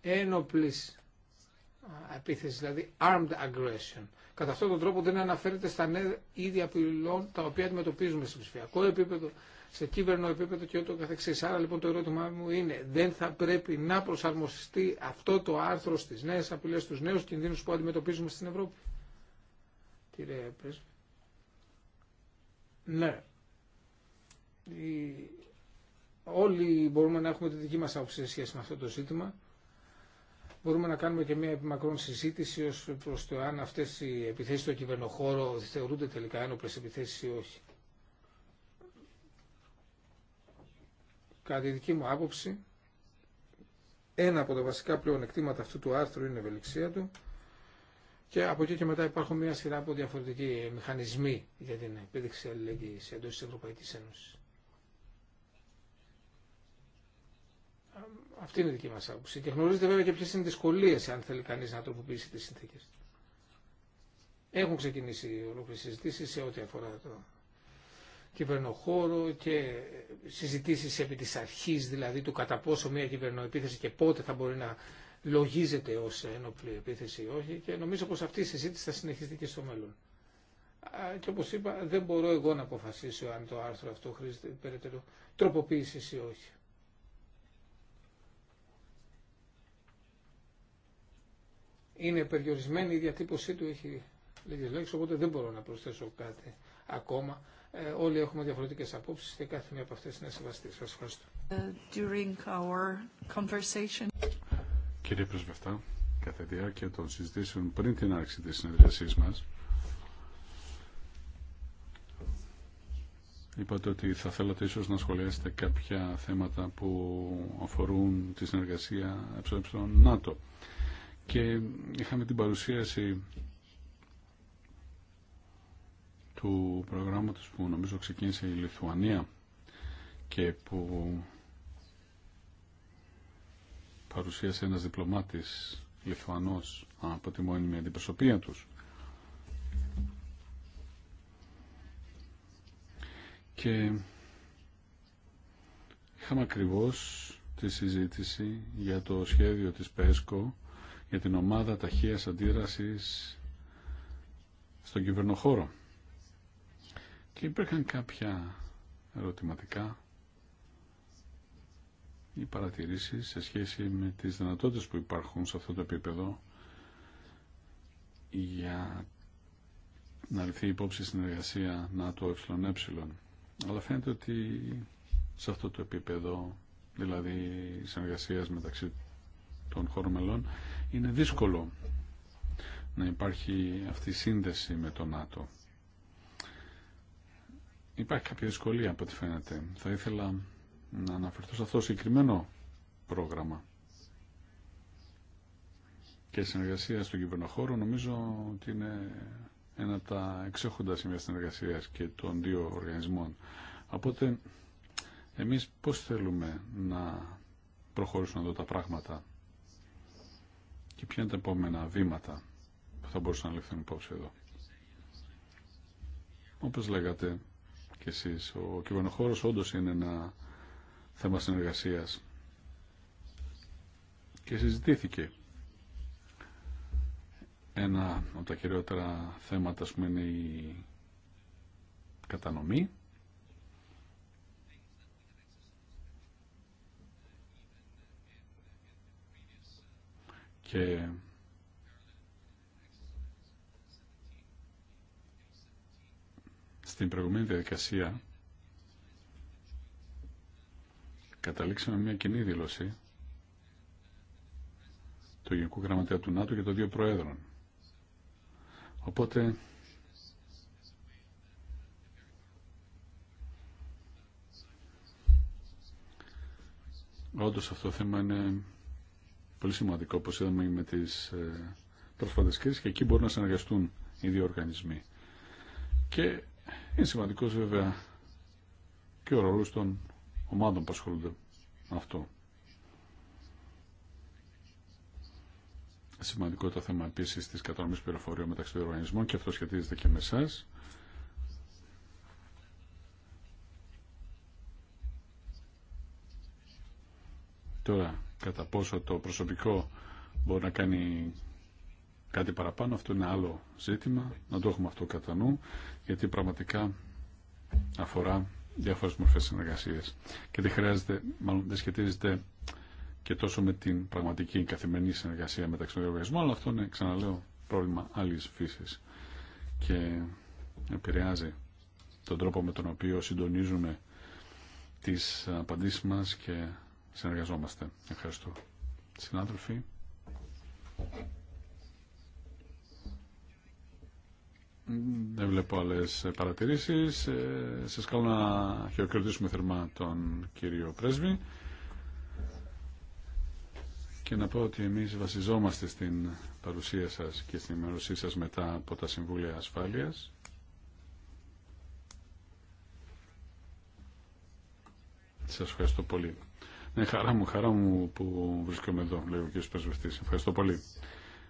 ένοπλης επίθεση, δηλαδή armed aggression. Κατά αυτόν τον τρόπο δεν αναφέρεται στα νέα ίδια απειλών τα οποία αντιμετωπίζουμε σε ψηφιακό επίπεδο, σε κύβερνο επίπεδο και ούτω καθεξής. Άρα λοιπόν το ερώτημά μου είναι δεν θα πρέπει να προσαρμοστεί αυτό το άρθρο στις νέες απειλές, στους νέους κινδύνους που αντιμετωπίζουμε στην Ευρώπη. Κύριε Πρέσβη. Ναι. Όλοι μπορούμε να έχουμε τη δική μας άποψη σε σχέση με αυτό το ζήτημα μπορούμε να κάνουμε και μια επιμακρόν συζήτηση ως προς το αν αυτές οι επιθέσεις στο κυβερνοχώρο θεωρούνται τελικά ένοπλες επιθέσεις ή όχι. Κατά τη δική μου άποψη, ένα από τα βασικά πλεονεκτήματα αυτού του άρθρου είναι η ευελιξία του και από εκεί και μετά υπάρχουν μια σειρά από διαφορετικοί μηχανισμοί για την επίδειξη αλληλεγγύης εντός της Ευρωπαϊκής Ένωσης. Αυτή είναι η δική μα άποψη. Και γνωρίζετε βέβαια και ποιε είναι οι δυσκολίε, αν θέλει κανεί να τροποποιήσει τι συνθήκε. Έχουν ξεκινήσει ολόκληρε συζητήσει σε ό,τι αφορά το κυβερνοχώρο και συζητήσει επί τη αρχή, δηλαδή του κατά πόσο μια κυβερνοεπίθεση και πότε θα μπορεί να λογίζεται ως ένοπλη επίθεση ή όχι και νομίζω πως αυτή η οχι και νομιζω πω αυτη η συζητηση θα συνεχιστεί και στο μέλλον. Και όπω είπα δεν μπορώ εγώ να αποφασίσω αν το άρθρο αυτό χρήζεται περαιτέρω τροποποίηση ή όχι. είναι περιορισμένη η διατύπωσή του, έχει λίγες λέξεις, οπότε δεν μπορώ να προσθέσω κάτι ακόμα. Ε, όλοι έχουμε διαφορετικές απόψεις και κάθε μία από αυτές είναι σεβαστή. Σας ευχαριστώ. Ε, Κύριε Πρεσβευτά, κατά τη διάρκεια των συζητήσεων πριν την άρξη της συνεδριασής μας, Είπατε ότι θα θέλατε ίσως να σχολιάσετε κάποια θέματα που αφορούν τη συνεργασία ΕΕ-ΝΑΤΟ και είχαμε την παρουσίαση του προγράμματος που νομίζω ξεκίνησε η Λιθουανία και που παρουσίασε ένας διπλωμάτης Λιθουανός από τη μόνιμη αντιπροσωπεία τους. Και είχαμε ακριβώς τη συζήτηση για το σχέδιο της ΠΕΣΚΟ για την ομάδα ταχείας αντίδρασης στον κυβερνοχώρο. Και υπήρχαν κάποια ερωτηματικά ή παρατηρήσεις σε σχέση με τις δυνατότητες που υπάρχουν σε αυτό το επίπεδο για να ληφθεί υπόψη η συνεργασία ΝΑΤΟ-ΕΕ. Αλλά φαίνεται ότι σε αυτό το επίπεδο, δηλαδή συνεργασίας μεταξύ των χώρων μελών, είναι δύσκολο να υπάρχει αυτή η σύνδεση με το ΝΑΤΟ. Υπάρχει κάποια δυσκολία από ό,τι φαίνεται. Θα ήθελα να αναφερθώ σε αυτό το συγκεκριμένο πρόγραμμα και συνεργασία στον κυβερνοχώρο νομίζω ότι είναι ένα από τα εξέχοντα σημεία συνεργασία και των δύο οργανισμών. Οπότε εμείς πώς θέλουμε να προχωρήσουμε εδώ τα πράγματα και ποια είναι τα επόμενα βήματα που θα μπορούσαν να ληφθούν υπόψη εδώ. Όπω λέγατε και εσείς, ο κυβερνοχώρος όντω είναι ένα θέμα συνεργασίας και συζητήθηκε ένα από τα κυριότερα θέματα, α πούμε, είναι η κατανομή και στην προηγούμενη διαδικασία καταλήξαμε μια κοινή δήλωση του Γενικού Γραμματέα του ΝΑΤΟ και των δύο Προέδρων. Οπότε όντως αυτό το θέμα είναι πολύ σημαντικό όπω είδαμε με τις ε, πρόσφατες κρίσεις και εκεί μπορούν να συνεργαστούν οι δύο οργανισμοί. Και είναι σημαντικός βέβαια και ο ρόλος των ομάδων που ασχολούνται με αυτό. Σημαντικό το θέμα επίση τη κατανομή πληροφοριών μεταξύ των οργανισμών και αυτό σχετίζεται και με εσά. Τώρα, κατά πόσο το προσωπικό μπορεί να κάνει κάτι παραπάνω, αυτό είναι άλλο ζήτημα, να το έχουμε αυτό κατά νου, γιατί πραγματικά αφορά διάφορες μορφές συνεργασίες. και δεν χρειάζεται, μάλλον δεν σχετίζεται και τόσο με την πραγματική καθημερινή συνεργασία μεταξύ των εργασίων. αλλά αυτό είναι, ξαναλέω, πρόβλημα άλλης φύσης και επηρεάζει τον τρόπο με τον οποίο συντονίζουμε τις απαντήσεις μας και συνεργαζόμαστε. Ευχαριστώ. Συνάδελφοι. Δεν βλέπω άλλε παρατηρήσει. Ε, Σα καλώ να χειροκροτήσουμε θερμά τον κύριο Πρέσβη και να πω ότι εμείς βασιζόμαστε στην παρουσία σας και στην ενημέρωσή σας μετά από τα Συμβούλια Ασφάλειας. Σας ευχαριστώ πολύ. Ναι, χαρά μου, χαρά μου που βρίσκομαι εδώ, λέει ο κ. Πεσβευτή. Ευχαριστώ πολύ.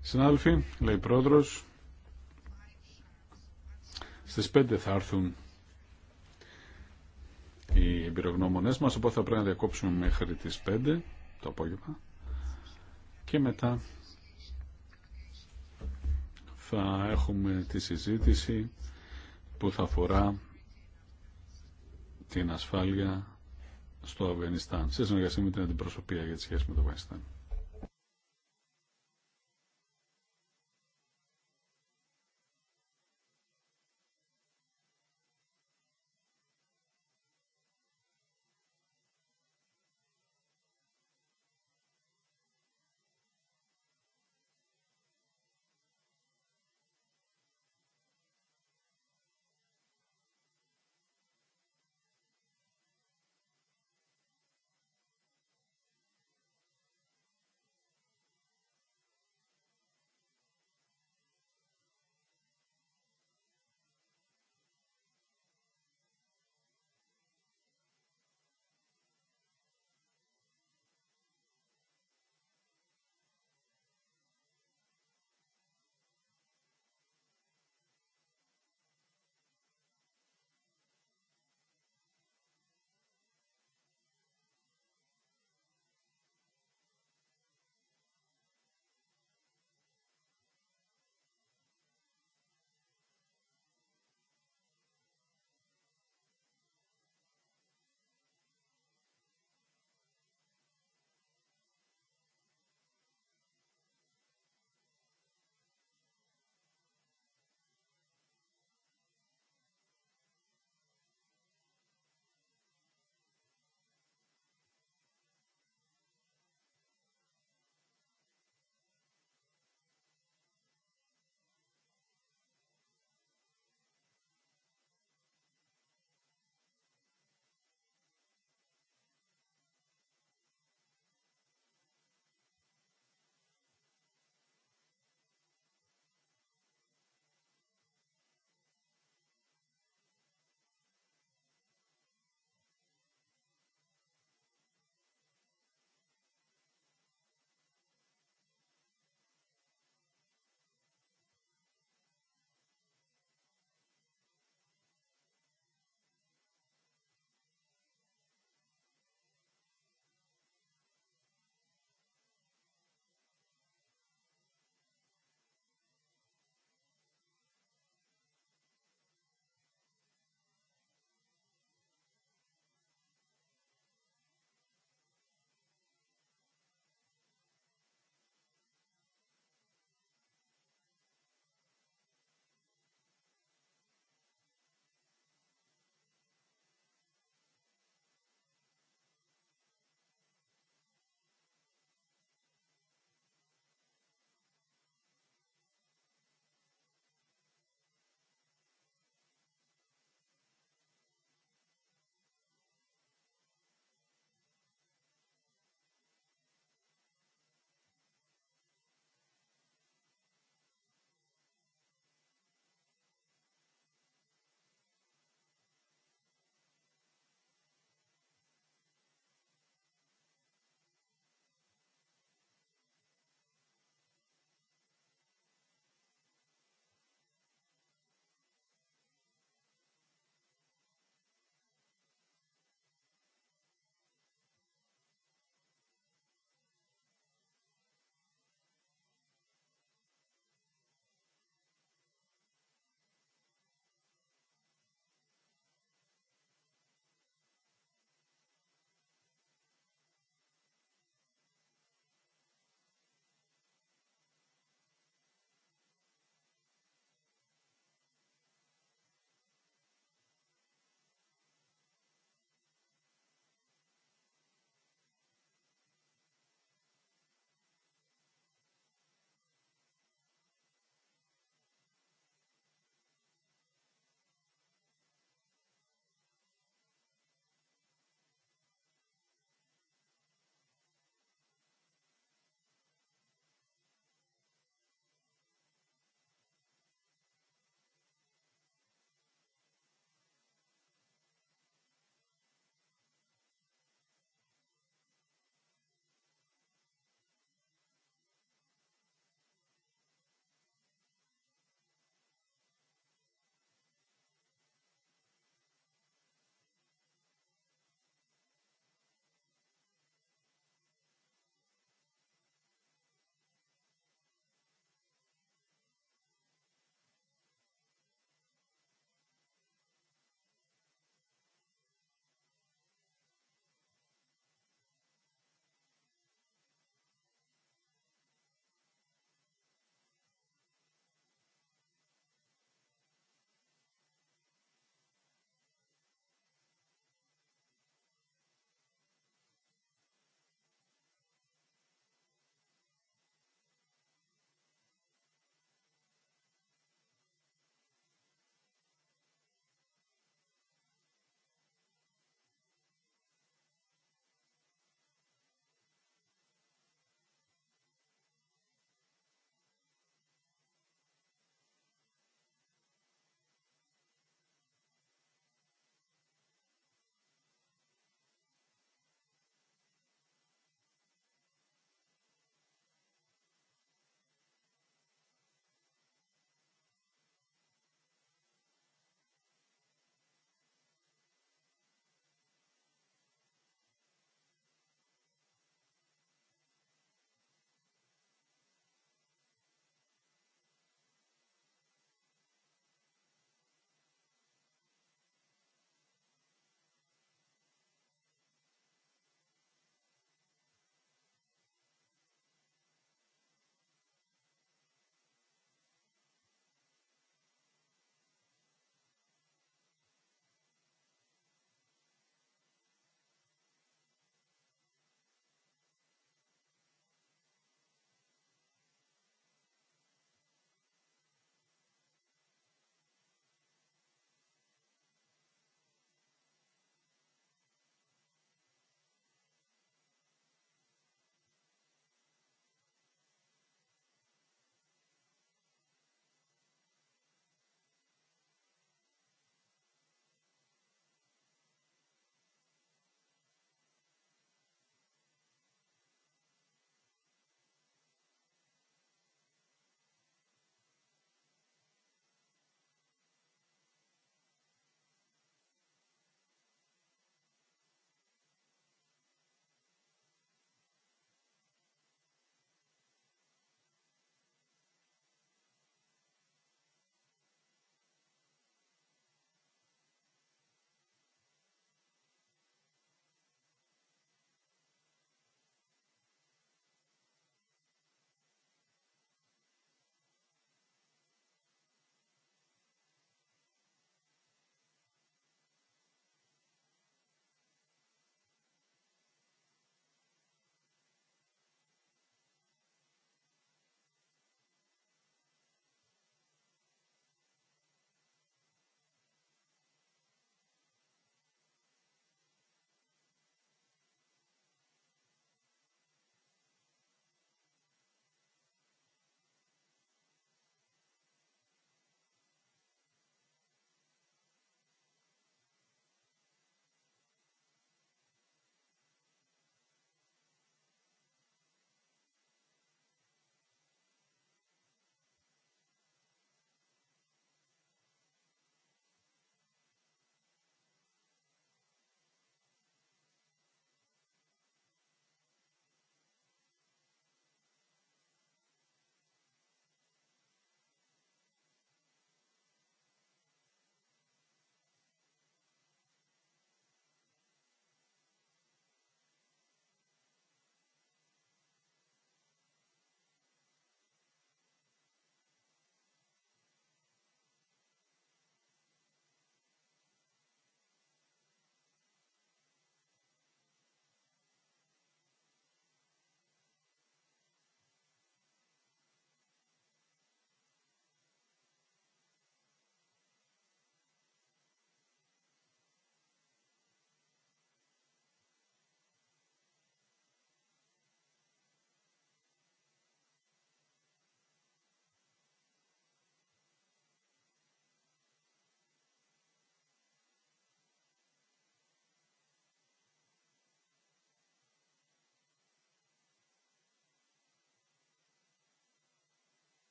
Συνάδελφοι, λέει πρόεδρο, στις 5 θα έρθουν οι εμπειρογνώμονέ μα οπότε θα πρέπει να διακόψουμε μέχρι τις 5 το απόγευμα και μετά θα έχουμε τη συζήτηση που θα αφορά την ασφάλεια στο Αφγανιστάν σε συνεργασία με την αντιπροσωπεία για τις σχέσεις με το Αφγανιστάν.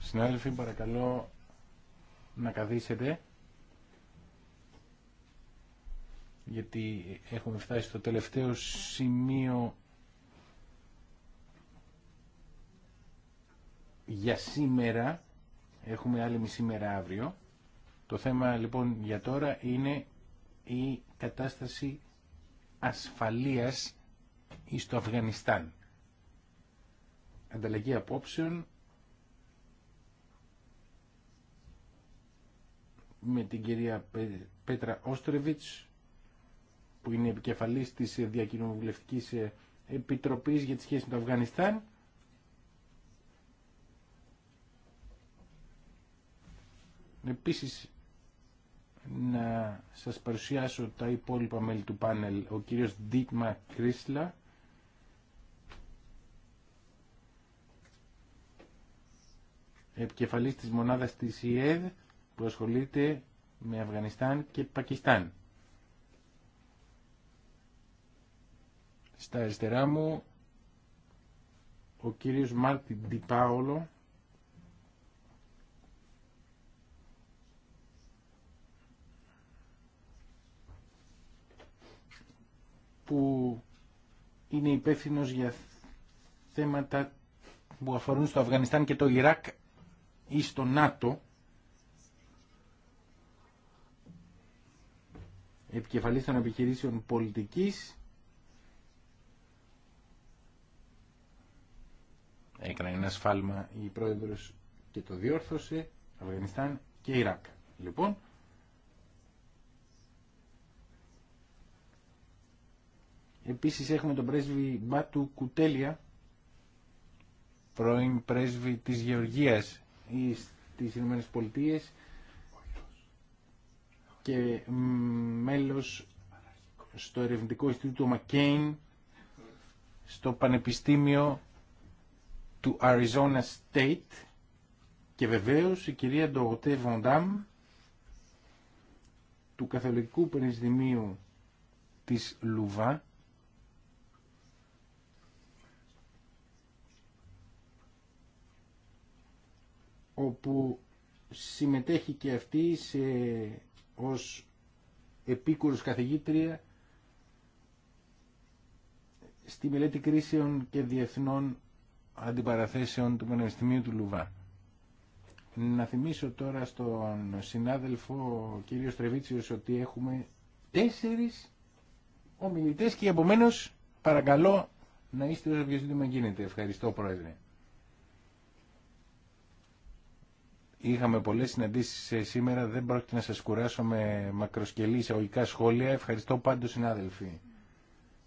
Συνάδελφοι, παρακαλώ να καθίσετε γιατί έχουμε φτάσει στο τελευταίο σημείο για σήμερα έχουμε άλλη μισή μέρα αύριο το θέμα λοιπόν για τώρα είναι η κατάσταση ασφαλείας στο Αφγανιστάν ανταλλαγή απόψεων με την κυρία Πέτρα Όστρεβιτς που είναι επικεφαλής της Διακοινοβουλευτικής Επιτροπής για τις σχέσεις με το Αφγανιστάν Επίσης να σας παρουσιάσω τα υπόλοιπα μέλη του πάνελ ο κύριος Δίτμα Κρίσλα επικεφαλής της μονάδας της ΙΕΔ που ασχολείται με Αφγανιστάν και Πακιστάν. Στα αριστερά μου ο κύριος Μάρτιν Τιπάολο που είναι υπεύθυνος για θέματα που αφορούν στο Αφγανιστάν και το Ιράκ ή στο ΝΑΤΟ επικεφαλής των επιχειρήσεων πολιτικής έκανε ένα σφάλμα η πρόεδρος και το διόρθωσε Αφγανιστάν και Ιράκ λοιπόν επίσης έχουμε τον πρέσβη Μπάτου Κουτέλια πρώην πρέσβη της Γεωργίας στι Ηνωμένε Πολιτείε και μέλος στο Ερευνητικό Ινστιτούτο McCain στο Πανεπιστήμιο του Arizona State και βεβαίως η κυρία Ντογοτέ Βοντάμ του Καθολικού Πανεπιστημίου της Λουβά όπου συμμετέχει και αυτή σε, ως επίκουρος καθηγήτρια στη μελέτη κρίσεων και διεθνών αντιπαραθέσεων του Πανεπιστημίου του Λουβά. Να θυμίσω τώρα στον συνάδελφο κύριο Στρεβίτσιος ότι έχουμε τέσσερις ομιλητές και επομένως παρακαλώ να είστε όσο πιο σύντομα γίνεται. Ευχαριστώ πρόεδρε. Είχαμε πολλές συναντήσεις ε, σήμερα, δεν πρόκειται να σας κουράσω με μακροσκελή εισαγωγικά σχόλια. Ευχαριστώ πάντως συνάδελφοι.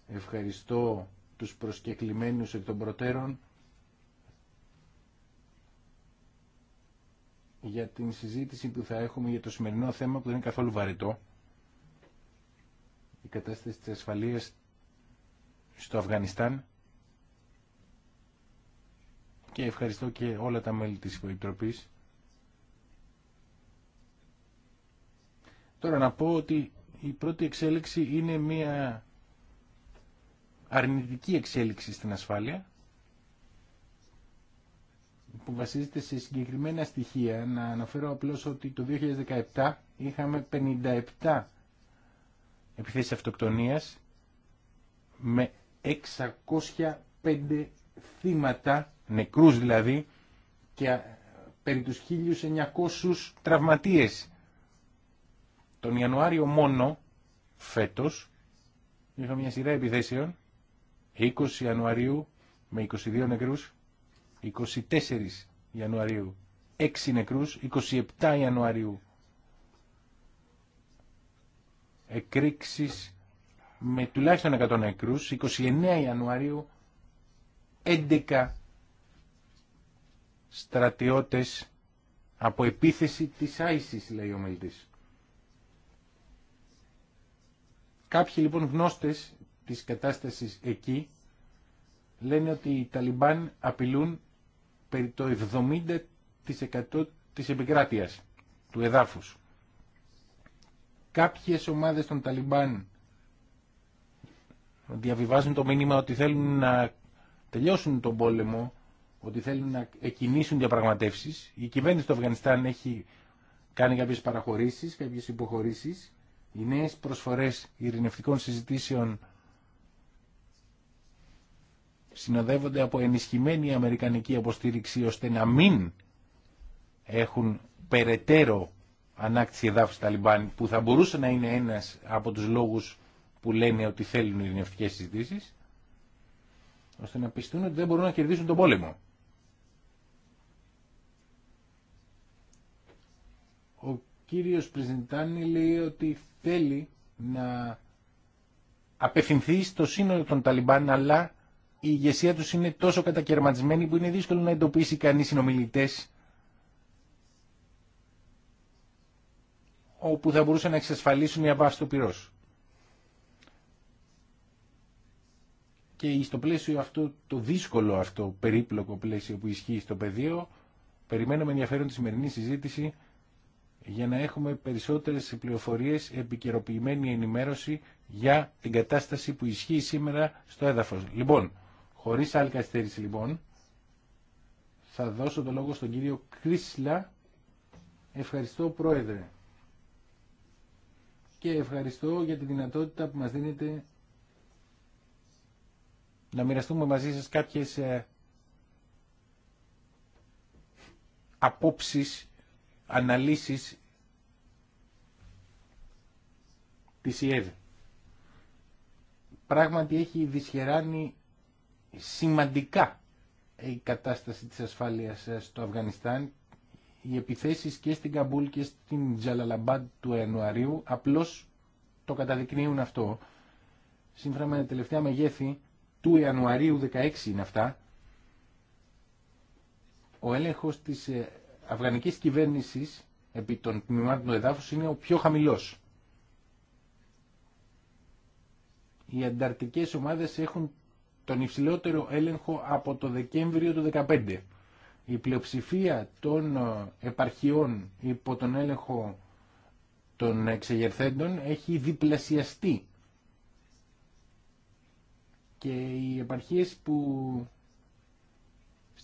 Ευχαριστώ τους προσκεκλημένους εκ των προτέρων για την συζήτηση που θα έχουμε για το σημερινό θέμα που δεν είναι καθόλου βαρετό. Η κατάσταση της ασφαλείας στο Αφγανιστάν και ευχαριστώ και όλα τα μέλη της Επιτροπής Τώρα να πω ότι η πρώτη εξέλιξη είναι μια αρνητική εξέλιξη στην ασφάλεια που βασίζεται σε συγκεκριμένα στοιχεία. Να αναφέρω απλώς ότι το 2017 είχαμε 57 επιθέσεις αυτοκτονίας με 605 θύματα, νεκρούς δηλαδή, και ε, περί τους 1.900 τραυματίες. Τον Ιανουάριο μόνο φέτος είχα μια σειρά επιθέσεων 20 Ιανουαρίου με 22 νεκρούς 24 Ιανουαρίου 6 νεκρούς 27 Ιανουαρίου εκρήξεις με τουλάχιστον 100 νεκρούς 29 Ιανουαρίου 11 στρατιώτες από επίθεση της ISIS λέει ο μελτής Κάποιοι λοιπόν γνώστες της κατάστασης εκεί λένε ότι οι Ταλιμπάν απειλούν περί το 70% της επικράτειας του εδάφους. Κάποιες ομάδες των Ταλιμπάν διαβιβάζουν το μήνυμα ότι θέλουν να τελειώσουν τον πόλεμο, ότι θέλουν να εκκινήσουν διαπραγματεύσεις. Η κυβέρνηση του Αφγανιστάν έχει κάνει κάποιες παραχωρήσεις, κάποιες υποχωρήσεις οι νέες προσφορές ειρηνευτικών συζητήσεων συνοδεύονται από ενισχυμένη αμερικανική αποστήριξη ώστε να μην έχουν περαιτέρω ανάκτηση στα Ταλιμπάν που θα μπορούσε να είναι ένας από τους λόγους που λένε ότι θέλουν ειρηνευτικές συζητήσεις ώστε να πιστούν ότι δεν μπορούν να κερδίσουν τον πόλεμο. κύριος Πριζιντάνη λέει ότι θέλει να απευθυνθεί στο σύνολο των Ταλιμπάν, αλλά η ηγεσία τους είναι τόσο κατακαιρματισμένη που είναι δύσκολο να εντοπίσει κανείς συνομιλητές όπου θα μπορούσαν να εξασφαλίσουν μια βάση του πυρός. Και στο πλαίσιο αυτό, το δύσκολο αυτό, περίπλοκο πλαίσιο που ισχύει στο πεδίο, περιμένουμε ενδιαφέρον τη σημερινή συζήτηση για να έχουμε περισσότερες πληροφορίες, επικαιροποιημένη ενημέρωση για την κατάσταση που ισχύει σήμερα στο έδαφος. Λοιπόν, χωρίς άλλη καθυστέρηση λοιπόν, θα δώσω το λόγο στον κύριο Κρίσλα. Ευχαριστώ Πρόεδρε. Και ευχαριστώ για τη δυνατότητα που μας δίνετε να μοιραστούμε μαζί σας κάποιες ε, απόψεις αναλύσεις της ΙΕΔ. Πράγματι έχει δυσχεράνει σημαντικά η κατάσταση της ασφάλειας ε, στο Αφγανιστάν. Οι επιθέσεις και στην Καμπούλ και στην Τζαλαλαμπάν του Ιανουαρίου απλώς το καταδεικνύουν αυτό. Σύμφωνα με την τελευταία μεγέθη του Ιανουαρίου 16 είναι αυτά. Ο έλεγχος της ε, αφγανικής κυβέρνησης επί των τμήματων του εδάφους είναι ο πιο χαμηλός. Οι ανταρτικές ομάδες έχουν τον υψηλότερο έλεγχο από το Δεκέμβριο του 2015. Η πλειοψηφία των ε, επαρχιών υπό τον έλεγχο των εξεγερθέντων έχει διπλασιαστεί. Και οι επαρχίες που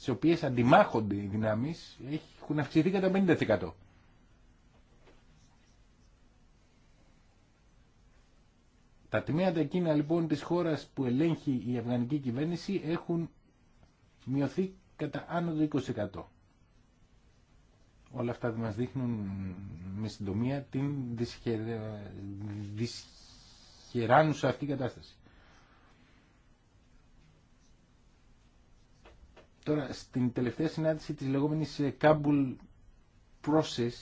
στις οποίες αντιμάχονται οι δυνάμεις έχουν αυξηθεί κατά 50%. Τα τμήματα εκείνα λοιπόν της χώρας που ελέγχει η αυγανική κυβέρνηση έχουν μειωθεί κατά άνω του 20%. Όλα αυτά μας δείχνουν με συντομία την δυσχεράνουσα αυτή κατάσταση. Τώρα, στην τελευταία συνάντηση της λεγόμενης Kabul ε, Process,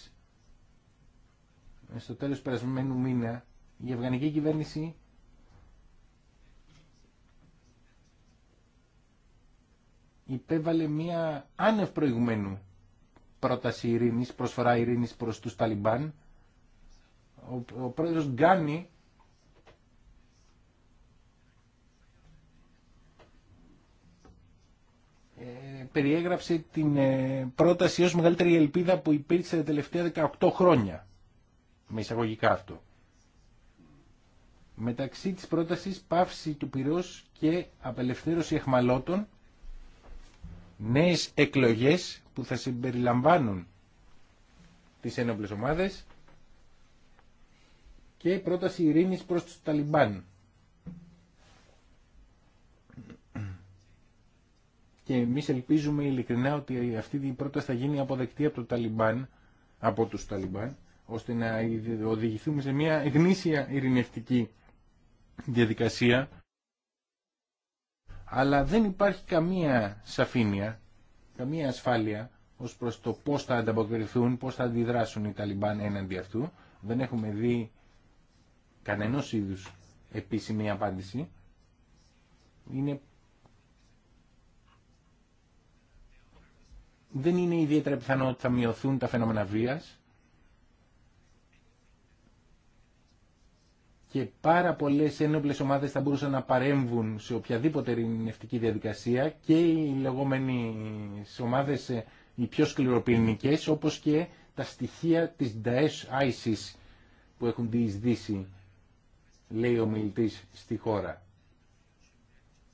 στο τέλος περασμένου μήνα, η Αφγανική κυβέρνηση υπέβαλε μία άνευ προηγουμένου πρόταση ειρήνης, προσφορά ειρήνης προς τους Ταλιμπάν. Ο, ο πρόεδρος Γκάνι περιέγραψε την ε, πρόταση ως μεγαλύτερη ελπίδα που υπήρξε τα τελευταία 18 χρόνια. Με εισαγωγικά αυτό. Μεταξύ της πρότασης πάυση του πυρός και απελευθέρωση εχμαλώτων, νέες εκλογές που θα συμπεριλαμβάνουν τις ένοπλες ομάδες και πρόταση ειρήνης προς τους Ταλιμπάν. και εμείς ελπίζουμε ειλικρινά ότι αυτή η πρόταση θα γίνει αποδεκτή από, το Ταλιμπάν, από τους Ταλιμπάν ώστε να οδηγηθούμε σε μια γνήσια ειρηνευτική διαδικασία αλλά δεν υπάρχει καμία σαφήνεια, καμία ασφάλεια ως προς το πώς θα ανταποκριθούν, πώς θα αντιδράσουν οι Ταλιμπάν έναντι αυτού. Δεν έχουμε δει κανένα είδους επίσημη απάντηση. Είναι δεν είναι ιδιαίτερα πιθανό ότι θα μειωθούν τα φαινόμενα βίας και πάρα πολλές ένοπλες ομάδες θα μπορούσαν να παρέμβουν σε οποιαδήποτε ειρηνευτική διαδικασία και οι λεγόμενοι ομάδες ε, οι πιο σκληροπυρηνικές όπως και τα στοιχεία της Daesh ISIS που έχουν διεισδύσει λέει ο μιλητής στη χώρα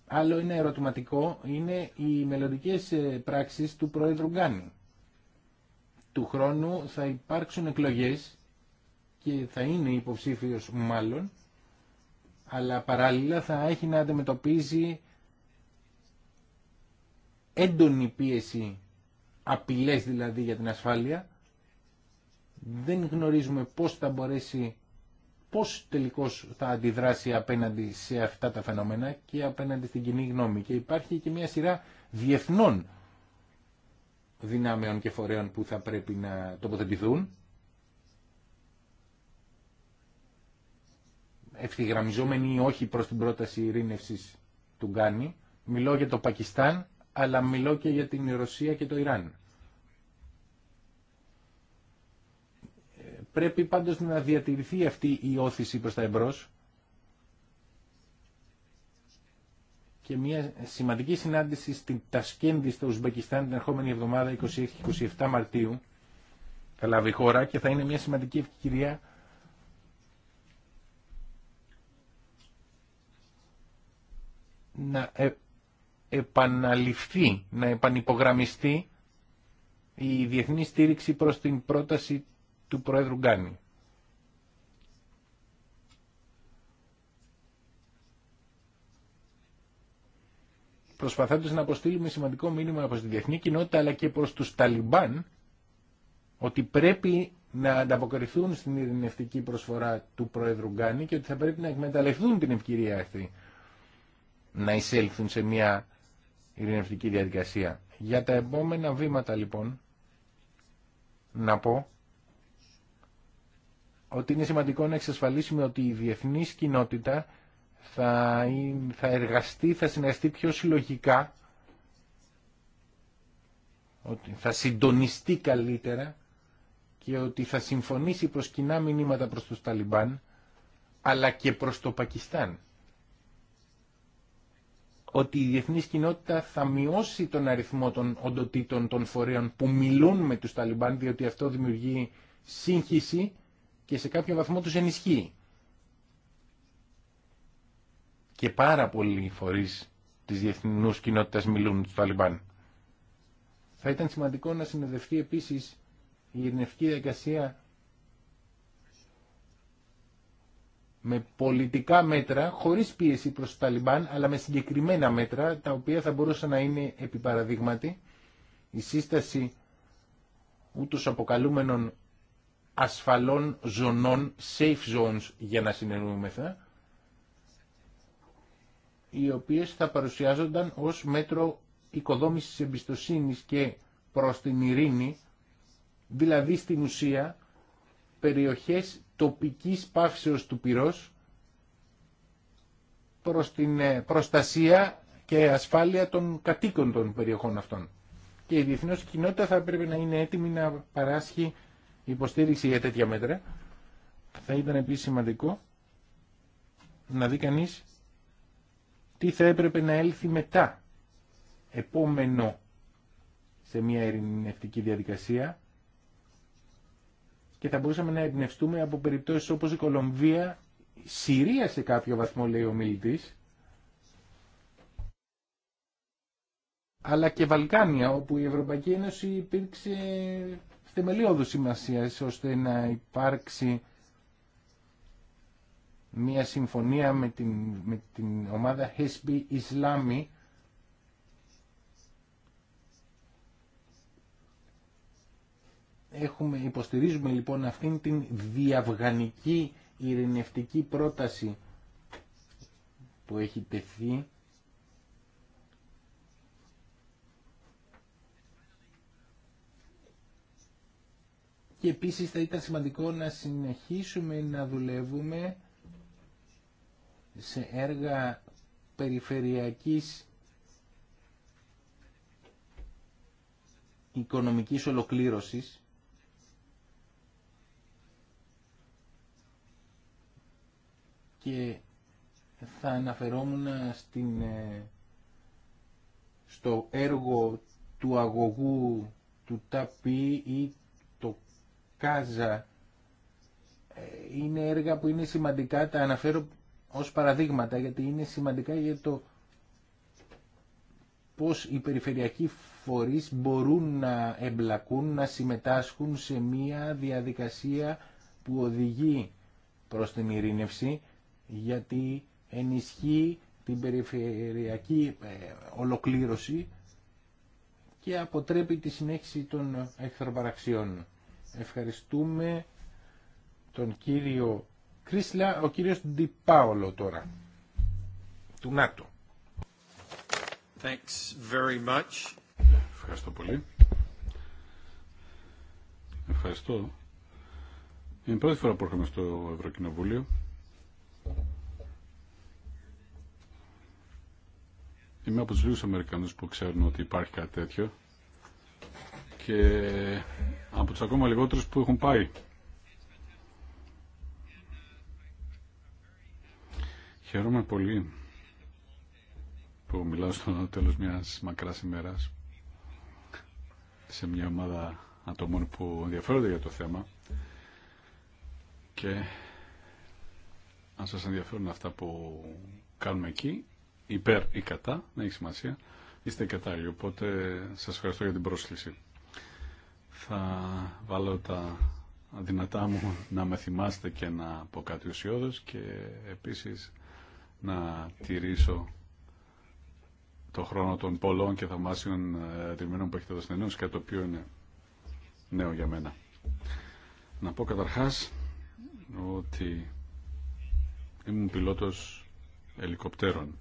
άλλο είναι ερωτηματικό είναι οι μελλοντικέ ε, πράξεις του Πρόεδρου Γκάνη. Του χρόνου θα υπάρξουν εκλογές και θα είναι υποψήφιος μάλλον, αλλά παράλληλα θα έχει να αντιμετωπίζει έντονη πίεση, απειλές δηλαδή για την ασφάλεια. Δεν γνωρίζουμε πώς θα μπορέσει πώς τελικώς θα αντιδράσει απέναντι σε αυτά τα φαινόμενα και απέναντι στην κοινή γνώμη. Και υπάρχει και μια σειρά διεθνών δυνάμεων και φορέων που θα πρέπει να τοποθετηθούν. Ευθυγραμμιζόμενοι ή όχι προς την πρόταση ειρήνευσης του Γκάνη. Μιλώ για το Πακιστάν, αλλά μιλώ και για την Ρωσία και το Ιράν. Πρέπει πάντως να διατηρηθεί αυτή η όθηση προς τα εμπρός. Και μια σημαντική συνάντηση στην Τασκένδη στο Ουσμπεκιστάν την ερχόμενη εβδομάδα 26-27 Μαρτίου θα λάβει χώρα και θα είναι μια σημαντική ευκαιρία να ε, επαναληφθεί, να επανυπογραμμιστεί η διεθνή στήριξη προς την πρόταση του Πρόεδρου Γκάνη. Προσπαθώντας να αποστείλουμε σημαντικό μήνυμα από τη διεθνή κοινότητα αλλά και προς τους Ταλιμπάν ότι πρέπει να ανταποκριθούν στην ειρηνευτική προσφορά του Πρόεδρου Γκάνη και ότι θα πρέπει να εκμεταλλευτούν την ευκαιρία αυτή να εισέλθουν σε μια ειρηνευτική διαδικασία. Για τα επόμενα βήματα λοιπόν να πω ότι είναι σημαντικό να εξασφαλίσουμε ότι η διεθνή κοινότητα θα, θα εργαστεί, θα συνεργαστεί πιο συλλογικά, ότι θα συντονιστεί καλύτερα και ότι θα συμφωνήσει προς κοινά μηνύματα προς τους Ταλιμπάν, αλλά και προς το Πακιστάν. Ότι η διεθνή κοινότητα θα μειώσει τον αριθμό των οντοτήτων των φορέων που μιλούν με τους Ταλιμπάν, διότι αυτό δημιουργεί σύγχυση και σε κάποιο βαθμό τους ενισχύει. Και πάρα πολλοί φορείς της διεθνούς κοινότητας μιλούν του Ταλιμπάν. Θα ήταν σημαντικό να συνεδευτεί επίσης η ειρηνευτική διαδικασία με πολιτικά μέτρα, χωρίς πίεση προς το Ταλιμπάν, αλλά με συγκεκριμένα μέτρα, τα οποία θα μπορούσαν να είναι επιπαραδείγματοι. Η σύσταση ούτως αποκαλούμενων ασφαλών ζωνών, safe zones για να συνεννοούμεθα, οι οποίες θα παρουσιάζονταν ως μέτρο οικοδόμησης εμπιστοσύνης και προς την ειρήνη, δηλαδή στην ουσία περιοχές τοπικής πάυσεως του πυρός προς την ε, προστασία και ασφάλεια των κατοίκων των περιοχών αυτών. Και η διεθνώς κοινότητα θα πρέπει να είναι έτοιμη να παράσχει υποστήριξη για τέτοια μέτρα. Θα ήταν επίσης σημαντικό να δει κανείς τι θα έπρεπε να έλθει μετά, επόμενο σε μια ειρηνευτική διαδικασία και θα μπορούσαμε να εμπνευστούμε από περιπτώσεις όπως η Κολομβία, η Συρία σε κάποιο βαθμό λέει ο μίλητης, αλλά και Βαλκάνια όπου η Ευρωπαϊκή Ένωση υπήρξε θεμελιώδου σημασία ώστε να υπάρξει μια συμφωνία με την, ομάδα Hesby Islami Έχουμε, υποστηρίζουμε λοιπόν αυτήν την διαυγανική ειρηνευτική πρόταση που έχει τεθεί και επίσης θα ήταν σημαντικό να συνεχίσουμε να δουλεύουμε σε έργα περιφερειακής οικονομικής ολοκλήρωσης και θα αναφερόμουν στην, ε, στο έργο του αγωγού του ΤΑΠΗ ή Κάζα ε, είναι έργα που είναι σημαντικά, τα αναφέρω ως παραδείγματα γιατί είναι σημαντικά για το πώς οι περιφερειακοί φορείς μπορούν να εμπλακούν, να συμμετάσχουν σε μία διαδικασία που οδηγεί προς την ειρήνευση γιατί ενισχύει την περιφερειακή ε, ολοκλήρωση και αποτρέπει τη συνέχιση των εχθροπαραξιών. Ευχαριστούμε τον κύριο Κρίσλα, ο κύριος Ντιπάολο τώρα, του ΝΑΤΟ. Thanks very much. Ευχαριστώ πολύ. Ευχαριστώ. Είναι η πρώτη φορά που έρχομαι στο Ευρωκοινοβούλιο. Είμαι από τους λίγους Αμερικανούς που ξέρουν ότι υπάρχει κάτι τέτοιο και από τους ακόμα λιγότερους που έχουν πάει. Χαίρομαι πολύ που μιλάω στο τέλος μιας μακράς ημέρας σε μια ομάδα ατόμων που ενδιαφέρονται για το θέμα και αν σας ενδιαφέρουν αυτά που κάνουμε εκεί, υπέρ ή κατά, να έχει σημασία, είστε κατάλληλοι. Οπότε σας ευχαριστώ για την πρόσκληση θα βάλω τα δυνατά μου να με θυμάστε και να πω κάτι ουσιώδος και επίσης να τηρήσω το χρόνο των πολλών και θαυμάσιων ε, δημένων που έχετε δώσει νέους και το οποίο είναι νέο για μένα. Να πω καταρχάς ότι ήμουν πιλότος ελικοπτέρων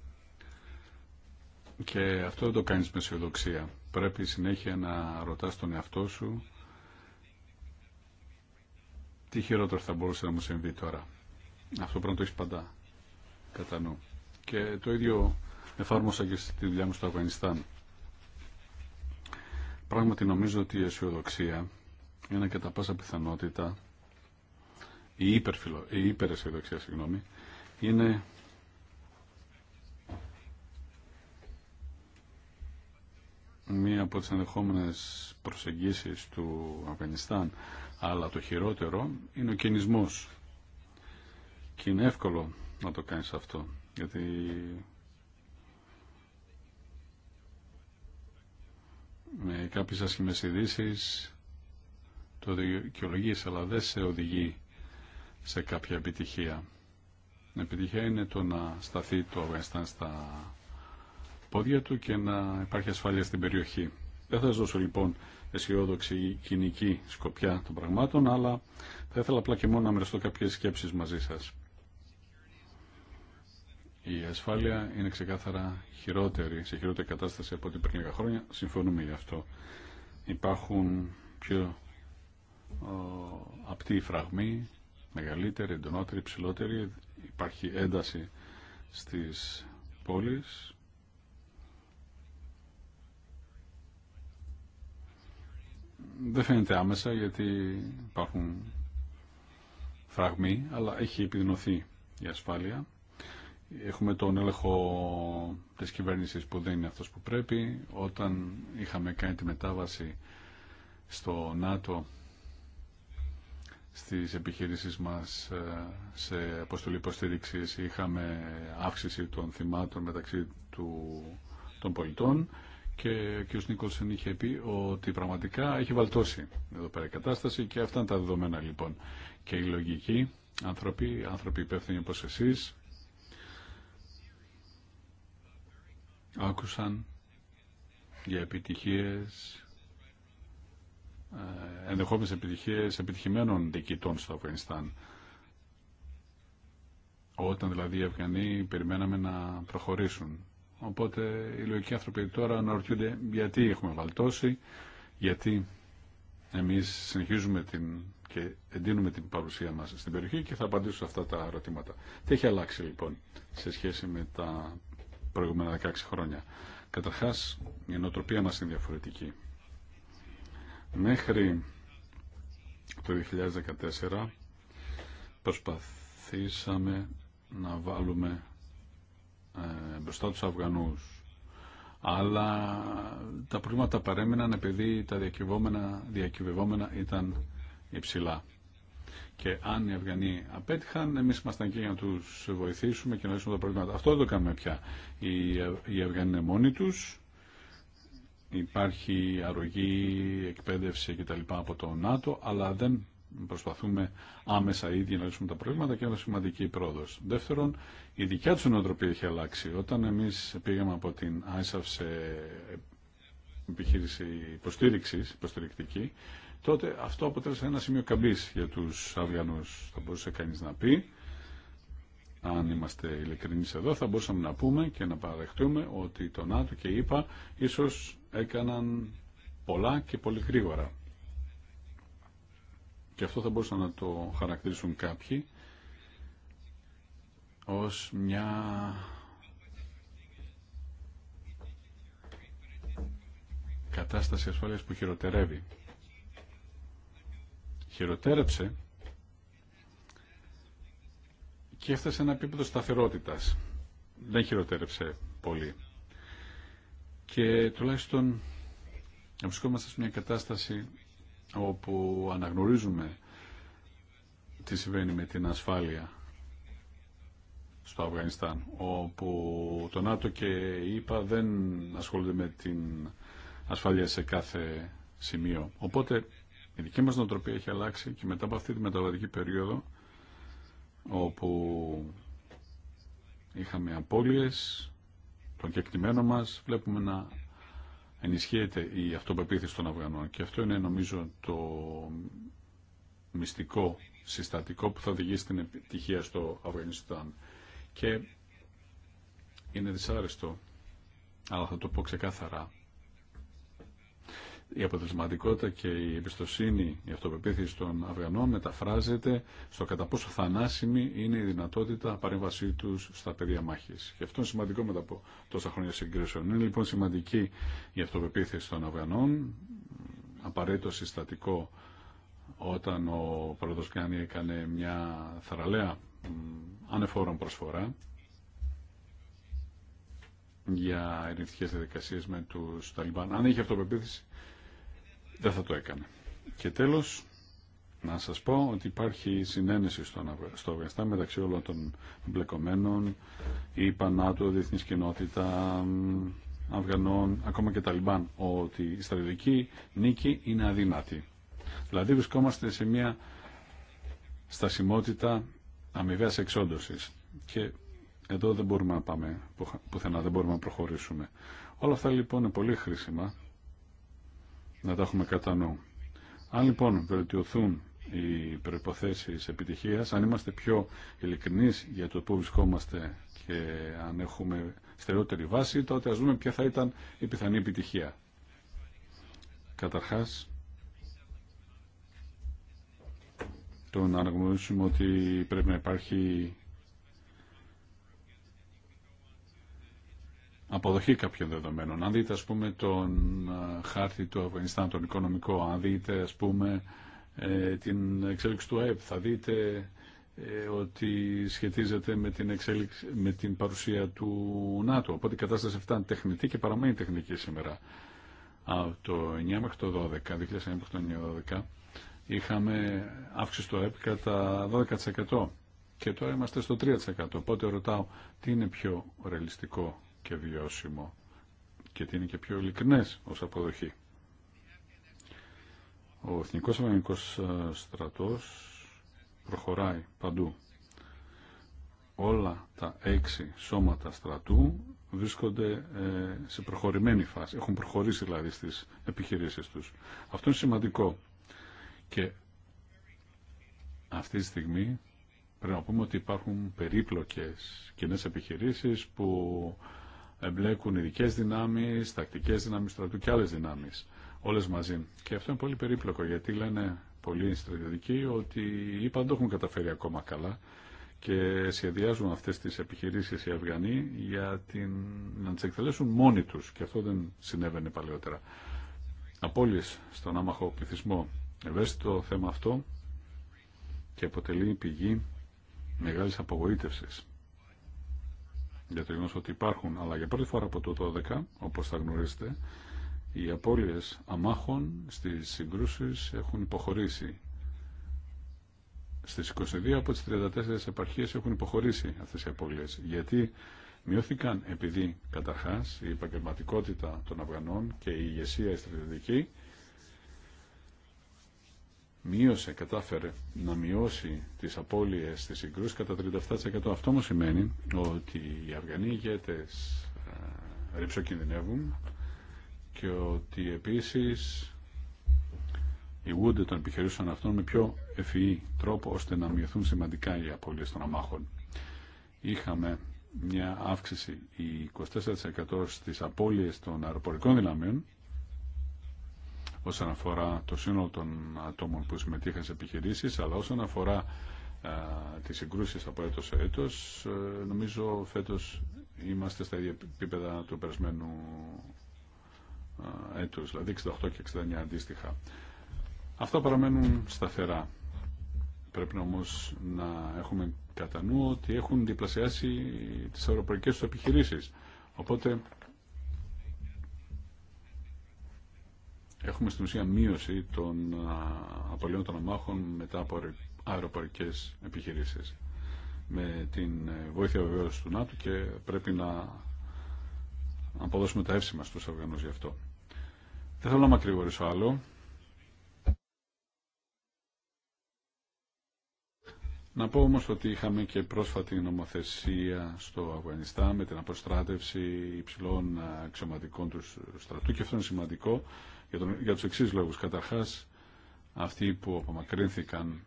και αυτό δεν το κάνεις με αισιοδοξία πρέπει συνέχεια να ρωτάς τον εαυτό σου τι χειρότερο θα μπορούσε να μου συμβεί τώρα. Αυτό πρέπει να το έχει παντά κατά νου. Και το ίδιο εφάρμοσα και στη δουλειά μου στο Αφγανιστάν. Πράγματι νομίζω ότι η αισιοδοξία είναι κατά πάσα πιθανότητα η, υπερφιλο, η συγγνώμη, είναι μία από τις ενδεχόμενες προσεγγίσεις του Αφγανιστάν αλλά το χειρότερο είναι ο κινησμός και είναι εύκολο να το κάνεις αυτό γιατί με κάποιες ασχημές ειδήσει το δικαιολογείς αλλά δεν σε οδηγεί σε κάποια επιτυχία. Η επιτυχία είναι το να σταθεί το Αφγανιστάν στα πόδια του και να υπάρχει ασφάλεια στην περιοχή. Δεν θα σα δώσω λοιπόν αισιόδοξη κοινική σκοπιά των πραγμάτων, αλλά θα ήθελα απλά και μόνο να μοιραστώ κάποιες σκέψεις μαζί σας. Η ασφάλεια είναι ξεκάθαρα χειρότερη, σε χειρότερη κατάσταση από ό,τι πριν χρόνια. Συμφωνούμε γι' αυτό. Υπάρχουν πιο απτοί φραγμοί, μεγαλύτεροι, εντονότεροι, υψηλότεροι. Υπάρχει ένταση στις πόλεις δεν φαίνεται άμεσα γιατί υπάρχουν φραγμοί, αλλά έχει επιδεινωθεί η ασφάλεια. Έχουμε τον έλεγχο της κυβέρνησης που δεν είναι αυτός που πρέπει. Όταν είχαμε κάνει τη μετάβαση στο ΝΑΤΟ στις επιχειρήσεις μας ε, σε αποστολή υποστήριξης είχαμε αύξηση των θυμάτων μεταξύ του, των πολιτών και ο κ. Νίκολσον είχε πει ότι πραγματικά έχει βαλτώσει εδώ πέρα η κατάσταση και αυτά είναι τα δεδομένα λοιπόν. Και οι λογικοί άνθρωποι, άνθρωποι υπεύθυνοι όπως εσείς, άκουσαν για επιτυχίες, ε, ενδεχόμενες επιτυχίες επιτυχημένων δικητών στο Αφγανιστάν. Όταν δηλαδή οι Αφγανοί περιμέναμε να προχωρήσουν Οπότε οι λογικοί άνθρωποι τώρα αναρωτιούνται γιατί έχουμε βαλτώσει, γιατί εμείς συνεχίζουμε την, και εντείνουμε την παρουσία μας στην περιοχή και θα απαντήσω σε αυτά τα ερωτήματα. Τι έχει αλλάξει λοιπόν σε σχέση με τα προηγούμενα 16 χρόνια. Καταρχάς η νοοτροπία μας είναι διαφορετική. Μέχρι το 2014 προσπαθήσαμε να βάλουμε ε, μπροστά τους Αφγανούς. Αλλά τα προβλήματα παρέμειναν επειδή τα διακυβόμενα, διακυβευόμενα ήταν υψηλά. Και αν οι Αφγανοί απέτυχαν, εμεί ήμασταν εκεί για να τους βοηθήσουμε και να λύσουμε τα προβλήματα. Αυτό δεν το κάνουμε πια. Οι Αφγανοί είναι μόνοι του. Υπάρχει αρρωγή, εκπαίδευση κτλ. από το ΝΑΤΟ, αλλά δεν προσπαθούμε άμεσα ήδη να λύσουμε τα προβλήματα και είναι σημαντική η πρόοδο. Δεύτερον, η δικιά του νοοτροπία έχει αλλάξει. Όταν εμεί πήγαμε από την ISAF σε επιχείρηση υποστήριξη, υποστηρικτική, τότε αυτό αποτέλεσε ένα σημείο καμπή για του Αφγανού. Θα μπορούσε κανεί να πει, αν είμαστε ειλικρινεί εδώ, θα μπορούσαμε να πούμε και να παραδεχτούμε ότι το ΝΑΤΟ και η ΙΠΑ ίσω έκαναν πολλά και πολύ γρήγορα και αυτό θα μπορούσαν να το χαρακτηρίσουν κάποιοι ως μια κατάσταση ασφάλειας που χειροτερεύει. Χειροτέρεψε και έφτασε σε ένα επίπεδο σταθερότητας. Δεν χειροτέρεψε πολύ. Και τουλάχιστον βρισκόμαστε σε μια κατάσταση όπου αναγνωρίζουμε τι συμβαίνει με την ασφάλεια στο Αφγανιστάν, όπου το ΝΑΤΟ και η ΕΠΑ δεν ασχολούνται με την ασφάλεια σε κάθε σημείο. Οπότε η δική μας νοοτροπία έχει αλλάξει και μετά από αυτή τη μεταβατική περίοδο, όπου είχαμε απώλειες, των κεκτημένων μας, βλέπουμε να ενισχύεται η αυτοπεποίθηση των Αυγανών και αυτό είναι νομίζω το μυστικό συστατικό που θα οδηγήσει την επιτυχία στο Αυγανιστάν. Και είναι δυσάρεστο, αλλά θα το πω ξεκάθαρα, η αποτελεσματικότητα και η εμπιστοσύνη, η αυτοπεποίθηση των Αυγανών μεταφράζεται στο κατά πόσο θανάσιμη είναι η δυνατότητα παρέμβασή του στα πεδία μάχη. Και αυτό είναι σημαντικό μετά από τόσα χρόνια συγκρίσεων. Είναι λοιπόν σημαντική η αυτοπεποίθηση των Αυγανών απαραίτητο συστατικό όταν ο Παραδός Κάνι έκανε μια θαραλέα ανεφόρον προσφορά για ερευνητικές διαδικασίε με τους Ταλιμπάν. Αν είχε αυτοπεποίθηση δεν θα το έκανε. Και τέλος, να σας πω ότι υπάρχει συνένεση στο Αφγανιστάν μεταξύ όλων των μπλεκομένων η Πανάτου, διεθνής κοινότητα, Αυγανών, ακόμα και τα Ταλιμπάν, ότι η στρατιωτική νίκη είναι αδύνατη. Δηλαδή βρισκόμαστε σε μια στασιμότητα αμοιβαία εξόντωση. Και εδώ δεν μπορούμε να πάμε πουθενά, δεν μπορούμε να προχωρήσουμε. Όλα αυτά λοιπόν είναι πολύ χρήσιμα να τα έχουμε κατά νου. Αν λοιπόν βελτιωθούν οι προϋποθέσεις επιτυχίας, αν είμαστε πιο ειλικρινείς για το πού βρισκόμαστε και αν έχουμε στερεότερη βάση, τότε ας δούμε ποια θα ήταν η πιθανή επιτυχία. Καταρχάς, το να αναγνωρίσουμε ότι πρέπει να υπάρχει αποδοχή κάποιων δεδομένων. Αν δείτε, ας πούμε, τον χάρτη του Αφγανιστάν, τον οικονομικό, αν δείτε, ας πούμε, ε, την εξέλιξη του ΑΕΠ, θα δείτε ε, ότι σχετίζεται με την, εξέλιξη, με την παρουσία του ΝΑΤΟ. Οπότε η κατάσταση αυτά είναι τεχνητή και παραμένει τεχνική σήμερα. Από το 9 μέχρι το 12, 2009 μέχρι το είχαμε αύξηση του ΑΕΠ κατά 12% και τώρα είμαστε στο 3%. Οπότε ρωτάω τι είναι πιο ρεαλιστικό και βιώσιμο και ότι είναι και πιο ειλικρινές ως αποδοχή. Ο Εθνικός Αμερικανικός ε, Στρατός προχωράει παντού. Όλα τα έξι σώματα στρατού βρίσκονται ε, σε προχωρημένη φάση. Έχουν προχωρήσει δηλαδή στις επιχειρήσεις τους. Αυτό είναι σημαντικό. Και αυτή τη στιγμή πρέπει να πούμε ότι υπάρχουν περίπλοκες κοινέ επιχειρήσεις που εμπλέκουν ειδικέ δυνάμει, τακτικέ δυνάμει στρατού και άλλε δυνάμει. Όλε μαζί. Και αυτό είναι πολύ περίπλοκο γιατί λένε πολλοί στρατιωτικοί ότι η το έχουν καταφέρει ακόμα καλά και σχεδιάζουν αυτέ τι επιχειρήσει οι Αυγανοί για την... να τι εκτελέσουν μόνοι του. Και αυτό δεν συνέβαινε παλαιότερα. Απόλυε στον άμαχο πληθυσμό. Ευαίσθητο θέμα αυτό και αποτελεί πηγή μεγάλης απογοήτευσης για το γεγονό ότι υπάρχουν, αλλά για πρώτη φορά από το 2012, όπως θα γνωρίζετε, οι απώλειες αμάχων στις συγκρούσεις έχουν υποχωρήσει. Στις 22 από τις 34 επαρχίες έχουν υποχωρήσει αυτές οι απώλειες. Γιατί μειώθηκαν επειδή καταρχάς η επαγγελματικότητα των Αυγανών και η ηγεσία η στρατιωτική μείωσε, κατάφερε να μειώσει τις απώλειες της συγκρούς κατά 37%. Αυτό όμω σημαίνει ότι οι Αφγανοί ηγέτε ε, ρηψοκινδυνεύουν και ότι επίσης ηγούνται των επιχειρήσεων αυτών με πιο ευφυή τρόπο ώστε να μειωθούν σημαντικά οι απώλειες των αμάχων. Είχαμε μια αύξηση 24% στις απώλειες των αεροπορικών δυναμίων όσον αφορά το σύνολο των ατόμων που συμμετείχαν σε επιχειρήσεις, αλλά όσον αφορά τις συγκρούσεις από έτος σε έτος, ε, νομίζω φέτος είμαστε στα ίδια επίπεδα του περασμένου έτους, δηλαδή 68 και 69 αντίστοιχα. Αυτά παραμένουν σταθερά. Πρέπει όμως να έχουμε κατά νου ότι έχουν διπλασιάσει τις ευρωπαϊκέ του επιχειρήσεις. Οπότε έχουμε στην ουσία μείωση των απολύων των αμάχων μετά από αεροπορικέ επιχειρήσεις. Με την ε, βοήθεια βεβαίω του ΝΑΤΟ και πρέπει να αποδώσουμε τα εύσημα στους Αφγανού γι' αυτό. Δεν θέλω να μακρηγορήσω άλλο. Να πω όμως ότι είχαμε και πρόσφατη νομοθεσία στο Αφγανιστάν με την αποστράτευση υψηλών ε, αξιωματικών του στρατού και αυτό είναι σημαντικό για, τον, για τους εξής λόγους. Καταρχάς, αυτοί που απομακρύνθηκαν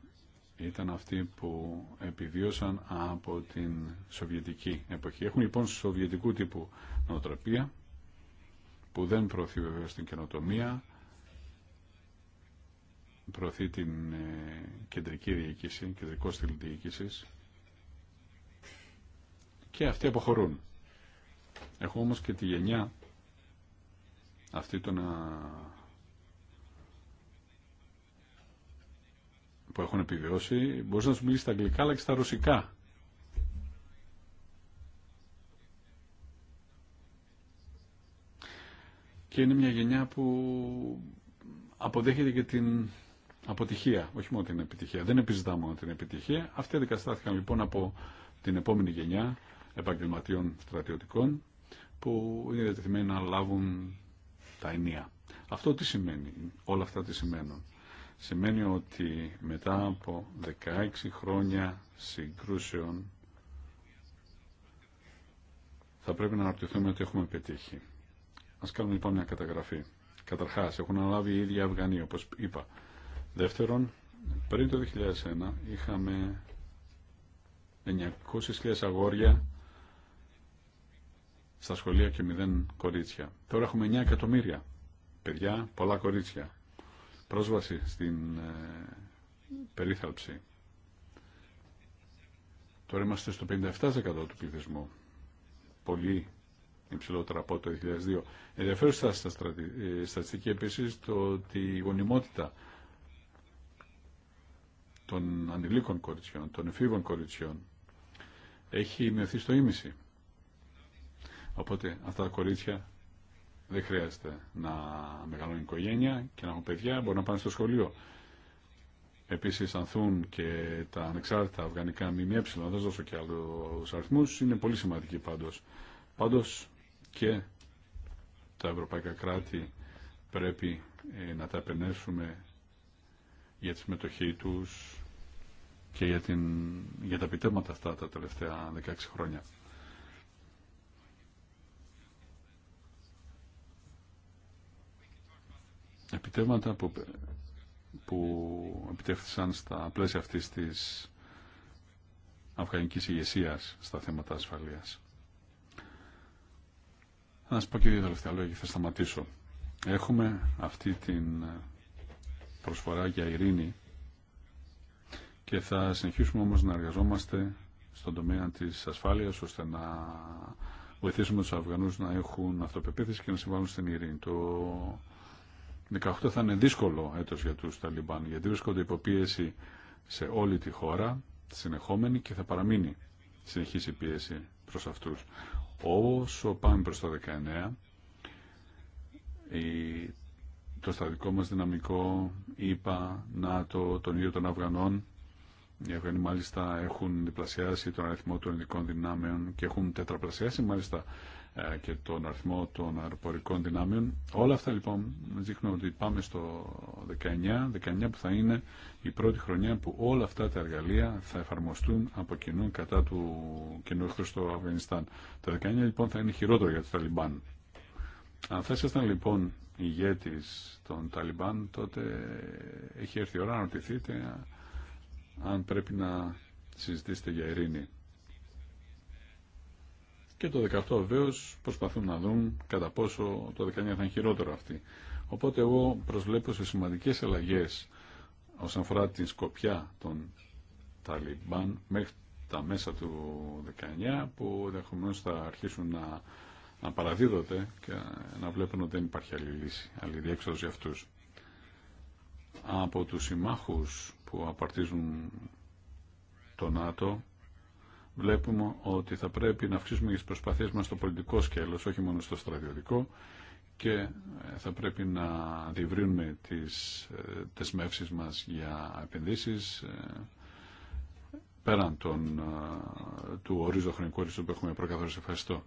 ήταν αυτοί που επιβίωσαν από την σοβιετική εποχή. Έχουν λοιπόν σοβιετικού τύπου νοοτροπία που δεν προωθεί βέβαια την καινοτομία, προωθεί την ε, κεντρική διοίκηση, κεντρικό στυλ διοίκησης και αυτοί αποχωρούν. Έχω όμως και τη γενιά αυτή το να... που έχουν επιβιώσει μπορεί να σου μιλήσει στα αγγλικά αλλά και στα ρωσικά. Και είναι μια γενιά που αποδέχεται και την αποτυχία, όχι μόνο την επιτυχία. Δεν επιζητά μόνο την επιτυχία. Αυτοί αντικαταστάθηκαν λοιπόν από την επόμενη γενιά επαγγελματιών στρατιωτικών που είναι διατεθειμένοι να λάβουν τα ενία. Αυτό τι σημαίνει, όλα αυτά τι σημαίνουν. Σημαίνει ότι μετά από 16 χρόνια συγκρούσεων θα πρέπει να αναπτυχθούμε ότι έχουμε πετύχει. Α κάνουμε λοιπόν μια καταγραφή. Καταρχά, έχουν αναλάβει οι ίδιοι Αυγανοί, όπω είπα. Δεύτερον, πριν το 2001 είχαμε 900.000 αγόρια στα σχολεία και μηδέν κορίτσια. Τώρα έχουμε 9 εκατομμύρια παιδιά, πολλά κορίτσια. Πρόσβαση στην ε, περίθαλψη. Τώρα είμαστε στο 57% του πληθυσμού. Πολύ υψηλότερα από το 2002. Ενδιαφέρουσα στα στρατι... Ε, στατιστική επίσης το ότι η γονιμότητα των ανηλίκων κοριτσιών, των εφήβων κοριτσιών έχει μειωθεί στο ίμιση. Οπότε αυτά τα κορίτσια δεν χρειάζεται να μεγαλώνουν οικογένεια και να έχουν παιδιά, μπορούν να πάνε στο σχολείο. Επίση, ανθούν και τα ανεξάρτητα αυγανικά ΜΜΕ, να δεν δώσω και άλλου αριθμού, είναι πολύ σημαντικοί πάντω. Πάντω και τα ευρωπαϊκά κράτη πρέπει ε, να τα επενέσουμε για τη συμμετοχή τους και για, την, για τα επιτέματα αυτά τα τελευταία 16 χρόνια. επιτεύγματα που, που επιτεύχθησαν στα πλαίσια αυτής της αφγανικής ηγεσία στα θέματα ασφαλείας. Θα σας πω και δύο τελευταία λόγια και θα σταματήσω. Έχουμε αυτή την προσφορά για ειρήνη και θα συνεχίσουμε όμως να εργαζόμαστε στον τομέα της ασφάλειας ώστε να βοηθήσουμε τους Αφγανούς να έχουν αυτοπεποίθηση και να συμβάλλουν στην ειρήνη. Το 18 θα είναι δύσκολο έτος για τους Ταλιμπάν γιατί βρίσκονται υποπίεση σε όλη τη χώρα συνεχόμενη και θα παραμείνει συνεχής η πίεση προς αυτούς. Όσο πάμε προς το 19 το σταδικό μας δυναμικό, είπα, ΝΑΤΟ, τον ίδιο των Αφγανών οι Αφγανοί μάλιστα έχουν διπλασιάσει τον αριθμό των ειδικών δυνάμεων και έχουν τετραπλασιάσει μάλιστα ε, και τον αριθμό των αεροπορικών δυνάμεων. Όλα αυτά λοιπόν δείχνουν ότι πάμε στο 19, 19 που θα είναι η πρώτη χρονιά που όλα αυτά τα εργαλεία θα εφαρμοστούν από κοινού κατά του κοινού εχθρού στο Αφγανιστάν. Το 19 λοιπόν θα είναι χειρότερο για τους Ταλιμπάν. Αν θα ήσασταν λοιπόν ηγέτης των Ταλιμπάν τότε έχει έρθει η ώρα να ρωτηθείτε αν πρέπει να συζητήσετε για ειρήνη και το 18 βεβαίω προσπαθούν να δουν κατά πόσο το 19 θα είναι χειρότερο αυτή. Οπότε εγώ προσβλέπω σε σημαντικές αλλαγέ όσον αφορά την σκοπιά των Ταλιμπάν μέχρι τα μέσα του 19 που ενδεχομένω θα αρχίσουν να, να παραδίδονται και να βλέπουν ότι δεν υπάρχει άλλη λύση, άλλη διέξοδο για αυτού. Από τους συμμάχους που απαρτίζουν το ΝΑΤΟ βλέπουμε ότι θα πρέπει να αυξήσουμε τις προσπαθίες μας στο πολιτικό σκέλος, όχι μόνο στο στρατιωτικό και ε, θα πρέπει να διευρύνουμε τις ε, δεσμεύσεις μας για επενδύσεις ε, πέραν των, του ορίζοντα χρονικού όριστου που έχουμε προκαθορίσει. Ευχαριστώ.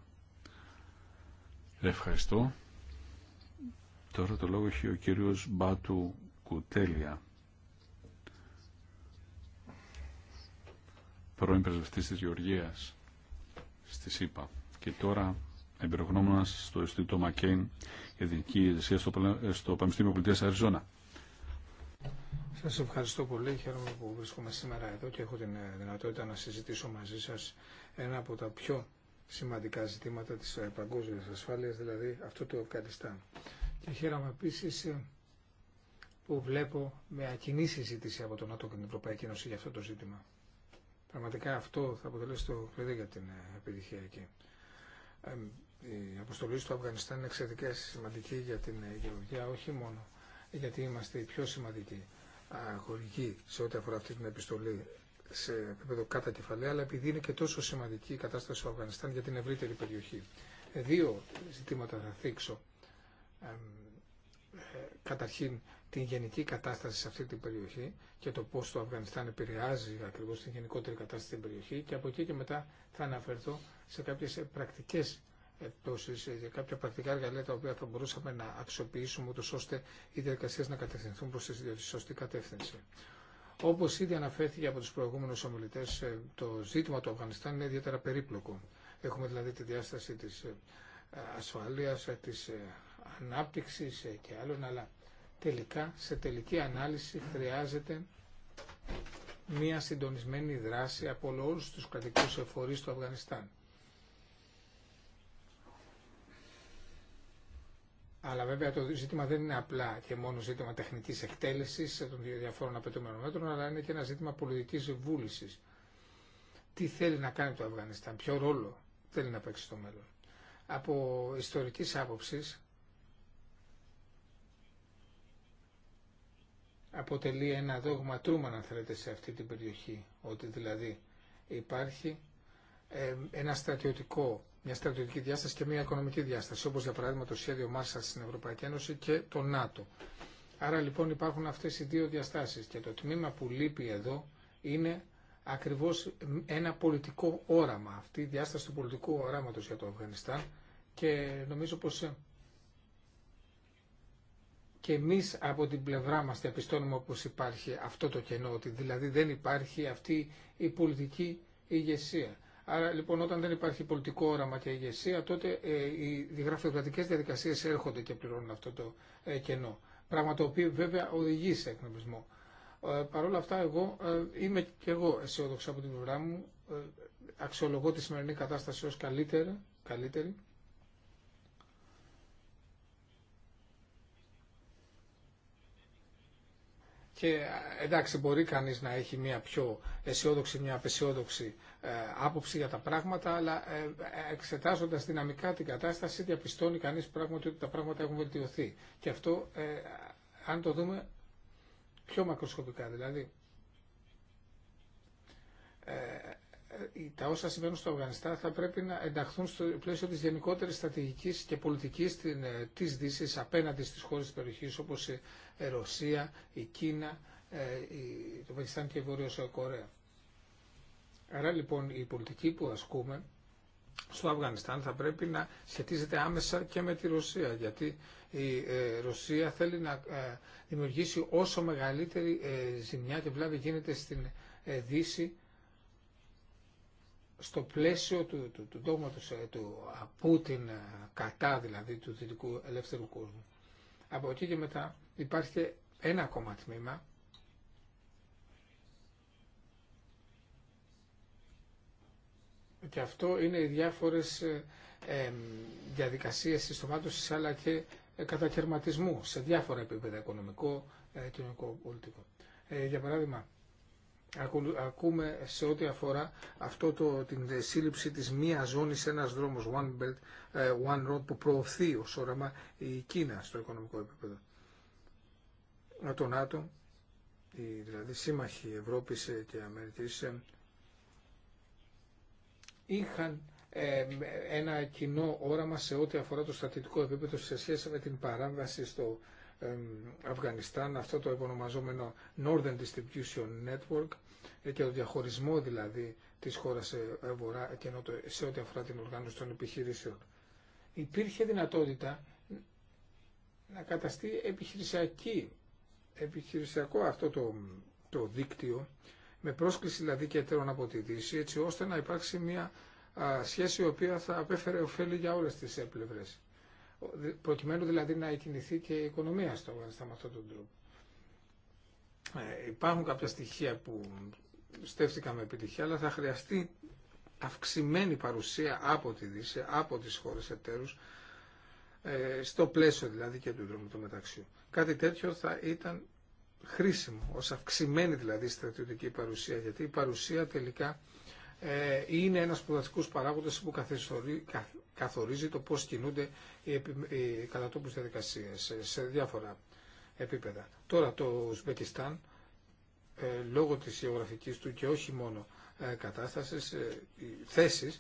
Ευχαριστώ. Τώρα το λόγο έχει ο κύριος Μπάτου Κουτέλια. πρώην πρεσβευτή τη Γεωργίας στη ΣΥΠΑ και τώρα εμπειρογνώμονα στο Ινστιτούτο Μακέιν για την ειδική ηγεσία στο, στο Πανεπιστήμιο Πολιτεία Αριζόνα. Σα ευχαριστώ πολύ. Χαίρομαι που βρίσκομαι σήμερα εδώ και έχω την ε, δυνατότητα να συζητήσω μαζί σα ένα από τα πιο σημαντικά ζητήματα τη ε, Παγκόσμια ασφάλειας, δηλαδή αυτό το Αφγανιστάν. Και χαίρομαι επίση ε, που βλέπω μια κοινή συζήτηση από τον ΝΑΤΟ και την Ευρωπαϊκή Ένωση για αυτό το ζήτημα. Πραγματικά αυτό θα αποτελέσει το κλειδί για την ε, επιτυχία εκεί. Η αποστολή στο Αφγανιστάν είναι εξαιρετικά σημαντική για την ε, γεωργία, όχι μόνο γιατί είμαστε οι πιο σημαντικοί χορηγή σε ό,τι αφορά αυτή την επιστολή σε επίπεδο κατά κεφαλαία, αλλά επειδή είναι και τόσο σημαντική η κατάσταση του Αφγανιστάν για την ευρύτερη περιοχή. Ε, δύο ζητήματα θα θίξω καταρχήν την γενική κατάσταση σε αυτή την περιοχή και το πώς το Αφγανιστάν επηρεάζει ακριβώς την γενικότερη κατάσταση στην περιοχή και από εκεί και μετά θα αναφερθώ σε κάποιες πρακτικές επιπτώσεις, για κάποια πρακτικά εργαλεία τα οποία θα μπορούσαμε να αξιοποιήσουμε ούτως ώστε οι διαδικασίες να κατευθυνθούν προς τη σωστή κατεύθυνση. Όπω ήδη αναφέρθηκε από του προηγούμενου ομιλητέ, ε, το ζήτημα του Αφγανιστάν είναι ιδιαίτερα περίπλοκο. Έχουμε δηλαδή τη διάσταση τη ε, ασφαλεία, ε, τη Ανάπτυξη ε, και άλλων, αλλά τελικά σε τελική ανάλυση χρειάζεται μια συντονισμένη δράση από όλους τους κρατικούς εφορείς του Αφγανιστάν. Αλλά βέβαια το ζήτημα δεν είναι απλά και μόνο ζήτημα τεχνικής εκτέλεσης των διαφόρων απαιτούμενων μέτρων, αλλά είναι και ένα ζήτημα πολιτικής βούλησης. Τι θέλει να κάνει το Αφγανιστάν, ποιο ρόλο θέλει να παίξει στο μέλλον. Από ιστορικής άποψης, αποτελεί ένα δόγμα Τρούμαν αν θέλετε σε αυτή την περιοχή ότι δηλαδή υπάρχει ε, ένα στρατιωτικό μια στρατιωτική διάσταση και μια οικονομική διάσταση, όπως για παράδειγμα το σχέδιο Μάρσα στην Ευρωπαϊκή Ένωση και το ΝΑΤΟ. Άρα λοιπόν υπάρχουν αυτές οι δύο διαστάσεις και το τμήμα που λείπει εδώ είναι ακριβώς ένα πολιτικό όραμα, αυτή η διάσταση του πολιτικού οράματος για το Αφγανιστάν και νομίζω πως ε, και εμείς από την πλευρά μας διαπιστώνουμε πως υπάρχει αυτό το κενό, ότι δηλαδή δεν υπάρχει αυτή η πολιτική ηγεσία. Άρα λοιπόν όταν δεν υπάρχει πολιτικό όραμα και ηγεσία τότε ε, οι γραφειοκρατικές διαδικασίες έρχονται και πληρώνουν αυτό το ε, κενό. Πράγμα το οποίο βέβαια οδηγεί σε εκνομισμό. Ε, Παρ' όλα αυτά εγώ ε, είμαι και εγώ αισιόδοξο από την πλευρά μου, αξιολογώ τη σημερινή κατάσταση ως καλύτερη, καλύτερη Και ε, εντάξει μπορεί κανείς να έχει μια πιο αισιόδοξη, μια απεσιόδοξη ε, άποψη για τα πράγματα, αλλά ε, εξετάζοντας δυναμικά την κατάσταση διαπιστώνει κανείς πράγματι ότι τα πράγματα έχουν βελτιωθεί. Και αυτό ε, αν το δούμε πιο μακροσκοπικά δηλαδή. Ε, τα όσα συμβαίνουν στο Αφγανιστάν θα πρέπει να ενταχθούν στο πλαίσιο της γενικότερης στρατηγικής και πολιτικής τη ε, Δύσης απέναντι στις χώρες της περιοχής όπως η ε, Ρωσία, η Κίνα, το Πακιστάν και η Βόρειος Κορέα. Άρα λοιπόν η πολιτική που ασκούμε στο Αφγανιστάν θα πρέπει να σχετίζεται άμεσα και με τη Ρωσία γιατί η Ρωσία θέλει να δημιουργήσει όσο μεγαλύτερη ζημιά και βλάβη γίνεται στην Δύση στο πλαίσιο του, του, του ντόγματος ε, του Πούτιν ε, κατά δηλαδή του δυτικού ελεύθερου κόσμου. Από εκεί και μετά υπάρχει ένα ακόμα τμήμα και αυτό είναι οι διάφορες ε, διαδικασίες συστομάτωσης αλλά και ε, κατακαιρματισμού σε διάφορα επίπεδα οικονομικό, κοινωνικό, πολιτικό. Ε, για παράδειγμα, ακούμε σε ό,τι αφορά αυτό το, την σύλληψη της μία σε ένας δρόμος, one belt, ε, one road που προωθεί ως όραμα η Κίνα στο οικονομικό επίπεδο. Το ΝΑΤΟ, οι δηλαδή σύμμαχοι Ευρώπης ε, και Αμερικής ε, είχαν ένα κοινό όραμα σε ό,τι αφορά το στατιστικό επίπεδο σε σχέση με την παράβαση στο Αφγανιστάν, αυτό το επωνομαζόμενο Northern Distribution Network ε, και το διαχωρισμό δηλαδή της χώρας σε ε, βορρά ε, και σε ό,τι αφορά την οργάνωση των επιχειρήσεων. Υπήρχε δυνατότητα να καταστεί επιχειρησιακή, επιχειρησιακό αυτό το, το δίκτυο με πρόσκληση δηλαδή και εταίρων από τη Δύση έτσι ώστε να υπάρξει μια σχέση η οποία θα απέφερε ωφέλη για όλες τις πλευρές προκειμένου δηλαδή να εκινηθεί και η οικονομία στο Αφγανιστάν με αυτόν τον τρόπο. Ε, υπάρχουν κάποια στοιχεία που στέφτηκαν με επιτυχία, αλλά θα χρειαστεί αυξημένη παρουσία από τη Δύση, από τις χώρες εταίρους, ε, στο πλαίσιο δηλαδή και του δρόμου του μεταξύ. Κάτι τέτοιο θα ήταν χρήσιμο, ως αυξημένη δηλαδή στρατιωτική παρουσία, γιατί η παρουσία τελικά ε, είναι ένας σπουδαστικός παράγοντας που καθορίζει το πώς κινούνται οι, οι κατατόπους σε διάφορα επίπεδα. Τώρα το Ουσμπεκιστάν, ε, λόγω της γεωγραφικής του και όχι μόνο ε, κατάστασης, θέσης,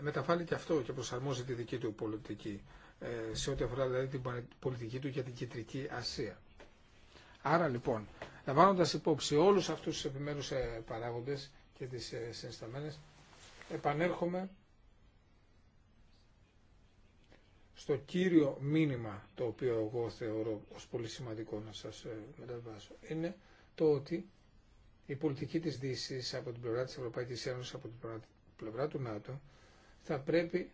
μεταφάλει και αυτό και προσαρμόζει τη δική του πολιτική σε ό,τι αφορά δηλαδή, την πολιτική του για την Κεντρική Ασία. Άρα λοιπόν, λαμβάνοντα υπόψη όλου αυτού του επιμέρου παράγοντε, και τις συνισταμένες, ε, επανέρχομαι στο κύριο μήνυμα το οποίο εγώ θεωρώ ως πολύ σημαντικό να σας ε, μεταβάσω. Είναι το ότι η πολιτική της Δύσης από την πλευρά της Ευρωπαϊκής Ένωσης, από την πλευρά του ΝΑΤΟ, θα πρέπει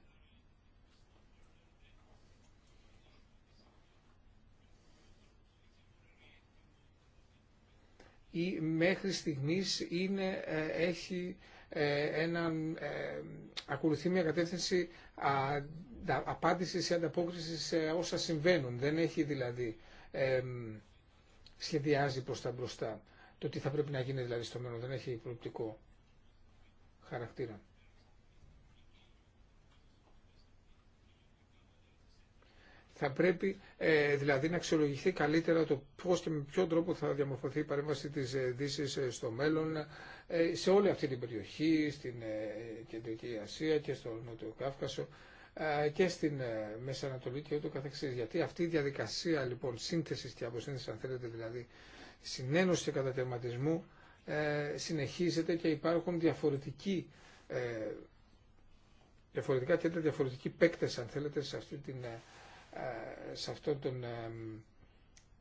ή μέχρι στιγμής είναι, ε, έχει ε, έναν, ε, ακολουθεί μια κατεύθυνση απάντησης ή ανταπόκρισης σε όσα συμβαίνουν. Δεν έχει δηλαδή σχεδιάζει προς τα μπροστά. Το τι θα πρέπει να γίνει δηλαδή στο μέλλον δεν έχει προοπτικό χαρακτήρα. Θα πρέπει ε, δηλαδή να αξιολογηθεί καλύτερα το πώς και με ποιον τρόπο θα διαμορφωθεί η παρέμβαση της ε, Δύση ε, στο μέλλον σε όλη αυτή την περιοχή, στην Κεντρική Ασία και στο Νότιο Κάφκασο και στην μέσα, Ανατολή και ούτω καθεξής. Γιατί αυτή η διαδικασία λοιπόν σύνθεσης και αποσύνθεσης αν θέλετε δηλαδή συνένωση και κατατερματισμού συνεχίζεται και υπάρχουν διαφορετικοί διαφορετικά κέντρα, διαφορετικοί παίκτες αν θέλετε σε αυτή την ε, ε,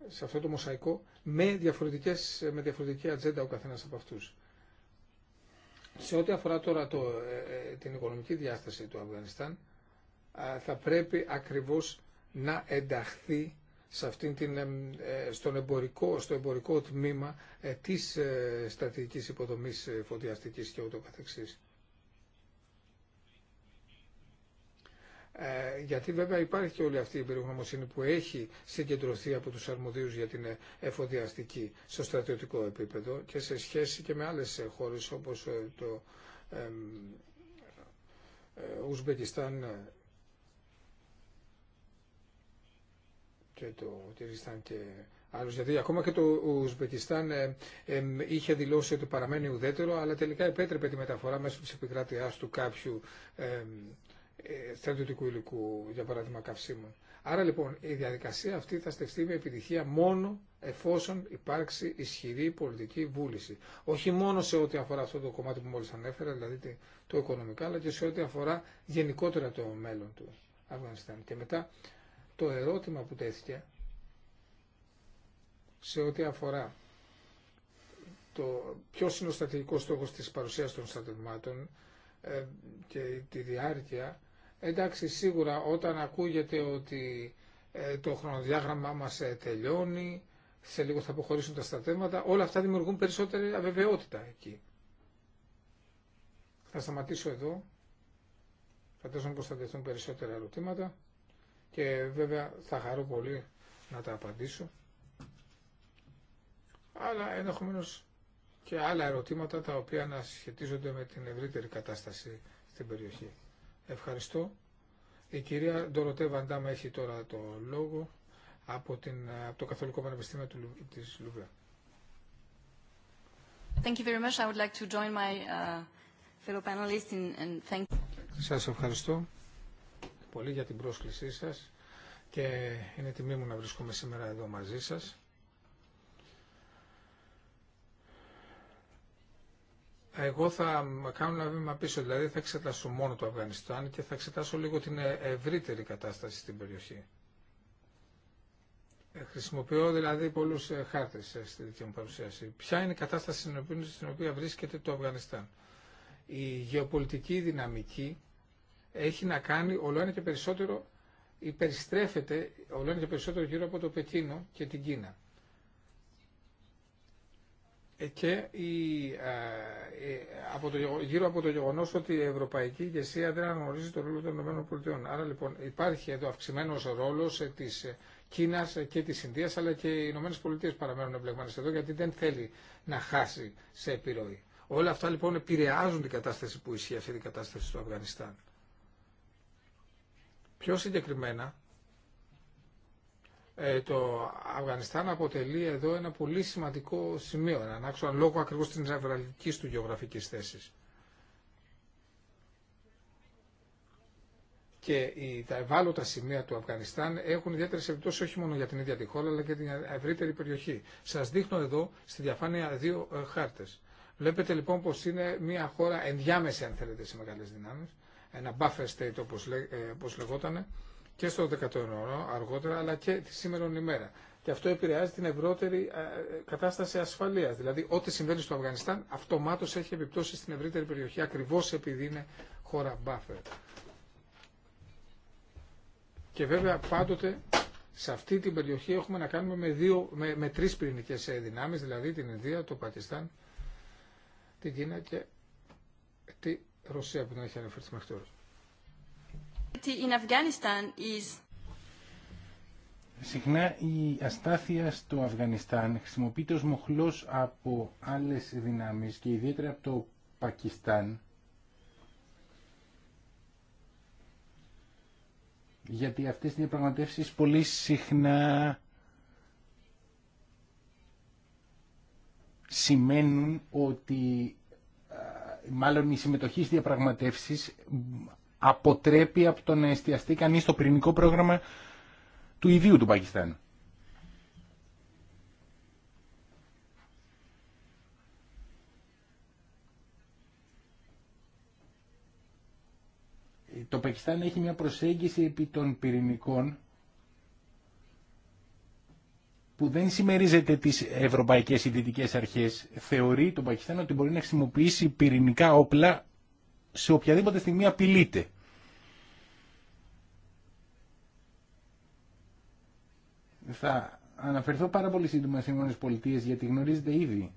σε αυτό, το μοσαϊκό με, διαφορετικές, με διαφορετική ατζέντα ο καθένας από αυτούς. Σε ό,τι αφορά τώρα το, ε, την οικονομική διάσταση του Αφγανιστάν, θα πρέπει ακριβώς να ενταχθεί σε αυτήν την, στον εμπορικό, στο εμπορικό τμήμα της στρατηγικής υποδομής φωτιαστικής και ούτω καθεξής. Ε, γιατί βέβαια υπάρχει και όλη αυτή η περιγνωμοσύνη που έχει συγκεντρωθεί από τους αρμοδίους για την εφοδιαστική στο στρατιωτικό επίπεδο και σε σχέση και με άλλες χώρες όπως ε, το ε, Ουσμπεκιστάν και το Τυριστάν και άλλους. Γιατί ακόμα και το Ουσμπεκιστάν είχε δηλώσει ότι παραμένει ουδέτερο, αλλά τελικά επέτρεπε τη μεταφορά μέσω της επικράτειάς του κάποιου ε, στρατιωτικού υλικού, για παράδειγμα καυσίμων. Άρα λοιπόν η διαδικασία αυτή θα στεφτεί με επιτυχία μόνο εφόσον υπάρξει ισχυρή πολιτική βούληση. Όχι μόνο σε ό,τι αφορά αυτό το κομμάτι που μόλις ανέφερα, δηλαδή το οικονομικά, αλλά και σε ό,τι αφορά γενικότερα το μέλλον του Αφγανιστάν. Και μετά το ερώτημα που τέθηκε σε ό,τι αφορά το ποιο είναι ο στρατηγικός στόχος της παρουσίας των στρατευμάτων ε, και τη διάρκεια Εντάξει, σίγουρα όταν ακούγεται ότι ε, το χρονοδιάγραμμά μας ε, τελειώνει, σε λίγο θα αποχωρήσουν τα στρατεύματα, όλα αυτά δημιουργούν περισσότερη αβεβαιότητα εκεί. Θα σταματήσω εδώ. Φαντάζομαι πως θα τεθούν περισσότερα ερωτήματα και βέβαια θα χαρώ πολύ να τα απαντήσω. Αλλά ενδεχομένω και άλλα ερωτήματα τα οποία να σχετίζονται με την ευρύτερη κατάσταση στην περιοχή. Ευχαριστώ. Η κυρία Ντοροτέ Βαντάμα έχει τώρα το λόγο από, την, από το Καθολικό Πανεπιστήμιο του, της Λουβέ. Thank you very much. I would like to join my uh, fellow in, thank Σας ευχαριστώ πολύ για την πρόσκλησή σας και είναι τιμή μου να βρισκόμαι σήμερα εδώ μαζί σας. Εγώ θα κάνω ένα βήμα πίσω, δηλαδή θα εξετάσω μόνο το Αφγανιστάν και θα εξετάσω λίγο την ε, ευρύτερη κατάσταση στην περιοχή. Ε, χρησιμοποιώ δηλαδή πολλού ε, χάρτε στη δική μου παρουσίαση. Ποια είναι η κατάσταση στην οποία βρίσκεται το Αφγανιστάν. Η γεωπολιτική δυναμική έχει να κάνει όλο ένα και περισσότερο, υπεριστρέφεται όλο ένα και περισσότερο γύρω από το Πεκίνο και την Κίνα. Ε, και η, ε, ε, από το, γύρω από το γεγονός ότι η ευρωπαϊκή ηγεσία δεν αναγνωρίζει το ρόλο των ΗΠΑ. Άρα λοιπόν υπάρχει εδώ αυξημένος ρόλος της Κίνας και της Ινδίας αλλά και οι ΗΠΑ παραμένουν εμπλεγμένες εδώ γιατί δεν θέλει να χάσει σε επιρροή. Όλα αυτά λοιπόν επηρεάζουν την κατάσταση που ισχύει αυτή την κατάσταση στο Αφγανιστάν. Πιο συγκεκριμένα ε, το Αφγανιστάν αποτελεί εδώ ένα πολύ σημαντικό σημείο, έναν άξονα λόγω ακριβώς της ευραλικής του γεωγραφικής θέσης. Και τα ευάλωτα σημεία του Αφγανιστάν έχουν ιδιαίτερε επιπτώσει όχι μόνο για την ίδια τη χώρα, αλλά και την ευρύτερη περιοχή. Σα δείχνω εδώ στη διαφάνεια δύο ε, χάρτε. Βλέπετε λοιπόν πω είναι μια χώρα ενδιάμεση, αν θέλετε, σε μεγάλε δυνάμει. Ένα buffer state όπω ε, λεγότανε και στο 19ο αιώνα αργότερα, αλλά και τη σήμερα ημέρα. Και αυτό επηρεάζει την ευρύτερη ε, κατάσταση ασφαλεία. Δηλαδή, ό,τι συμβαίνει στο Αφγανιστάν αυτομάτω έχει επιπτώσει στην ευρύτερη περιοχή, ακριβώ επειδή είναι χώρα buffer. Και βέβαια πάντοτε σε αυτή την περιοχή έχουμε να κάνουμε με, δύο, με, με τρεις δυνάμεις, δηλαδή την Ινδία, το Πακιστάν, την Κίνα και τη Ρωσία που δεν έχει αναφερθεί μέχρι τώρα. Συχνά η αστάθεια στο Αφγανιστάν χρησιμοποιείται ως μοχλός από άλλες δυνάμεις και ιδιαίτερα από το Πακιστάν γιατί αυτές οι διαπραγματεύσεις πολύ συχνά σημαίνουν ότι μάλλον η συμμετοχή στις διαπραγματεύσεις αποτρέπει από το να εστιαστεί κανεί στο πυρηνικό πρόγραμμα του ιδίου του Πακιστάν. Το Πακιστάν έχει μια προσέγγιση επί των πυρηνικών που δεν συμμερίζεται τις ευρωπαϊκές ή δυτικές αρχές. Θεωρεί το Πακιστάν ότι μπορεί να χρησιμοποιήσει πυρηνικά όπλα σε οποιαδήποτε στιγμή απειλείται. Θα αναφερθώ πάρα πολύ σύντομα στι ΗΠΑ γιατί γνωρίζετε ήδη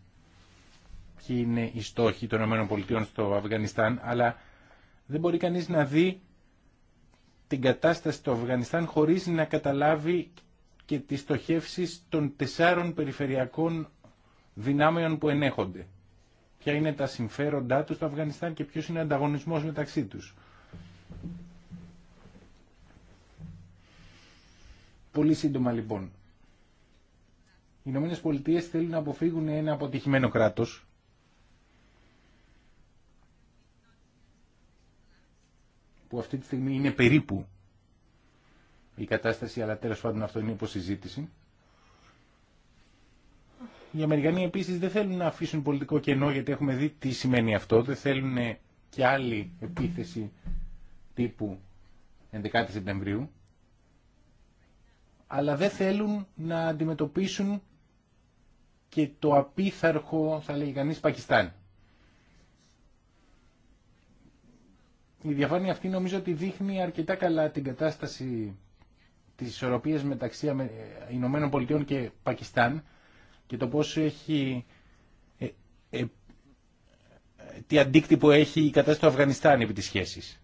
ποιοι είναι οι στόχοι των πολιτείων στο Αφγανιστάν, αλλά δεν μπορεί κανείς να δει την κατάσταση στο Αφγανιστάν χωρίς να καταλάβει και τι στοχεύσει των τεσσάρων περιφερειακών δυνάμεων που ενέχονται. Ποια είναι τα συμφέροντά του στο Αφγανιστάν και ποιο είναι ο ανταγωνισμό μεταξύ του. Πολύ σύντομα λοιπόν. Οι Ηνωμένε Πολιτείε θέλουν να αποφύγουν ένα αποτυχημένο κράτος. Που αυτή τη στιγμή είναι περίπου η κατάσταση, αλλά τέλος πάντων αυτό είναι υποσυζήτηση. Οι Αμερικανοί επίσης δεν θέλουν να αφήσουν πολιτικό κενό, γιατί έχουμε δει τι σημαίνει αυτό. Δεν θέλουν και άλλη επίθεση τύπου 11 Σεπτεμβρίου αλλά δεν θέλουν να αντιμετωπίσουν και το απίθαρχο, θα λέει κανείς, Πακιστάν. Η διαφάνεια αυτή νομίζω ότι δείχνει αρκετά καλά την κατάσταση της ισορροπίας μεταξύ Ηνωμένων Πολιτειών και Πακιστάν και το πόσο έχει ε, ε, τι αντίκτυπο έχει η κατάσταση του Αφγανιστάν επί της σχέσης.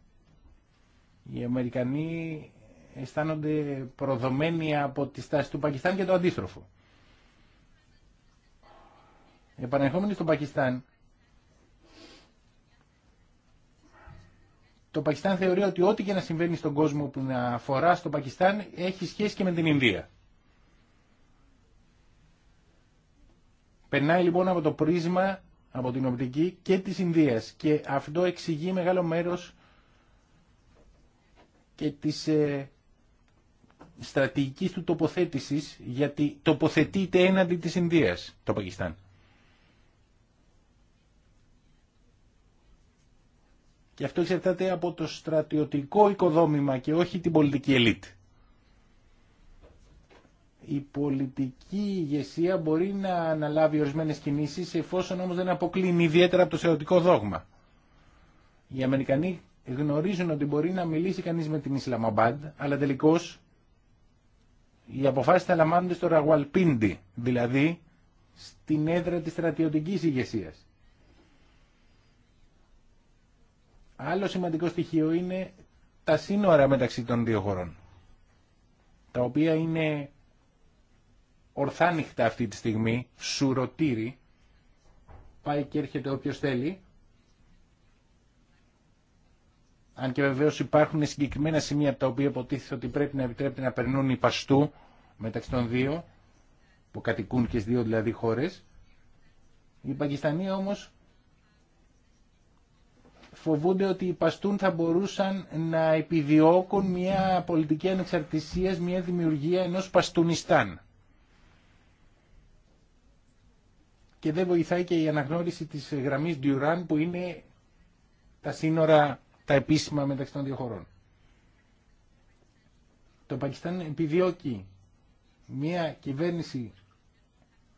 Οι Αμερικανοί αισθάνονται προδομένοι από τη στάση του Πακιστάν και το αντίστροφο. Επανερχόμενοι στο Πακιστάν, το Πακιστάν θεωρεί ότι ό,τι και να συμβαίνει στον κόσμο που να αφορά στο Πακιστάν έχει σχέση και με την Ινδία. Περνάει λοιπόν από το πρίσμα, από την οπτική και της Ινδίας και αυτό εξηγεί μεγάλο μέρος και της ε, στρατηγική του τοποθέτησης γιατί τοποθετείται έναντι τη Ινδία το Πακιστάν. Και αυτό εξαρτάται από το στρατιωτικό οικοδόμημα και όχι την πολιτική ελίτ. Η πολιτική ηγεσία μπορεί να αναλάβει ορισμένες κινήσεις εφόσον όμως δεν αποκλίνει ιδιαίτερα από το στρατιωτικό δόγμα. Οι Αμερικανοί γνωρίζουν ότι μπορεί να μιλήσει κανείς με την Ισλαμαμπάντ, αλλά τελικώς οι αποφάσει θα λαμβάνονται στο Ραγουαλπίντι, δηλαδή στην έδρα της στρατιωτική ηγεσία. Άλλο σημαντικό στοιχείο είναι τα σύνορα μεταξύ των δύο χωρών, τα οποία είναι ορθάνυχτα αυτή τη στιγμή, σουρωτήρι, πάει και έρχεται όποιος θέλει, αν και βεβαίω υπάρχουν συγκεκριμένα σημεία από τα οποία υποτίθεται ότι πρέπει να επιτρέπεται να περνούν οι παστού μεταξύ των δύο, που κατοικούν και στι δύο δηλαδή χώρες. Οι Πακιστανοί όμως φοβούνται ότι οι Παστούν θα μπορούσαν να επιδιώκουν μια πολιτική ανεξαρτησία, μια δημιουργία ενός Παστούνιστάν. Και δεν βοηθάει και η αναγνώριση της γραμμής Ντιουράν που είναι τα σύνορα τα επίσημα μεταξύ των δύο χωρών. Το Πακιστάν επιδιώκει μια κυβέρνηση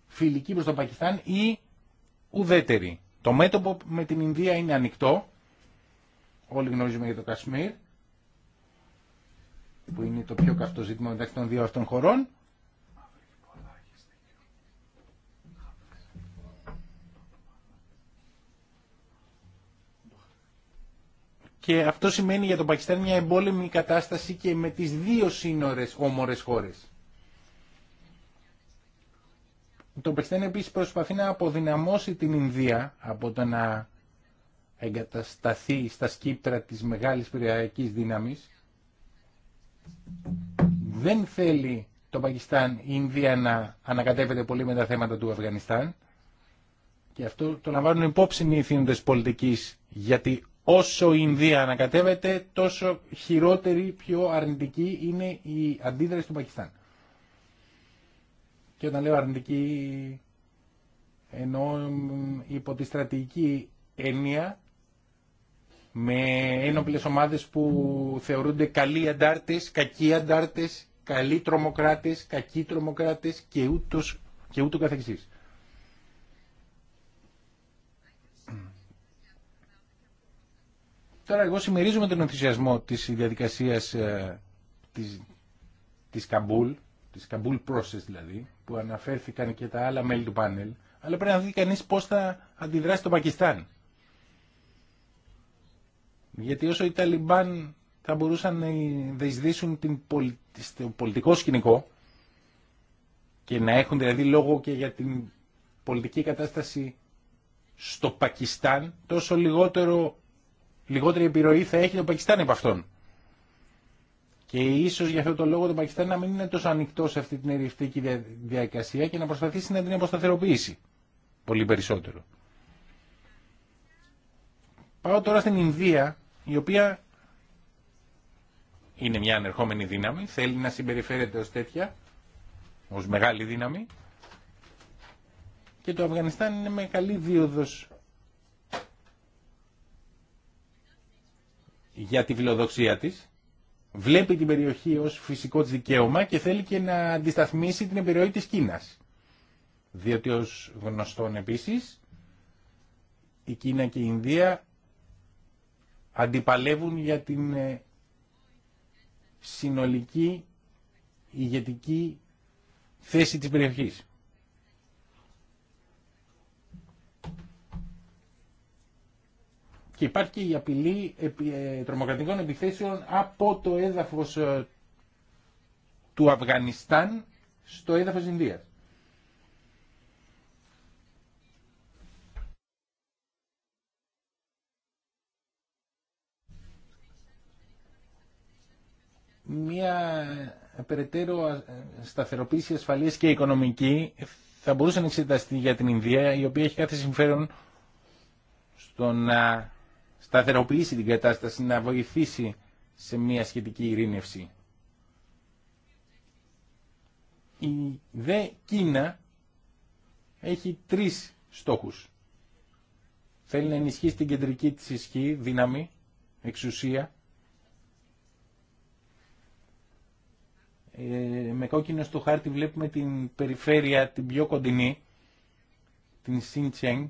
φιλική προς το Πακιστάν ή ουδέτερη. Το μέτωπο με την Ινδία είναι ανοιχτό. Όλοι γνωρίζουμε για το Κασμίρ που είναι το πιο καυτό ζήτημα μεταξύ των δύο αυτών χωρών Και αυτό σημαίνει για το Πακιστάν μια εμπόλεμη κατάσταση και με τις δύο σύνορες όμορες χώρες. Το Πακιστάν επίσης προσπαθεί να αποδυναμώσει την Ινδία από το να εγκατασταθεί στα σκύπτρα της μεγάλης πυριακής δύναμης. Δεν θέλει το Πακιστάν η Ινδία να ανακατεύεται πολύ με τα θέματα του Αφγανιστάν. Και αυτό το λαμβάνουν υπόψη οι πολιτικής, γιατί όσο η Ινδία ανακατεύεται, τόσο χειρότερη, πιο αρνητική είναι η αντίδραση του Πακιστάν. Και όταν λέω αρνητική, εννοώ υπό τη στρατηγική έννοια, με ένοπλες ομάδες που θεωρούνται καλοί αντάρτες, κακοί αντάρτες, καλοί τρομοκράτες, κακοί τρομοκράτες και και ούτω καθεξής. Τώρα εγώ συμμερίζομαι τον ενθουσιασμό της διαδικασίας ε, της, της Καμπούλ, της Καμπούλ Process δηλαδή, που αναφέρθηκαν και τα άλλα μέλη του πάνελ, αλλά πρέπει να δει κανείς πώς θα αντιδράσει το Πακιστάν. Γιατί όσο οι Ταλιμπάν θα μπορούσαν να δεσδίσουν την πολιτικό σκηνικό και να έχουν δηλαδή λόγο και για την πολιτική κατάσταση στο Πακιστάν, τόσο λιγότερο λιγότερη επιρροή θα έχει το Πακιστάν επ' αυτόν. Και ίσως για αυτό το λόγο το Πακιστάν να μην είναι τόσο ανοιχτό σε αυτή την ερηφτική διαδικασία και να προσπαθήσει να την αποσταθεροποιήσει πολύ περισσότερο. Πάω τώρα στην Ινδία, η οποία είναι μια ανερχόμενη δύναμη, θέλει να συμπεριφέρεται ως τέτοια, ως μεγάλη δύναμη. Και το Αφγανιστάν είναι με καλή δίωδος για τη φιλοδοξία της, βλέπει την περιοχή ως φυσικό της δικαίωμα και θέλει και να αντισταθμίσει την επιρροή της Κίνας. Διότι ως γνωστόν επίσης, η Κίνα και η Ινδία αντιπαλεύουν για την ε, συνολική ηγετική θέση της περιοχής. και υπάρχει και η απειλή ε, τρομοκρατικών επιθέσεων από το έδαφος ε, του Αφγανιστάν στο έδαφος Ινδίας. Μια περαιτέρω σταθεροποίηση ασφαλείας και οικονομική θα μπορούσε να εξεταστεί για την Ινδία η οποία έχει κάθε συμφέρον στο να σταθεροποιήσει την κατάσταση, να βοηθήσει σε μια σχετική ειρήνευση. Η δε Κίνα έχει τρεις στόχους. Θέλει να ενισχύσει την κεντρική της ισχύ, δύναμη, εξουσία, ε, με κόκκινο στο χάρτη βλέπουμε την περιφέρεια την πιο κοντινή, την Σιντσέγκ.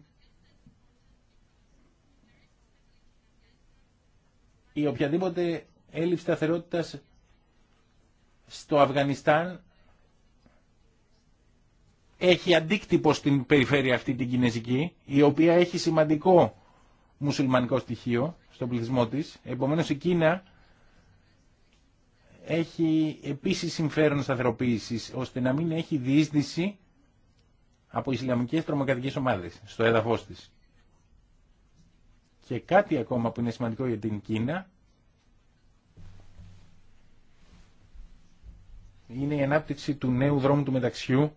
η οποιαδήποτε έλλειψη σταθερότητα στο Αφγανιστάν έχει αντίκτυπο στην περιφέρεια αυτή την κινέζικη, η οποία έχει σημαντικό μουσουλμανικό στοιχείο στον πληθυσμό της. Επομένως η Κίνα έχει επίσης συμφέρον σταθεροποίησης, ώστε να μην έχει διείσδυση από Ισλαμικές τρομοκρατικές ομάδες στο έδαφος της. Και κάτι ακόμα που είναι σημαντικό για την Κίνα είναι η ανάπτυξη του νέου δρόμου του μεταξιού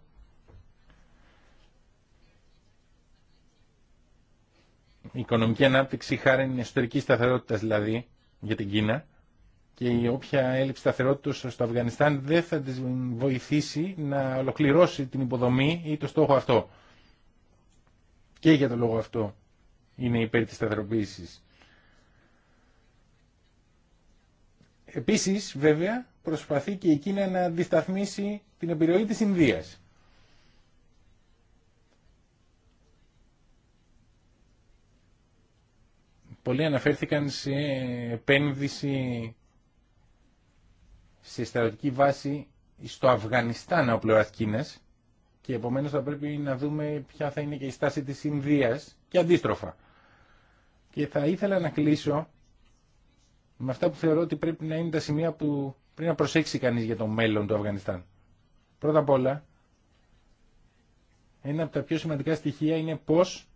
η οικονομική ανάπτυξη χάρη εσωτερική σταθερότητα δηλαδή για την Κίνα και η όποια έλλειψη σταθερότητα στο Αφγανιστάν δεν θα τη βοηθήσει να ολοκληρώσει την υποδομή ή το στόχο αυτό. Και για το λόγο αυτό είναι υπέρ της σταθεροποίησης. Επίσης, βέβαια, προσπαθεί και η Κίνα να αντισταθμίσει την επιρροή της Ινδίας. Πολλοί αναφέρθηκαν σε επένδυση σε στρατιωτική βάση στο Αφγανιστάν ο πλευράς και επομένως θα πρέπει να δούμε ποια θα είναι και η στάση της Ινδίας και αντίστροφα. Και θα ήθελα να κλείσω με αυτά που θεωρώ ότι πρέπει να είναι τα σημεία που πρέπει να προσέξει κανείς για το μέλλον του Αφγανιστάν. Πρώτα απ' όλα, ένα από τα πιο σημαντικά στοιχεία είναι πώς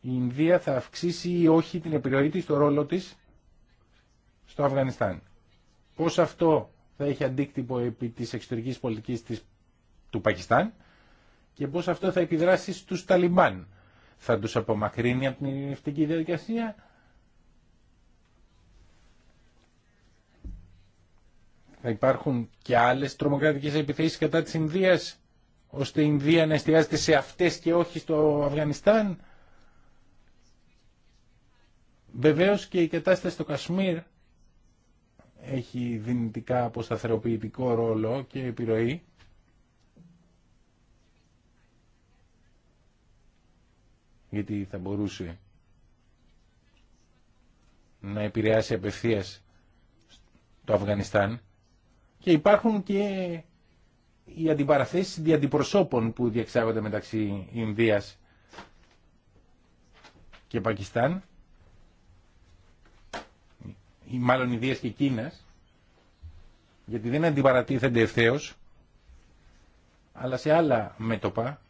η Ινδία θα αυξήσει ή όχι την επιρροή της, το ρόλο της στο Αφγανιστάν. Πώς αυτό θα έχει αντίκτυπο επί της εξωτερικής πολιτικής της, του Πακιστάν και πώς αυτό θα επιδράσει στους Ταλιμπάν θα τους απομακρύνει από την ειρηνευτική διαδικασία. Θα υπάρχουν και άλλες τρομοκρατικές επιθέσεις κατά της Ινδίας, ώστε η Ινδία να εστιάζεται σε αυτές και όχι στο Αφγανιστάν. Βεβαίως και η κατάσταση στο Κασμίρ έχει δυνητικά αποσταθεροποιητικό ρόλο και επιρροή. γιατί θα μπορούσε να επηρεάσει απευθείας το Αφγανιστάν και υπάρχουν και οι αντιπαραθέσεις διαντιπροσώπων που διεξάγονται μεταξύ Ινδίας και Πακιστάν ή μάλλον Ινδίας και Κίνας γιατί δεν αντιπαρατίθενται ευθέω, αλλά σε άλλα μέτωπα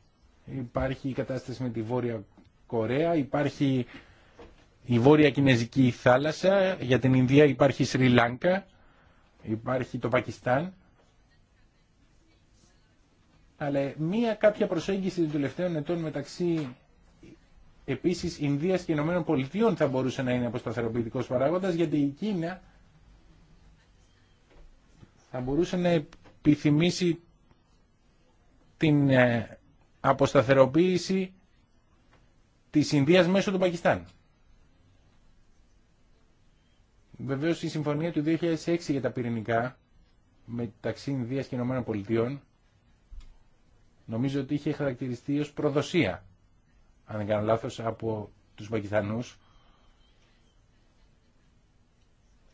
υπάρχει η κατάσταση με τη Βόρεια Κορέα, υπάρχει η Βόρεια Κινέζικη θάλασσα, για την Ινδία υπάρχει η Σρι Λάνκα, υπάρχει το Πακιστάν. Αλλά μία κάποια προσέγγιση των τελευταίων ετών μεταξύ επίσης Ινδίας και Ηνωμένων Πολιτειών θα μπορούσε να είναι αποσταθεροποιητικός παράγοντα γιατί η Κίνα θα μπορούσε να επιθυμήσει την ε, αποσταθεροποίηση τη Ινδία μέσω του Πακιστάν. Βεβαίω η συμφωνία του 2006 για τα πυρηνικά μεταξύ Ινδία και Ηνωμένων Πολιτειών νομίζω ότι είχε χαρακτηριστεί ω προδοσία, αν δεν κάνω λάθο, από τους Πακιστανούς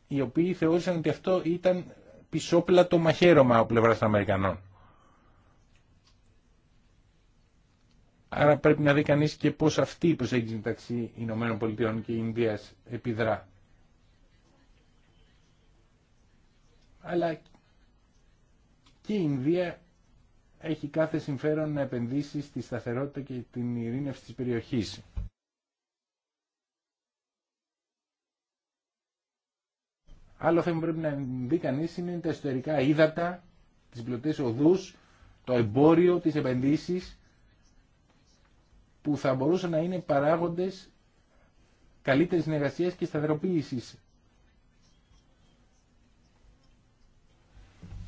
οι οποίοι θεώρησαν ότι αυτό ήταν πισόπλατο μαχαίρωμα από πλευρά των Αμερικανών. Άρα πρέπει να δει κανείς και πώς αυτή η προσέγγιση μεταξύ Ηνωμένων Πολιτειών και Ινδίας επιδρά. Αλλά και η Ινδία έχει κάθε συμφέρον να επενδύσει στη σταθερότητα και την ειρήνευση της περιοχής. Άλλο θέμα που πρέπει να δει κανείς είναι τα εσωτερικά ύδατα, τις πλωτές οδούς, το εμπόριο, τις επενδύσεις που θα μπορούσαν να είναι παράγοντες καλύτερης συνεργασίας και σταθεροποίησης.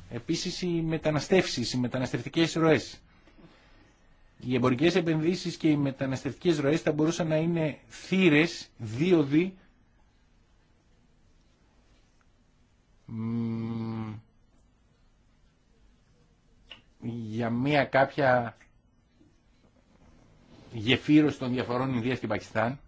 Επίσης οι μεταναστεύσεις, οι μεταναστευτικές ροές. Οι εμπορικές επενδύσεις και οι μεταναστευτικές ροές θα μπορούσαν να είναι θύρες, δίωδοι, για μία κάποια γεφύρωση των διαφορών Ινδίας και Πακιστάν,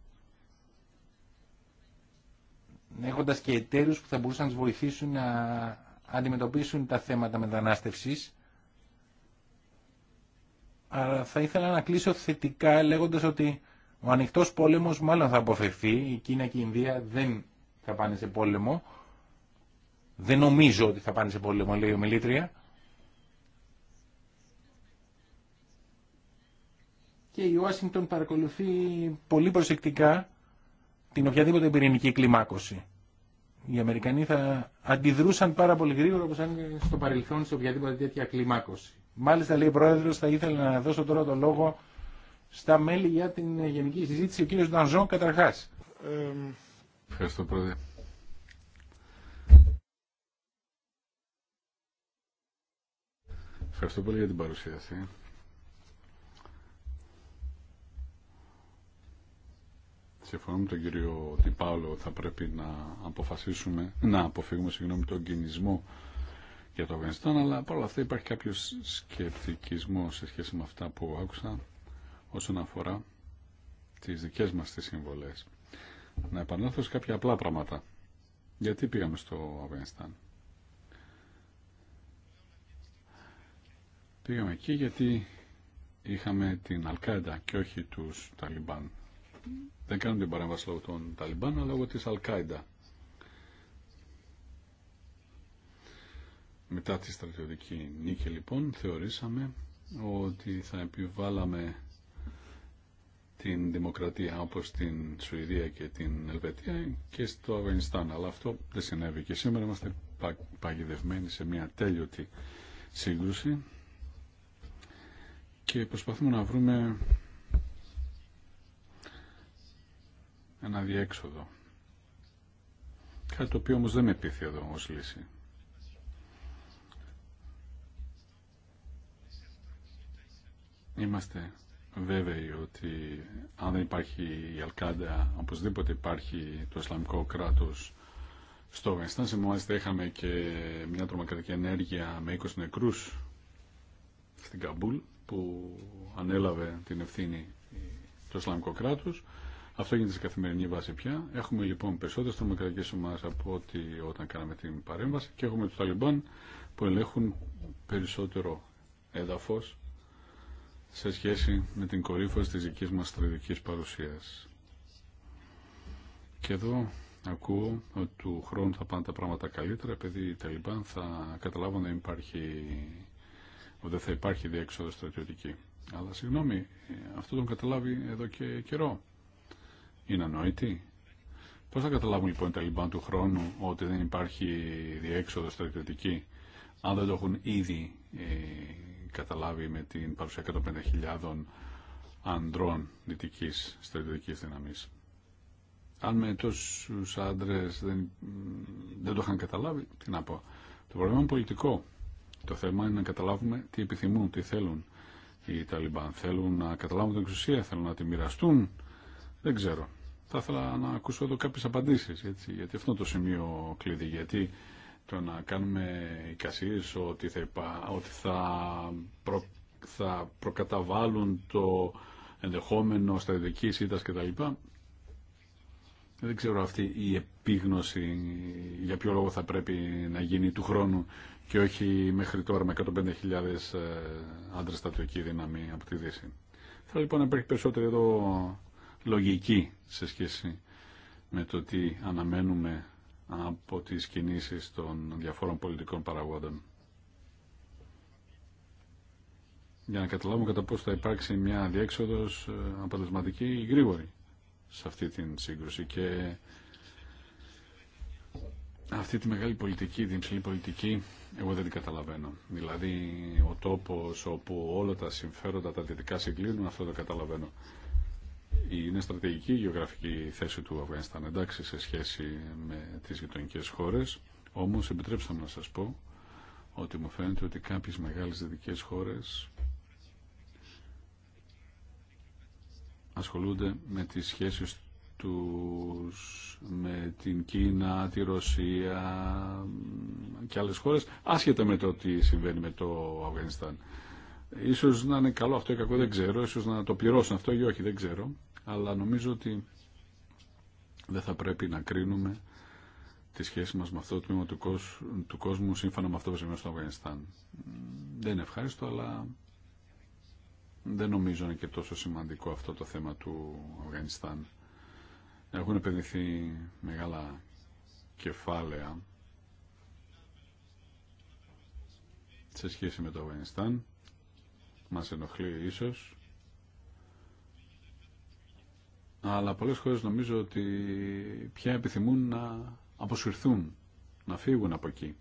έχοντας και εταίρους που θα μπορούσαν να τους βοηθήσουν να αντιμετωπίσουν τα θέματα μετανάστευσης. Αλλά θα ήθελα να κλείσω θετικά λέγοντας ότι ο ανοιχτός πόλεμος μάλλον θα αποφευθεί. Η Κίνα και η Ινδία δεν θα πάνε σε πόλεμο. Δεν νομίζω ότι θα πάνε σε πόλεμο, λέει ο Μιλήτρια. και η Ουάσιγκτον παρακολουθεί πολύ προσεκτικά την οποιαδήποτε πυρηνική κλιμάκωση. Οι Αμερικανοί θα αντιδρούσαν πάρα πολύ γρήγορα όπως αν στο παρελθόν σε οποιαδήποτε τέτοια κλιμάκωση. Μάλιστα λέει ο Πρόεδρος, θα ήθελα να δώσω τώρα το λόγο στα μέλη για την γενική συζήτηση, ο κύριος Ντανζό, καταρχάς. ευχαριστώ Πρόεδρε. Ευχαριστώ πολύ για την παρουσίαση. συμφωνώ με τον κύριο Τιπάλο, θα πρέπει να αποφασίσουμε, να αποφύγουμε συγγνώμη, τον κινησμό για το Αφγανιστάν, αλλά παρόλα αυτά υπάρχει κάποιος σκεπτικισμό σε σχέση με αυτά που άκουσα όσον αφορά τις δικές μας τις συμβολές. Να επανέλθω σε κάποια απλά πράγματα. Γιατί πήγαμε στο Αφγανιστάν. Πήγαμε εκεί γιατί είχαμε την Αλκάιντα και όχι τους Ταλιμπάν δεν κάνουν την παρέμβαση λόγω των Ταλιμπάν, αλλά λόγω της Αλκάιντα. Μετά τη στρατιωτική νίκη λοιπόν θεωρήσαμε ότι θα επιβάλαμε την δημοκρατία όπως την Σουηδία και την Ελβετία και στο Αφγανιστάν. Αλλά αυτό δεν συνέβη και σήμερα είμαστε παγιδευμένοι σε μια τέλειωτη σύγκρουση και προσπαθούμε να βρούμε ένα διέξοδο. Κάτι το οποίο όμως δεν με πείθει εδώ ως λύση. Είμαστε βέβαιοι ότι αν δεν υπάρχει η Αλκάντα, οπωσδήποτε υπάρχει το Ισλαμικό κράτος στο Αφγανιστάν. Μάλιστα είχαμε και μια τρομακρατική ενέργεια με 20 νεκρούς στην Καμπούλ που ανέλαβε την ευθύνη το Ισλαμικό κράτος αυτό γίνεται σε καθημερινή βάση πια. Έχουμε λοιπόν περισσότερε τρομοκρατικέ ομάδε από ό,τι όταν κάναμε την παρέμβαση και έχουμε του Ταλιμπάν που ελέγχουν περισσότερο έδαφο σε σχέση με την κορύφωση της δικής μας στρατηγικής παρουσίας. Και εδώ ακούω ότι του χρόνου θα πάνε τα πράγματα καλύτερα επειδή οι Ταλιμπάν θα καταλάβουν ότι υπάρχει, ότι δεν θα υπάρχει διέξοδο στρατιωτική. Αλλά συγγνώμη, αυτό τον καταλάβει εδώ και καιρό είναι ανόητη. Πώ θα καταλάβουν λοιπόν οι Ταλιμπάν του χρόνου ότι δεν υπάρχει διέξοδο στρατιωτική αν δεν το έχουν ήδη ε, καταλάβει με την παρουσία 150.000 ανδρών δυτική στρατιωτικής δυναμής. Αν με τόσου άντρε δεν, δεν το είχαν καταλάβει, τι να πω. Το πρόβλημα είναι πολιτικό. Το θέμα είναι να καταλάβουμε τι επιθυμούν, τι θέλουν οι Ταλιμπάν. Θέλουν να καταλάβουν την εξουσία, θέλουν να τη μοιραστούν δεν ξέρω. Θα ήθελα να ακούσω εδώ κάποιες απαντήσεις, έτσι, γιατί αυτό το σημείο κλειδί, γιατί το να κάνουμε εικασίες ότι θα, ότι θα, προ, θα προκαταβάλουν το ενδεχόμενο στα ειδική κτλ. Δεν ξέρω αυτή η επίγνωση για ποιο λόγο θα πρέπει να γίνει του χρόνου και όχι μέχρι τώρα με 105.000 ε, άντρες στατιωτική δύναμη από τη Δύση. Θέλω λοιπόν να υπάρχει περισσότερη εδώ λογική σε σχέση με το τι αναμένουμε από τις κινήσεις των διαφόρων πολιτικών παραγόντων. Για να καταλάβουμε κατά πώς θα υπάρξει μια διέξοδος ε, αποτελεσματική ή γρήγορη σε αυτή την σύγκρουση και αυτή τη μεγάλη πολιτική, την υψηλή πολιτική, εγώ δεν την καταλαβαίνω. Δηλαδή ο τόπος όπου όλα τα συμφέροντα τα δυτικά συγκλίνουν, αυτό το καταλαβαίνω είναι στρατηγική η γεωγραφική θέση του Αφγανιστάν εντάξει σε σχέση με τις γειτονικές χώρες όμως επιτρέψτε μου να σας πω ότι μου φαίνεται ότι κάποιες μεγάλες δυτικέ χώρες ασχολούνται με τις σχέσεις τους με την Κίνα, τη Ρωσία και άλλες χώρες άσχετα με το τι συμβαίνει με το Αφγανιστάν. Ίσως να είναι καλό αυτό ή κακό, δεν ξέρω. Ίσως να το πληρώσουν αυτό ή όχι, δεν ξέρω. Αλλά νομίζω ότι δεν θα πρέπει να κρίνουμε τη σχέση μας με αυτό το τμήμα του, κόσμου, σύμφωνα με αυτό που συμβαίνει στο Αφγανιστάν. Δεν είναι ευχάριστο, αλλά δεν νομίζω είναι και τόσο σημαντικό αυτό το θέμα του Αφγανιστάν. Έχουν επενδυθεί μεγάλα κεφάλαια σε σχέση με το Αφγανιστάν μας ενοχλεί ίσως, αλλά πολλές χώρες νομίζω ότι πια επιθυμούν να αποσυρθούν, να φύγουν από εκεί.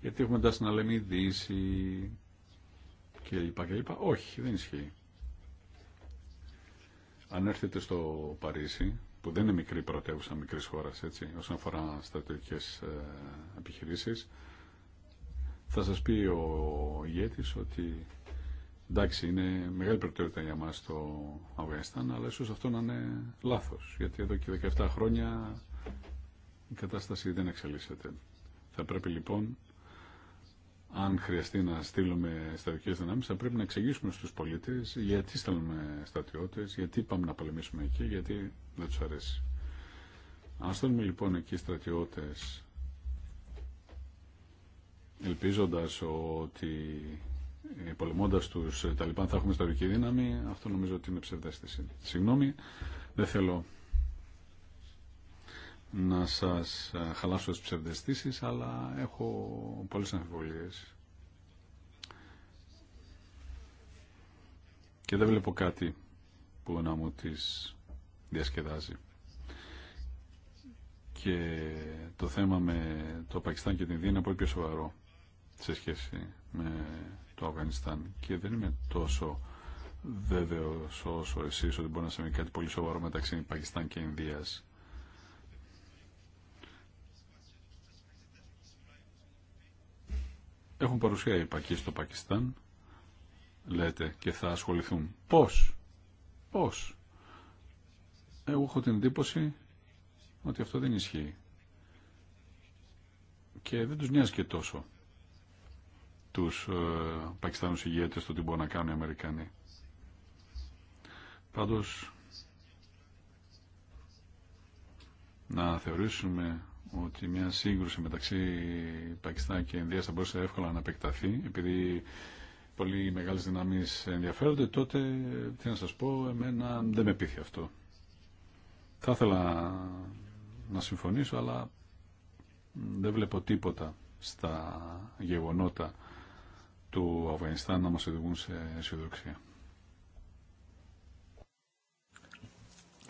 Γιατί έχουμε τάση να λέμε ειδήσει και κλπ. Όχι, δεν ισχύει. Αν έρθετε στο Παρίσι, που δεν είναι μικρή πρωτεύουσα μικρή χώρα, έτσι, όσον αφορά στρατιωτικέ ε, επιχειρήσει, θα σα πει ο ηγέτη ότι Εντάξει, είναι μεγάλη προτεραιότητα για μα το Αφγανιστάν, αλλά ίσω αυτό να είναι λάθο. γιατί εδώ και 17 χρόνια η κατάσταση δεν εξελίσσεται. Θα πρέπει λοιπόν, αν χρειαστεί να στείλουμε στρατιωτικέ δυνάμει, θα πρέπει να εξηγήσουμε στου πολίτε γιατί στέλνουμε στρατιώτε, γιατί πάμε να πολεμήσουμε εκεί, γιατί δεν του αρέσει. Αν στέλνουμε λοιπόν εκεί στρατιώτε. Ελπίζοντα ότι πολεμώντα του Ταλιμπάν θα έχουμε ιστορική δύναμη, αυτό νομίζω ότι είναι ψευδέστηση. Συγγνώμη, δεν θέλω να σας χαλάσω τις ψευδεστήσει, αλλά έχω πολλές αμφιβολίε. Και δεν βλέπω κάτι που να μου τις διασκεδάζει. Και το θέμα με το Πακιστάν και την Ινδία είναι πολύ πιο σοβαρό σε σχέση με και δεν είμαι τόσο βέβαιο όσο εσεί ότι μπορεί να συμβεί κάτι πολύ σοβαρό μεταξύ Πακιστάν και Ινδία. Έχουν παρουσία οι Πακοί στο Πακιστάν, λέτε, και θα ασχοληθούν. Πώ, πώς. Εγώ έχω την εντύπωση ότι αυτό δεν ισχύει. Και δεν τους νοιάζει και τόσο τους ε, Πακιστάνους ηγέτες το τι μπορούν να κάνουν οι Αμερικανοί. Πάντως, να θεωρήσουμε ότι μια σύγκρουση μεταξύ Πακιστάν και Ινδίας θα μπορούσε εύκολα να επεκταθεί, επειδή πολύ μεγάλες δυνάμεις ενδιαφέρονται, τότε, τι να σας πω, εμένα δεν με πείθει αυτό. Θα ήθελα να συμφωνήσω, αλλά δεν βλέπω τίποτα στα γεγονότα του Αφγανιστάν να μας οδηγούν σε αισιοδοξία.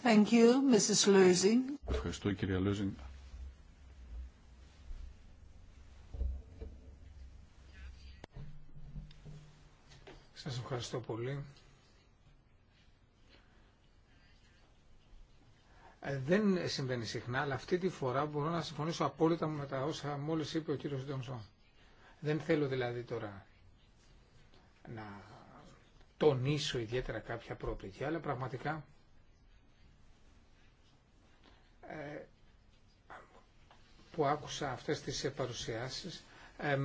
Thank Ευχαριστώ, κυρία Λουζίν. Σας ευχαριστώ πολύ. Ε, δεν συμβαίνει συχνά, αλλά αυτή τη φορά μπορώ να συμφωνήσω απόλυτα με τα όσα μόλις είπε ο κύριος Ντόμσον. Δεν θέλω δηλαδή τώρα να τονίσω ιδιαίτερα κάποια προοπτική, αλλά πραγματικά ε, που άκουσα αυτές τις παρουσιάσεις ε,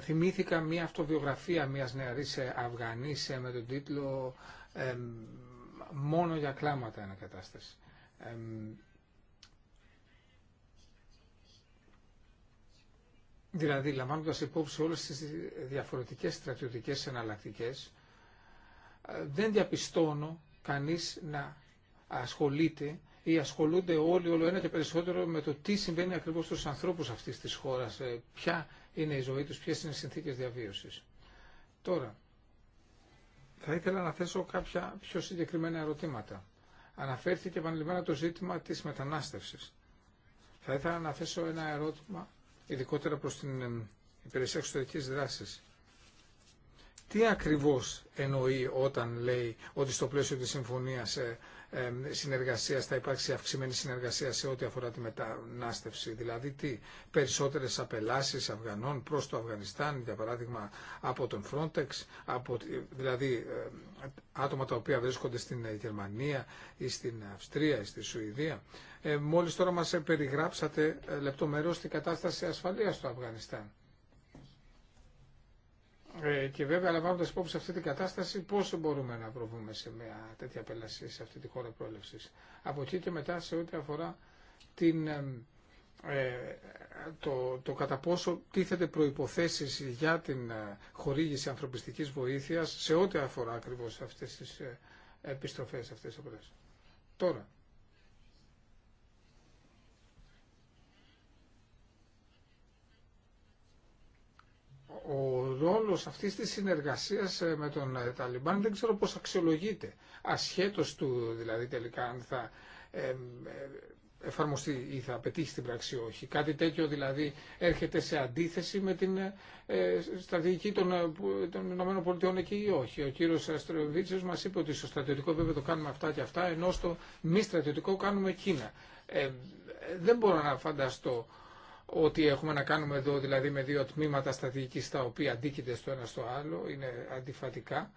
θυμήθηκα μια αυτοβιογραφία μιας νεαρής ε, Αφγανής με τον τίτλο «Μόνο για κλάματα ανακατάσταση». ε, Δηλαδή, λαμβάνοντα υπόψη όλε τι διαφορετικέ στρατιωτικέ εναλλακτικέ, ε, δεν διαπιστώνω κανεί να ασχολείται ή ασχολούνται όλοι όλο ένα και περισσότερο με το τι συμβαίνει ακριβώς στους ανθρώπους αυτής της χώρας, ε, ποια είναι η ζωή τους, ποιες είναι οι συνθήκες διαβίωσης. Τώρα, θα ήθελα να θέσω κάποια πιο συγκεκριμένα ερωτήματα. Αναφέρθηκε επανειλημμένα το ζήτημα της μετανάστευσης. Θα ήθελα να θέσω ένα ερώτημα ειδικότερα προς την υπηρεσία εξωτερικής δράσης τι ακριβώς εννοεί όταν λέει ότι στο πλαίσιο της συμφωνίας ε, ε, συνεργασίας θα υπάρξει αυξημένη συνεργασία σε ό,τι αφορά τη μετανάστευση. Δηλαδή τι, περισσότερες απελάσεις Αφγανών προς το Αφγανιστάν, για παράδειγμα από τον Frontex, από, δηλαδή ε, άτομα τα οποία βρίσκονται στην Γερμανία ή στην Αυστρία ή στη Σουηδία. Ε, μόλις τώρα μας περιγράψατε λεπτομερώς την κατάσταση ασφαλείας στο Αφγανιστάν. Ε, και βέβαια λαμβάνοντα υπόψη αυτή την κατάσταση, πώ μπορούμε να προβούμε σε μια τέτοια πελασία σε αυτή τη χώρα πρόλευση. Από εκεί και μετά, σε ό,τι αφορά την, ε, ε, το, το κατά πόσο τίθεται προποθέσει για την χορήγηση ανθρωπιστική βοήθεια, σε ό,τι αφορά ακριβώ αυτέ τι τις επιστροφές, αυτές τις Τώρα, ο ρόλος αυτής της συνεργασίας ε, με τον ε, Ταλιμπάν δεν ξέρω πώς αξιολογείται, ασχέτως του δηλαδή τελικά αν θα ε, εφαρμοστεί ή θα πετύχει στην πράξη όχι. Κάτι τέτοιο δηλαδή έρχεται σε αντίθεση με την στρατηγική των, των ΗΠΑ εκεί ή όχι. Ο κύριος Αστροβίτσιος μας είπε ότι στο στρατιωτικό βέβαια το κάνουμε αυτά και αυτά, ενώ στο μη στρατιωτικό κάνουμε εκείνα. δεν μπορώ να φανταστώ ότι έχουμε να κάνουμε εδώ δηλαδή με δύο τμήματα στρατηγικής τα οποία αντίκειται στο ένα στο άλλο, είναι αντιφατικά.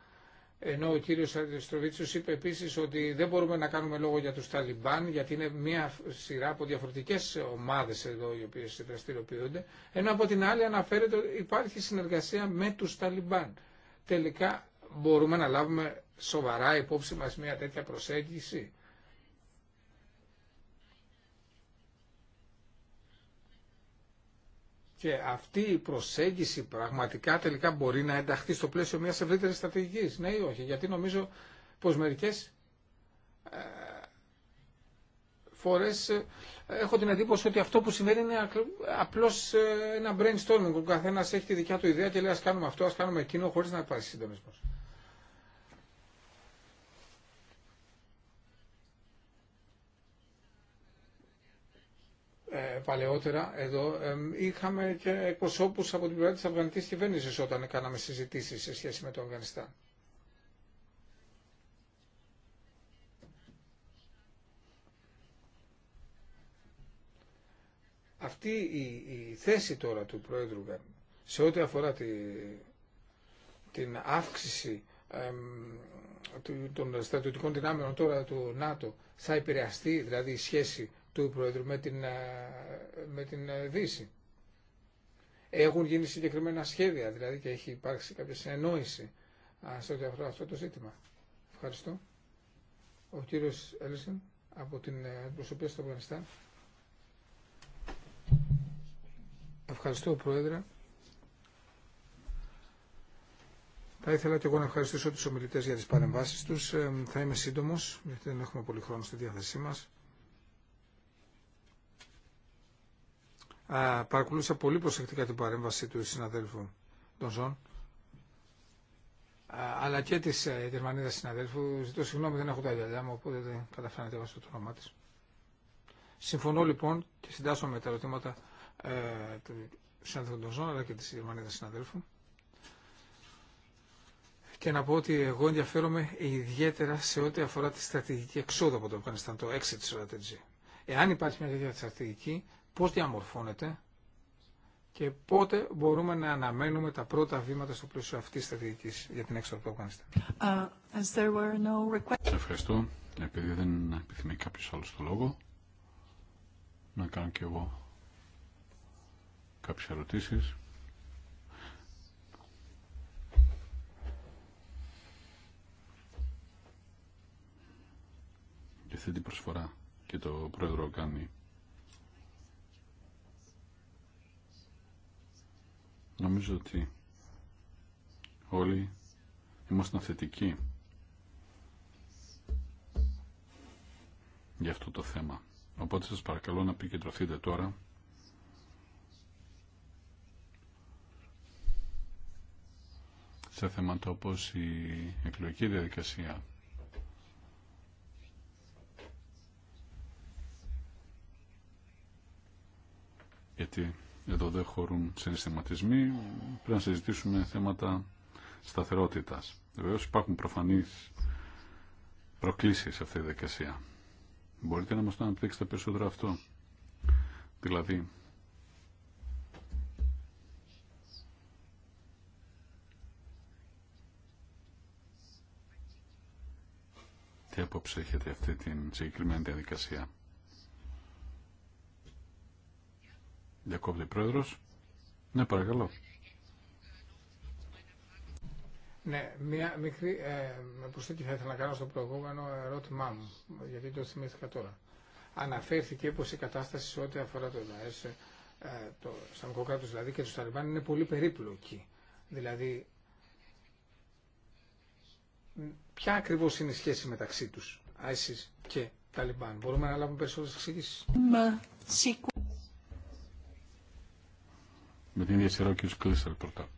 Ενώ ο κύριος Αντιστροβίτσιος είπε επίσης ότι δεν μπορούμε να κάνουμε λόγο για τους Ταλιμπάν γιατί είναι μια σειρά από διαφορετικές ομάδες εδώ οι οποίες δραστηριοποιούνται. Ενώ από την άλλη αναφέρεται ότι υπάρχει συνεργασία με τους Ταλιμπάν. Τελικά μπορούμε να λάβουμε σοβαρά υπόψη μας μια τέτοια προσέγγιση. Και αυτή η προσέγγιση πραγματικά τελικά μπορεί να ενταχθεί στο πλαίσιο μιας ευρύτερης στρατηγικής, ναι ή όχι. Γιατί νομίζω πως μερικές ε, φορές ε, έχω την εντύπωση ότι αυτό που συμβαίνει είναι απλώς ε, ένα brainstorming. Ο καθένας έχει τη δικιά του ιδέα και λέει ας κάνουμε αυτό, ας κάνουμε εκείνο, χωρίς να υπάρχει συντονισμός. Ε, παλαιότερα εδώ είχαμε και εκπροσώπους από την πλευρά της Αφγανικής κυβέρνησης όταν κάναμε συζητήσεις σε σχέση με το Αφγανιστάν. Αυτή η, θέση τώρα του Πρόεδρου σε ό,τι αφορά τη, την αύξηση των στρατιωτικών δυνάμεων τώρα του ΝΑΤΟ θα επηρεαστεί δηλαδή η σχέση του Πρόεδρου με την, ε, με την ε, Δύση. Έχουν γίνει συγκεκριμένα σχέδια δηλαδή και έχει υπάρξει κάποια συνεννόηση σε ό,τι αφορά αυτό το ζήτημα. Ευχαριστώ. Ο κύριος Έλσεν από την ε, προσωπία στο Αφγανιστάν. Ευχαριστώ Πρόεδρε. Θα ήθελα και εγώ να ευχαριστήσω τους ομιλητές για τις παρεμβάσεις τους. Θα είμαι σύντομος, γιατί δεν έχουμε πολύ χρόνο στη διάθεσή μας. παρακολούθησα πολύ προσεκτικά την παρέμβαση του συναδέλφου των Ζων αλλά και τη ε, Γερμανίδα συναδέλφου. Ζητώ συγγνώμη, δεν έχω τα γυαλιά μου, οπότε δεν καταφέρατε να διαβάσω το όνομά τη. Συμφωνώ λοιπόν και συντάσσω με τα ερωτήματα ε, του συναδέλφου των Ζων αλλά και τη Γερμανίδα συναδέλφου. Και να πω ότι εγώ ενδιαφέρομαι ιδιαίτερα σε ό,τι αφορά τη στρατηγική εξόδου από το Αφγανιστάν, το exit strategy. Εάν υπάρχει μια τέτοια στρατηγική, πώς διαμορφώνεται και πότε μπορούμε να αναμένουμε τα πρώτα βήματα στο πλαίσιο αυτή τη στρατηγική για την έξοδο του Αφγανιστάν. Uh, ευχαριστώ. Επειδή δεν επιθυμεί κάποιο άλλο το λόγο, να κάνω κι εγώ κάποιε ερωτήσει. Και αυτή την προσφορά και το πρόεδρο κάνει Νομίζω ότι όλοι ήμασταν θετικοί για αυτό το θέμα. Οπότε σας παρακαλώ να επικεντρωθείτε τώρα σε θέματα όπως η εκλογική διαδικασία γιατί εδώ δεν χωρούν συναισθηματισμοί, πρέπει να συζητήσουμε θέματα σταθερότητας. Βεβαίω υπάρχουν προφανείς προκλήσεις σε αυτή τη δικασία. Μπορείτε να μας το αναπτύξετε περισσότερο αυτό. Δηλαδή, τι απόψε έχετε αυτή την συγκεκριμένη διαδικασία. Διακόπτη πρόεδρος. Ναι, παρακαλώ. Ναι, μία μικρή ε, προσθήκη θα ήθελα να κάνω στο προηγούμενο ερώτημά μου, γιατί το θυμήθηκα τώρα. Αναφέρθηκε πως η κατάσταση σε ό,τι αφορά το ΝΑΕΣ, ε, το Ισλαμικό κράτος δηλαδή και του Ταλιμπάν είναι πολύ περίπλοκη. Δηλαδή, ποια ακριβώς είναι η σχέση μεταξύ τους, ISIS και Ταλιμπάν. Μπορούμε να λάβουμε περισσότερες εξηγήσει με την ίδια σειρά ο κ. Κλίσσερ πρώτα.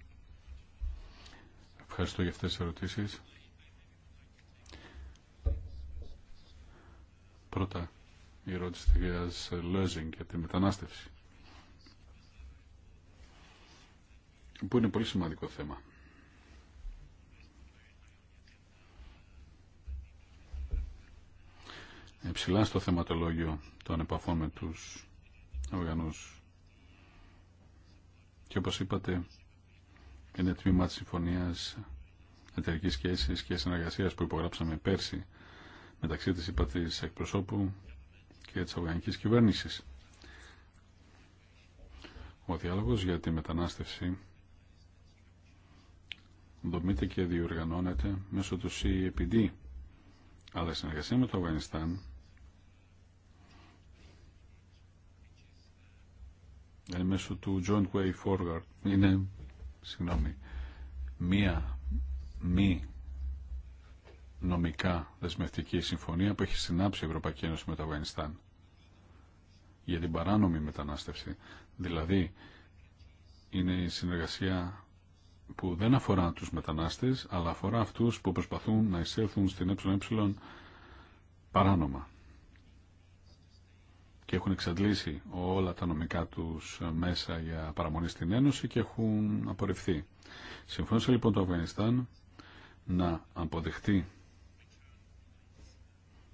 Ευχαριστώ για αυτές τις ερωτήσεις. Πρώτα, η ερώτηση της κ. Λέζινγκ για τη μετανάστευση. Που είναι πολύ σημαντικό θέμα. Υψηλά στο θεματολόγιο των επαφών με τους οργανούς και όπως είπατε, είναι τμήμα της συμφωνίας εταιρική σχέση και συνεργασία που υπογράψαμε πέρσι μεταξύ της είπα της εκπροσώπου και της αυγανικής κυβέρνησης. Ο διάλογος για τη μετανάστευση δομείται και διοργανώνεται μέσω του CEPD, αλλά η συνεργασία με το Αυγανιστάν εν μέσω του Joint Way Forward είναι, συγγνώμη, μία μη νομικά δεσμευτική συμφωνία που έχει συνάψει η Ευρωπαϊκή Ένωση με το Αφγανιστάν για την παράνομη μετανάστευση. Δηλαδή, είναι η συνεργασία που δεν αφορά τους μετανάστες, αλλά αφορά αυτούς που προσπαθούν να εισέλθουν στην ΕΕ παράνομα και έχουν εξαντλήσει όλα τα νομικά τους μέσα για παραμονή στην Ένωση και έχουν απορριφθεί. Συμφώνησε λοιπόν το Αφγανιστάν να αποδεχτεί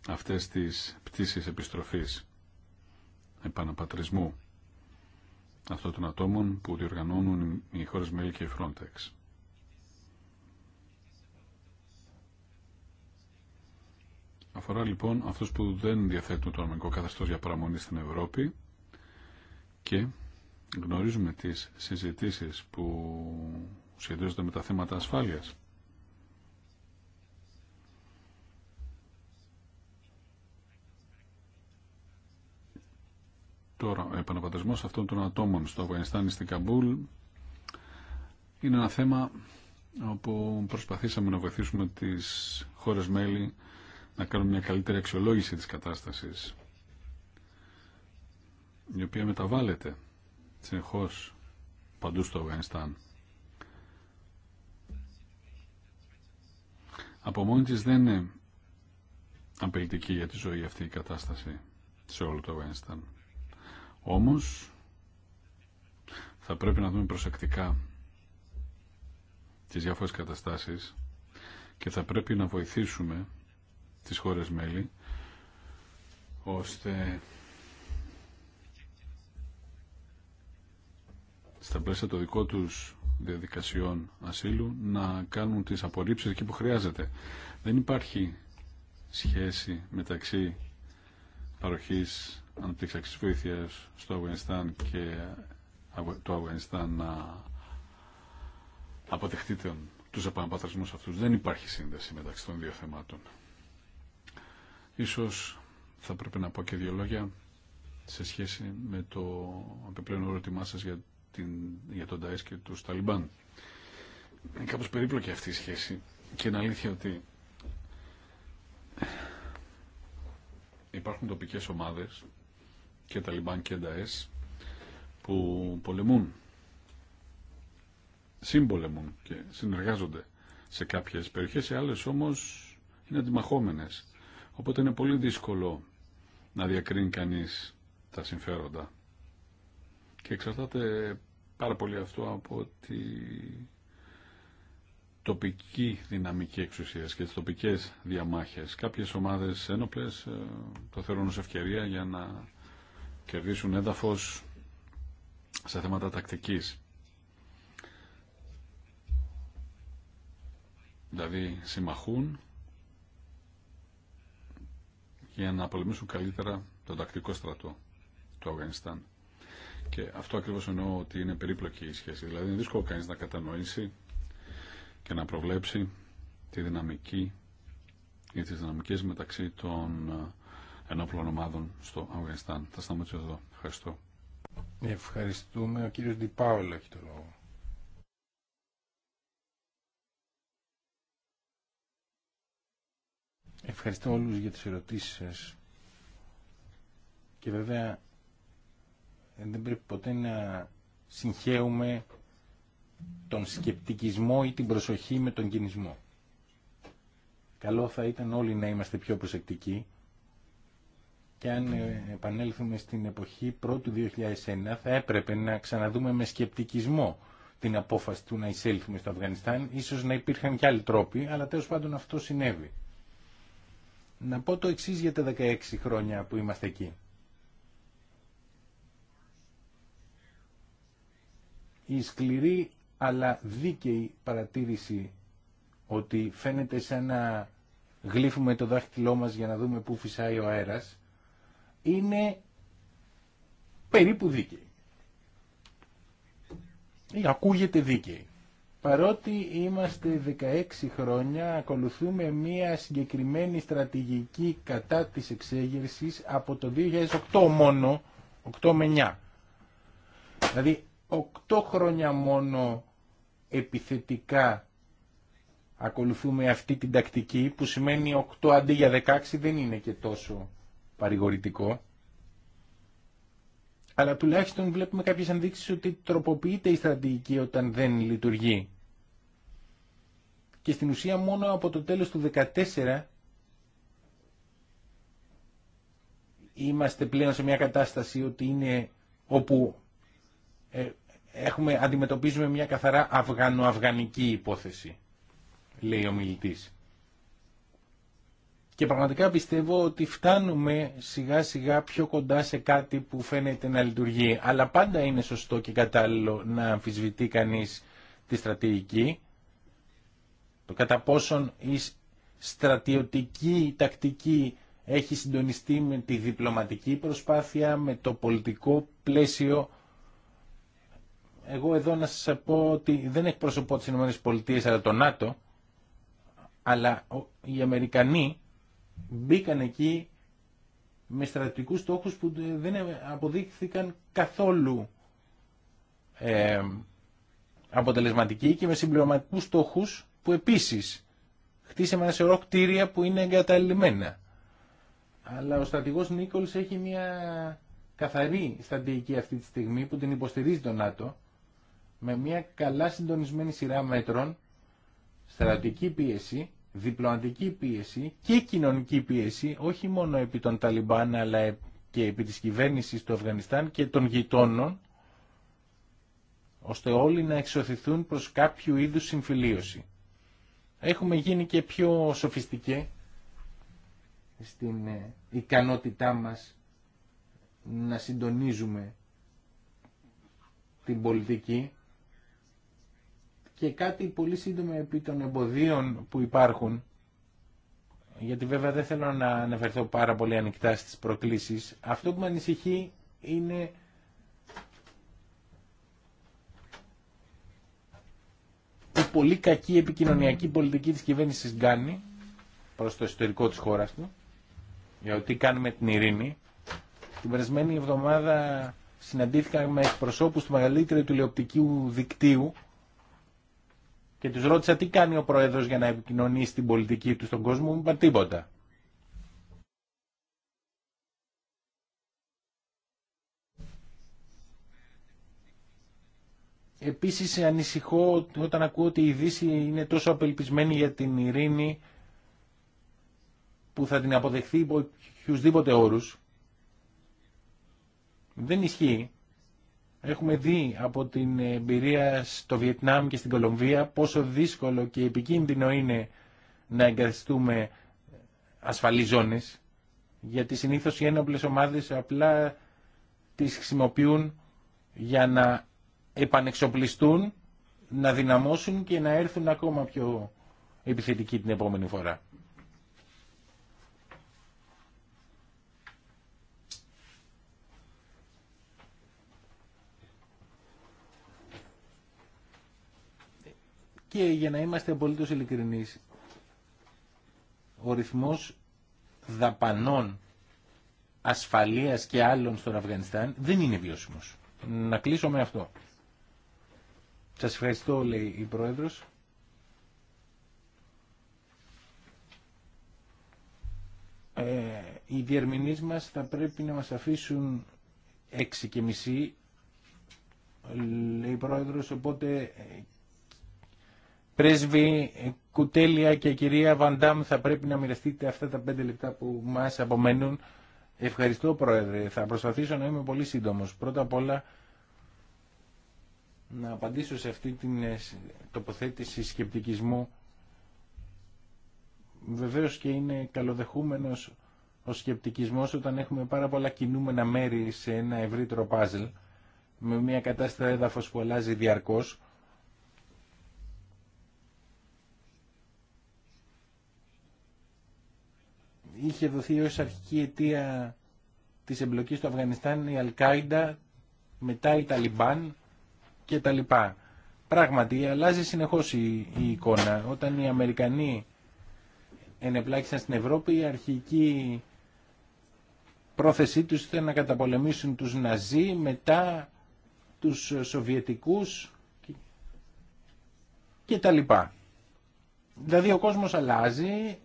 αυτές τις πτήσεις επιστροφής επαναπατρισμού αυτών των ατόμων που διοργανώνουν οι χώρες μέλη και η Frontex. Αφορά λοιπόν αυτού που δεν διαθέτουν το νομικό Καθεστώ για παραμονή στην Ευρώπη και γνωρίζουμε τις συζητήσει που σχετίζονται με τα θέματα ασφάλεια. Τώρα, ο επαναπατρισμός αυτών των ατόμων στο Αφγανιστάν ή στην Καμπούλ είναι ένα θέμα όπου προσπαθήσαμε να βοηθήσουμε τις χώρες μέλη να κάνουμε μια καλύτερη αξιολόγηση της κατάστασης η οποία μεταβάλλεται συνεχώς παντού στο Αφγανιστάν. Από μόνη της δεν είναι απειλητική για τη ζωή αυτή η κατάσταση σε όλο το Αφγανιστάν. Όμως θα πρέπει να δούμε προσεκτικά τις διάφορες καταστάσεις και θα πρέπει να βοηθήσουμε τις χώρες μέλη ώστε στα πλαίσια των δικών τους διαδικασιών ασύλου να κάνουν τις απορρίψεις εκεί που χρειάζεται. Δεν υπάρχει σχέση μεταξύ παροχής ανάπτυξης βοήθειας στο Αυγανιστάν και το Αυγανιστάν να αποδεχτεί τον, τους επαναπατρασμούς αυτούς. Δεν υπάρχει σύνδεση μεταξύ των δύο θεμάτων. Ίσως θα πρέπει να πω και δύο λόγια σε σχέση με το επιπλέον ερώτημά σας για, την, για τον ΤΑΕΣ και τους Ταλιμπάν. Είναι κάπως περίπλοκη αυτή η σχέση και είναι αλήθεια ότι υπάρχουν τοπικές ομάδες και Ταλιμπάν και ΤΑΕΣ που πολεμούν συμπολεμούν και συνεργάζονται σε κάποιες περιοχές, σε άλλες όμως είναι αντιμαχόμενες. Οπότε είναι πολύ δύσκολο να διακρίνει κανείς τα συμφέροντα. Και εξαρτάται πάρα πολύ αυτό από τη τοπική δυναμική εξουσία και τις τοπικές διαμάχες. Κάποιες ομάδες ένοπλες ε, το θεωρούν ως ευκαιρία για να κερδίσουν έδαφος σε θέματα τακτικής. Δηλαδή συμμαχούν για να πολεμήσουν καλύτερα τον τακτικό στρατό του Αφγανιστάν. Και αυτό ακριβώ εννοώ ότι είναι περίπλοκη η σχέση. Δηλαδή είναι δύσκολο κανεί να κατανοήσει και να προβλέψει τη δυναμική ή τι δυναμικέ μεταξύ των ε, ενόπλων ομάδων στο Αφγανιστάν. Θα σταματήσω εδώ. Ευχαριστώ. Ευχαριστούμε. Ο κύριο Ντιπάολο έχει το λόγο. Ευχαριστώ όλους για τις ερωτήσεις σας. Και βέβαια δεν πρέπει ποτέ να συγχαίουμε τον σκεπτικισμό ή την προσοχή με τον κινησμό. Καλό θα ήταν όλοι να είμαστε πιο προσεκτικοί και αν ε, επανέλθουμε στην εποχή πρώτου 2001 θα έπρεπε να ξαναδούμε με σκεπτικισμό την απόφαση του να εισέλθουμε στο Αφγανιστάν. Ίσως να υπήρχαν και άλλοι τρόποι, αλλά τέλος πάντων αυτό συνέβη. Να πω το εξής για τα 16 χρόνια που είμαστε εκεί. Η σκληρή αλλά δίκαιη παρατήρηση ότι φαίνεται σαν να γλύφουμε το δάχτυλό μας για να δούμε πού φυσάει ο αέρας είναι περίπου δίκαιη. Ή ακούγεται δίκαιη. Παρότι είμαστε 16 χρόνια, ακολουθούμε μία συγκεκριμένη στρατηγική κατά της εξέγερσης από το 2008 μόνο, 8 με 9. Δηλαδή 8 χρόνια μόνο επιθετικά ακολουθούμε αυτή την τακτική που σημαίνει 8 αντί για 16 δεν είναι και τόσο παρηγορητικό αλλά τουλάχιστον βλέπουμε κάποιες ενδείξεις ότι τροποποιείται η στρατηγική όταν δεν λειτουργεί. Και στην ουσία μόνο από το τέλος του 2014 είμαστε πλέον σε μια κατάσταση ότι είναι όπου ε, έχουμε, αντιμετωπίζουμε μια καθαρά αυγανο-αυγανική υπόθεση, λέει ο μιλητής. Και πραγματικά πιστεύω ότι φτάνουμε σιγά σιγά πιο κοντά σε κάτι που φαίνεται να λειτουργεί. Αλλά πάντα είναι σωστό και κατάλληλο να αμφισβητεί κανείς τη στρατηγική. Το κατά πόσον η στρατιωτική τακτική έχει συντονιστεί με τη διπλωματική προσπάθεια, με το πολιτικό πλαίσιο. Εγώ εδώ να σας πω ότι δεν εκπροσωπώ τις ΗΠΑ αλλά το ΝΑΤΟ, αλλά οι Αμερικανοί μπήκαν εκεί με στρατηγικούς στόχους που δεν αποδείχθηκαν καθόλου ε, αποτελεσματικοί και με συμπληρωματικούς στόχους που επίσης χτίσαμε ένα σωρό κτίρια που είναι εγκαταλειμμένα. Αλλά ο στρατηγός Νίκολς έχει μια καθαρή στρατηγική αυτή τη στιγμή που την υποστηρίζει το ΝΑΤΟ με μια καλά συντονισμένη σειρά μέτρων, στρατηγική πίεση διπλωματική πίεση και κοινωνική πίεση όχι μόνο επί των Ταλιμπάν αλλά και επί της κυβέρνησης του Αφγανιστάν και των γειτόνων ώστε όλοι να εξωθηθούν προς κάποιο είδους συμφιλίωση. Έχουμε γίνει και πιο σοφιστικέ στην ε, ικανότητά μας να συντονίζουμε την πολιτική και κάτι πολύ σύντομο επί των εμποδίων που υπάρχουν, γιατί βέβαια δεν θέλω να αναφερθώ πάρα πολύ ανοιχτά στις προκλήσεις, αυτό που με ανησυχεί είναι η πολύ κακή επικοινωνιακή πολιτική της κυβέρνησης κάνει προς το εσωτερικό της χώρας του, για ότι κάνουμε την ειρήνη. Την περασμένη εβδομάδα συναντήθηκα με εκπροσώπους του μεγαλύτερου τηλεοπτικού δικτύου και του ρώτησα τι κάνει ο Πρόεδρος για να επικοινωνήσει την πολιτική του στον κόσμο, μου τίποτα. Επίσης ανησυχώ όταν ακούω ότι η Δύση είναι τόσο απελπισμένη για την ειρήνη που θα την αποδεχθεί υπό οποιουσδήποτε όρους. Δεν ισχύει. Έχουμε δει από την εμπειρία στο Βιετνάμ και στην Κολομβία πόσο δύσκολο και επικίνδυνο είναι να εγκαθιστούμε ασφαλείς ζώνες, γιατί συνήθως οι ένοπλες ομάδες απλά τις χρησιμοποιούν για να επανεξοπλιστούν, να δυναμώσουν και να έρθουν ακόμα πιο επιθετικοί την επόμενη φορά. Και για να είμαστε απολύτως ειλικρινείς, ο ρυθμός δαπανών ασφαλείας και άλλων στον Αφγανιστάν δεν είναι βιώσιμος. Να κλείσω με αυτό. Σας ευχαριστώ, λέει η Πρόεδρος. Ε, οι διερμηνείς μας θα πρέπει να μας αφήσουν έξι και μισή, λέει η Πρόεδρος, οπότε Πρέσβη Κουτέλια και κυρία Βαντάμ θα πρέπει να μοιραστείτε αυτά τα πέντε λεπτά που μας απομένουν. Ευχαριστώ Πρόεδρε. Θα προσπαθήσω να είμαι πολύ σύντομος. Πρώτα απ' όλα να απαντήσω σε αυτή την ε, τοποθέτηση σκεπτικισμού. Βεβαίως και είναι καλοδεχούμενος ο σκεπτικισμός όταν έχουμε πάρα πολλά κινούμενα μέρη σε ένα ευρύτερο πάζλ με μια κατάσταση έδαφος που αλλάζει διαρκώς είχε δοθεί ως αρχική αιτία της εμπλοκής του Αφγανιστάν η Αλκάιντα, μετά η Ταλιμπάν και τα λοιπά. Πράγματι, αλλάζει συνεχώς η, εικόνα. Όταν οι Αμερικανοί ενεπλάκησαν στην Ευρώπη, η αρχική πρόθεσή τους ήταν να καταπολεμήσουν τους Ναζί, μετά τους Σοβιετικούς και τα λοιπά. Δηλαδή ο κόσμος αλλάζει,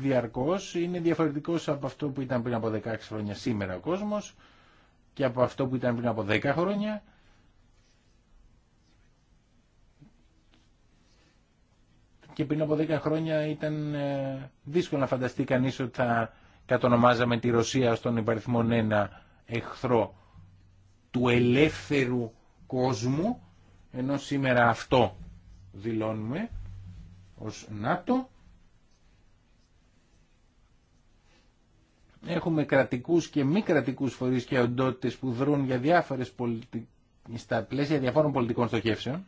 διαρκώς, είναι διαφορετικός από αυτό που ήταν πριν από 16 χρόνια σήμερα ο κόσμος και από αυτό που ήταν πριν από 10 χρόνια. Και πριν από 10 χρόνια ήταν ε, δύσκολο να φανταστεί κανείς ότι θα κατονομάζαμε τη Ρωσία στον υπαριθμόν ένα εχθρό του ελεύθερου κόσμου, ενώ σήμερα αυτό δηλώνουμε ως ΝΑΤΟ Έχουμε κρατικού και μη κρατικού φορείς και οντότητε που δρούν για διάφορες στα πλαίσια διαφόρων πολιτικών στοχεύσεων.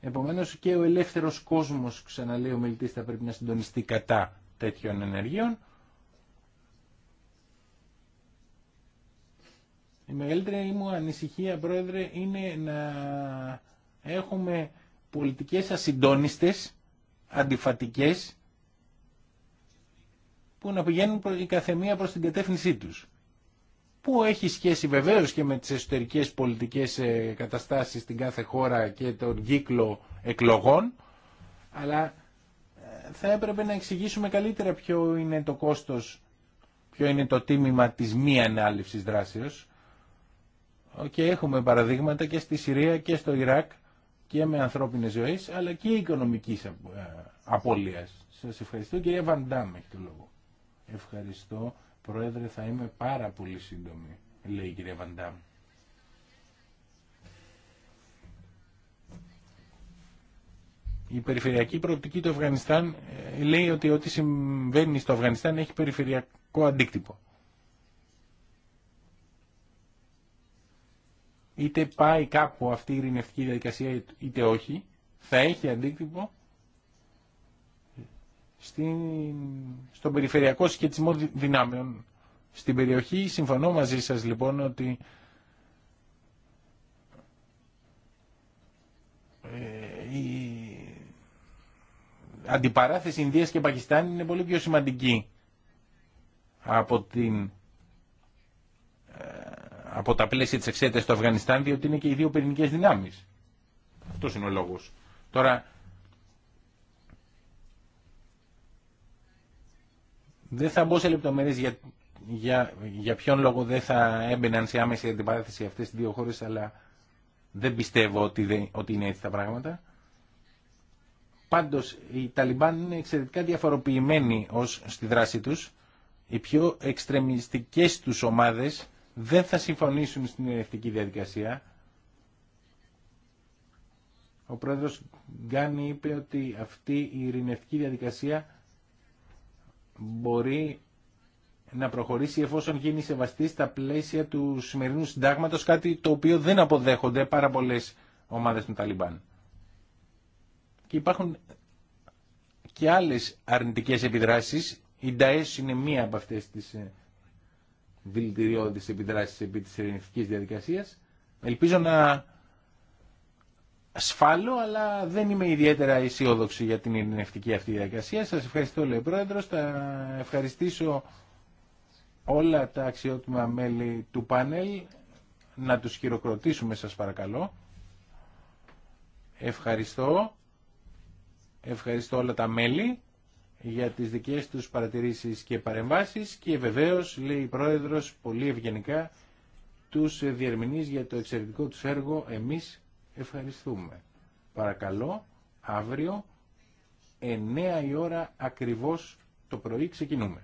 Επομένως και ο ελεύθερος κόσμος, ξαναλέει ο μιλητής, θα πρέπει να συντονιστεί κατά τέτοιων ενεργειών. Η μεγαλύτερη μου ανησυχία, Πρόεδρε, είναι να έχουμε πολιτικές ασυντόνιστες, αντιφατικές, που να πηγαίνουν η καθεμία προς την κατεύθυνσή τους. Που έχει σχέση βεβαίως και με τις εσωτερικές πολιτικές ε, καταστάσεις στην κάθε χώρα και τον κύκλο εκλογών, αλλά ε, θα έπρεπε να εξηγήσουμε καλύτερα ποιο είναι το κόστος, ποιο είναι το τίμημα της μη ανάληψης δράσεως. Και έχουμε παραδείγματα και στη Συρία και στο Ιράκ και με ανθρώπινες ζωές, αλλά και οικονομικής ε, απώλειας. Σας ευχαριστώ. Κυρία Βαντάμ έχει το λόγο. Ευχαριστώ. Πρόεδρε, θα είμαι πάρα πολύ σύντομη, λέει η κυρία Βαντάμ. Η περιφερειακή προοπτική του Αφγανιστάν ε, λέει ότι ό,τι συμβαίνει στο Αφγανιστάν έχει περιφερειακό αντίκτυπο. Είτε πάει κάπου αυτή η ειρηνευτική διαδικασία είτε όχι, θα έχει αντίκτυπο στην, στον περιφερειακό σχετισμό δυνάμεων στην περιοχή. Συμφωνώ μαζί σας λοιπόν ότι ε, η αντιπαράθεση Ινδίας και Πακιστάν είναι πολύ πιο σημαντική από, την, ε, από τα πλαίσια της εξέτασης του Αφγανιστάν διότι είναι και οι δύο πυρηνικές δυνάμεις. Αυτός είναι ο λόγος. Τώρα Δεν θα μπω σε λεπτομέρειες για, για, για ποιον λόγο δεν θα έμπαιναν σε άμεση αντιπαράθεση αυτέ τι δύο χώρε, αλλά δεν πιστεύω ότι, ότι είναι έτσι τα πράγματα. Πάντως, οι Ταλιμπάν είναι εξαιρετικά διαφοροποιημένοι ως στη δράση τους. Οι πιο εξτρεμιστικές τους ομάδες δεν θα συμφωνήσουν στην ειρηνευτική διαδικασία. Ο πρόεδρος Γκάνη είπε ότι αυτή η ειρηνευτική διαδικασία μπορεί να προχωρήσει εφόσον γίνει σεβαστή στα πλαίσια του σημερινού συντάγματο, κάτι το οποίο δεν αποδέχονται πάρα πολλέ ομάδε των Ταλιμπάν. Και υπάρχουν και άλλε αρνητικέ επιδράσει. Η ΝΤΑΕΣ είναι μία από αυτέ τι ε, δηλητηριώδει επιδράσει επί τη ειρηνευτική διαδικασία. Ελπίζω να σφάλω, αλλά δεν είμαι ιδιαίτερα αισιόδοξη για την ειρηνευτική αυτή διαδικασία. Σας ευχαριστώ, λέει Πρόεδρος. Θα ευχαριστήσω όλα τα αξιότιμα μέλη του πάνελ. Να τους χειροκροτήσουμε, σας παρακαλώ. Ευχαριστώ. Ευχαριστώ όλα τα μέλη για τις δικές τους παρατηρήσεις και παρεμβάσεις και βεβαίως, λέει η Πρόεδρος, πολύ ευγενικά, τους διερμηνείς για το εξαιρετικό τους έργο. Εμείς Ευχαριστούμε. Παρακαλώ, αύριο 9 η ώρα ακριβώς το πρωί ξεκινούμε.